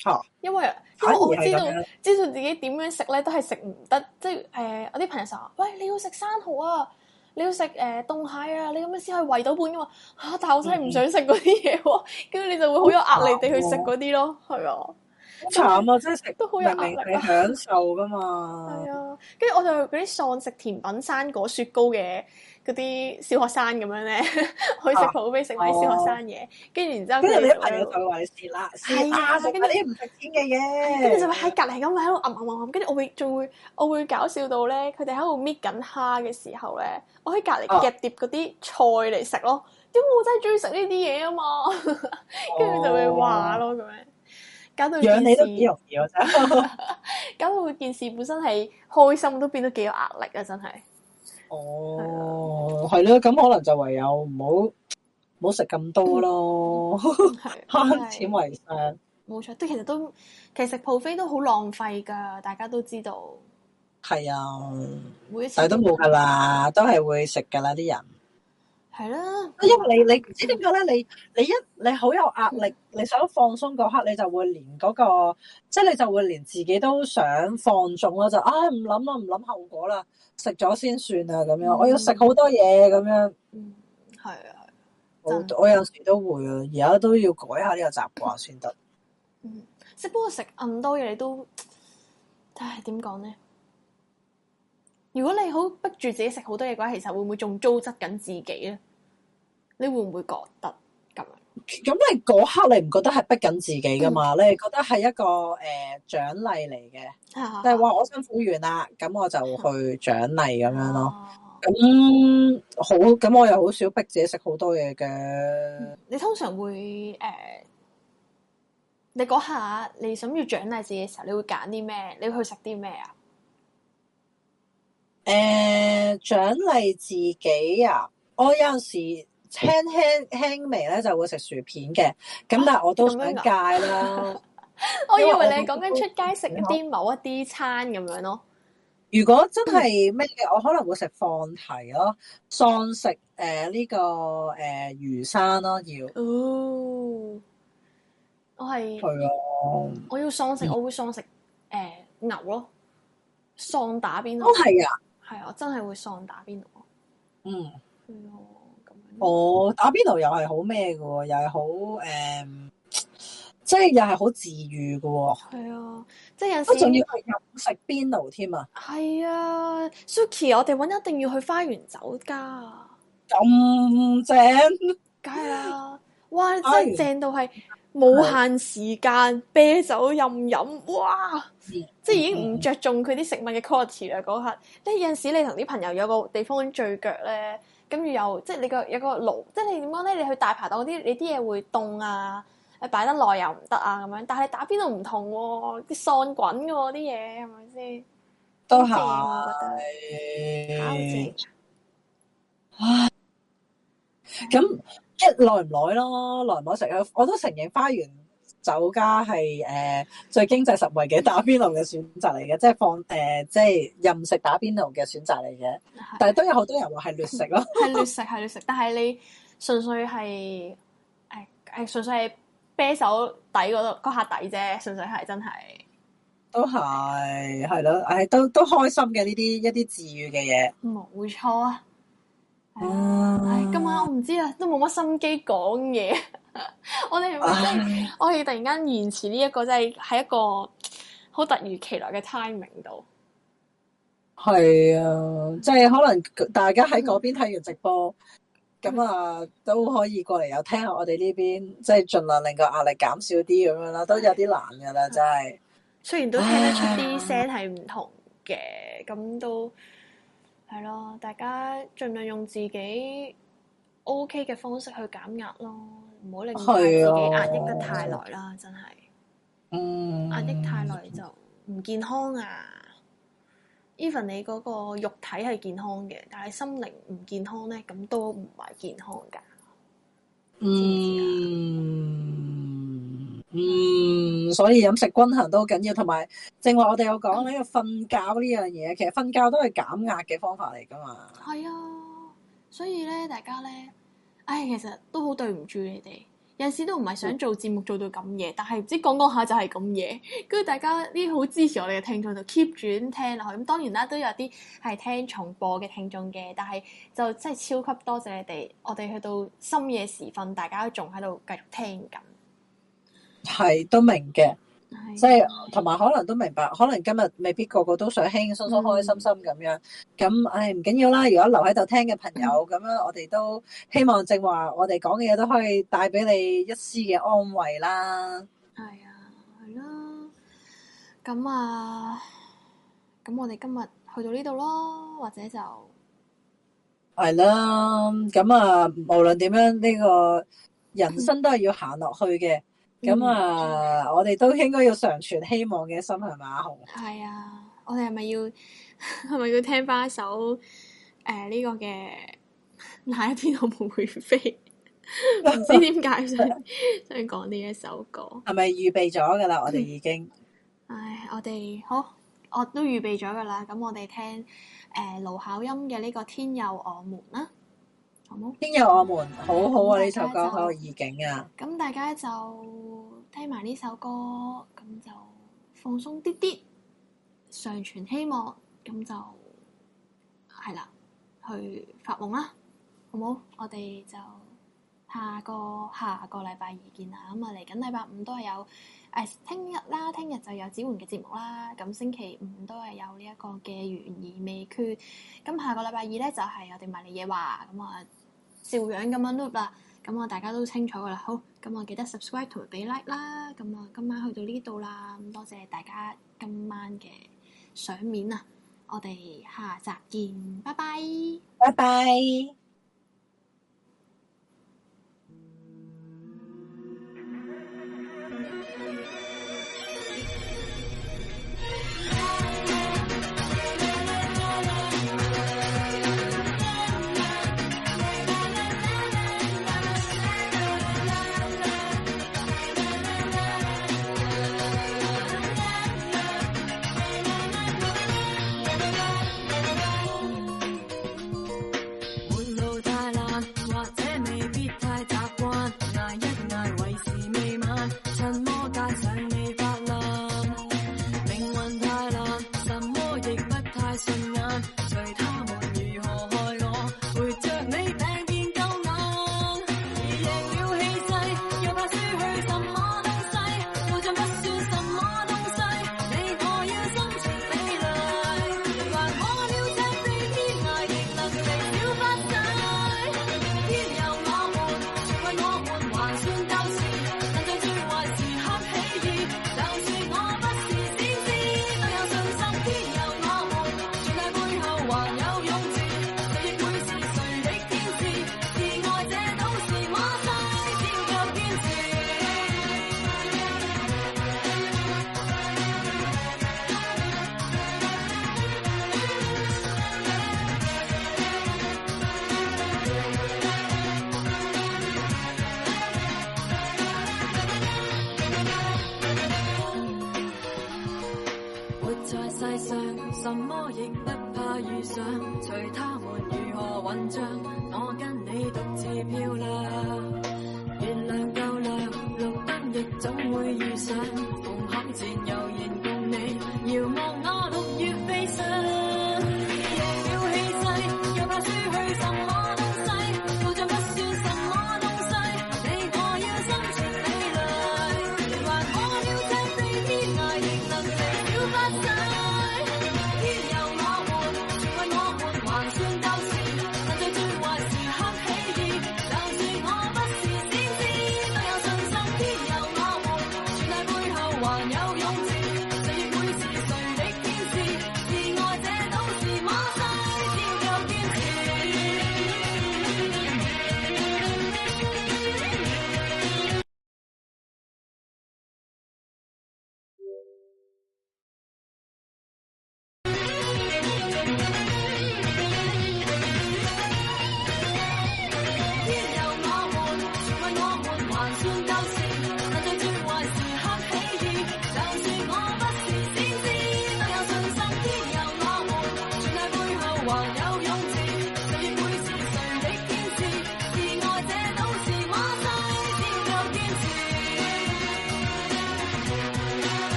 嚇、啊！因為因為我知道知道自己點樣食咧，都係食唔得。即係誒，我、嗯、啲朋友成日話，喂，你要食生蠔啊，你要食誒凍蟹啊，你咁樣先可以維到本噶嘛？嚇、啊！但係我真係唔想食嗰啲嘢，跟住、嗯、你就會好有壓力地去食嗰啲咯。係啊。嗯。慘啊！真係食好有、啊、明明係享受噶嘛。係啊，跟住我就嗰啲喪食甜品、生果、雪糕嘅嗰啲小學生咁樣咧，去食 buffet 食埋小學生嘢，跟住然之後。跟住你一問佢話你啦，乸后，係啊后，食緊啲唔值錢嘅嘢。跟住就喺隔離係咁喺度嗡嗡嗡，跟住我會仲會我會搞笑到咧，佢哋喺度搣緊蝦嘅時候咧，我喺隔離夾碟嗰啲菜嚟食咯。點解我真係中意食呢啲嘢啊嘛，跟住就會話咯咁樣。啊。搞到件事，養你都幾容易，喎，真係。搞到件事本身係開心，都變到幾有壓力啊！真係。哦，係咯，咁可能就唯有唔好唔好食咁多咯，慳錢為上。冇錯，但係其實都其實鋪飛都好浪費㗎，大家都知道。係啊，每一次都冇㗎啦，都係會食㗎啦啲人。係啦，因為你你唔知點解咧，你你一你好有壓力，嗯、你想放鬆嗰刻，你就會連嗰、那個，即、就、係、是、你就會連自己都想放縱啦，就唉，唔諗啦，唔諗後果啦，食咗先算啦，咁樣、嗯、我要食好多嘢咁樣，嗯，係啊，我我有時都會啊，而家都要改下呢個習慣先得，嗯，食不過食咁多嘢你都，唉，點講咧？如果你好逼住自己食好多嘢嘅話，其實會唔會仲糟質緊自己咧？你會唔會覺得咁樣？咁你嗰刻你唔覺得係逼緊自己噶嘛？嗯、你係覺得係一個誒獎、呃、勵嚟嘅，啊啊啊就係話我辛苦完啦，咁我就去獎勵咁樣咯。咁、啊、好，咁我又好少逼自己食好多嘢嘅。你通常會誒、呃，你嗰下你想要獎勵自己嘅時候，你會揀啲咩？你會去食啲咩啊？誒，獎勵、呃、自己啊！我有陣時輕輕輕微咧就會食薯片嘅，咁但係我都唔想戒啦。啊啊、 (laughs) 我以為你講緊出街食啲某一啲餐咁樣咯。如果真係咩嘢，我可能會食放題咯，喪食誒呢、呃這個誒、呃、魚生咯要。哦，我係去咯、嗯。我要喪食，我會喪食誒、呃、牛咯，喪打邊爐咯。哦，係啊。係我真係會喪打邊爐、嗯哦哦，嗯，係咁哦，打邊爐又係好咩嘅，又係好誒，即係又係好治愈嘅。係啊，即係有陣時仲要係飲食邊爐添啊。係啊，Suki，我哋搵一定要去花園酒家啊，咁正，梗係啊。哇，真係正到係。無限時間，的啤酒任飲，哇！嗯、即係已經唔着重佢啲食物嘅 quality 嗰刻。有陣時你同啲朋友有個地方聚腳咧，跟住又即係你個有個爐，即係你點講咧？你去大排檔啲，你啲嘢會凍啊，誒，擺得耐又唔得啊，咁樣。但係打邊爐唔同喎，啲餸滾嘅喎，啲嘢係咪先？都係，我覺得。啊！咁。即耐唔耐咯，耐唔耐食？我我都承認花園酒家係誒、呃、最經濟實惠嘅打邊爐嘅選擇嚟嘅，即係放誒、呃、即係任食打邊爐嘅選擇嚟嘅。係。但係都有好多人話係劣食咯，係劣食係劣食。但係你純粹係誒誒，純、哎、粹係啤手底嗰下底啫，純粹係真係都係係咯，誒、哎、都都開心嘅呢啲一啲治愈嘅嘢，冇錯啊！唉，今晚我唔知啊，都冇乜心機講嘢。 (laughs) 我哋係咪真係， (laughs) 我哋突然間延遲呢一個，真係喺一個好突如其來嘅 timing 度。係啊，即、就、係、是、可能大家喺嗰邊睇完直播，咁、嗯、啊都可以過嚟又聽下我哋呢邊，即係盡量令個壓力減少啲咁樣啦、啊。都有啲難噶啦， (laughs) 真係是。雖然都聽得出啲聲係唔同嘅，咁都。 (laughs) (laughs) 係咯，大家盡量用自己 OK 嘅方式去減壓咯，唔好令自己壓抑得太耐啦，了真係的。嗯。壓抑太耐就唔健康啊！嗯。Even 你嗰個肉體係健康嘅，但係心靈唔健康咧，咁都唔係健康噶。嗯。嗯，所以飲食均衡都好緊要，同埋正話我哋有講呢個瞓覺呢樣嘢，其實瞓覺都係減壓嘅方法嚟噶嘛。係啊，所以咧，大家咧，唉、哎，其實都好對唔住你哋，有陣時都唔係想做節目做到咁嘢，但係唔知講講下就係咁嘢，跟住大家呢，好支持我哋嘅聽眾就 keep 住聽落去。咁當然啦，都有啲係聽重播嘅聽眾嘅，但係就真係超級多謝你哋，我哋去到深夜時分，大家都仲喺度繼續聽緊。係都明嘅，即係同埋可能都明白，可能今日未必個個都想輕輕鬆鬆、開開心心咁樣。咁唉唔緊要啦，如果留喺度聽嘅朋友，咁樣、嗯、我哋都希望正話，我哋講嘅嘢都可以帶俾你一絲嘅安慰啦。係啊，係咯。咁啊，咁我哋今日去到呢度咯，或者就係啦。咁啊，無論點樣，呢個人生都係要行落去嘅。咁、嗯、啊，我哋都應該要常存希望嘅心，係咪啊，紅？係啊，我哋係咪要係咪要聽翻一首誒呢、呃這個嘅《哪一天我們會飛？》 (laughs) 唔知點解想想講呢一首歌？係咪預備咗㗎啦？我哋已經。唉，我哋好，我都預備咗㗎啦。咁我哋聽誒、呃、盧巧音嘅呢、這個《天佑我們》啦。好冇？聽日我們好好、嗯、啊！呢首歌好有意境啊，咁大家就聽埋呢首歌，咁就放鬆啲啲，上傳希望，咁就係啦，去發夢啦，好冇？我哋就下個下個禮拜二見啦，咁啊嚟緊禮拜五都係有。誒，聽日啦，聽日就有子援嘅節目啦。咁星期五都係有呢一個嘅懸疑未決。咁下個禮拜二咧就係、是、我哋埋你嘢話咁啊，照樣咁樣 loop 啦。咁啊，大家都清楚噶啦。好，咁我記得 subscribe 同埋俾 like 啦。咁啊，今晚去到呢度啦，多謝大家今晚嘅賞面啊！我哋下集見，拜拜，拜拜。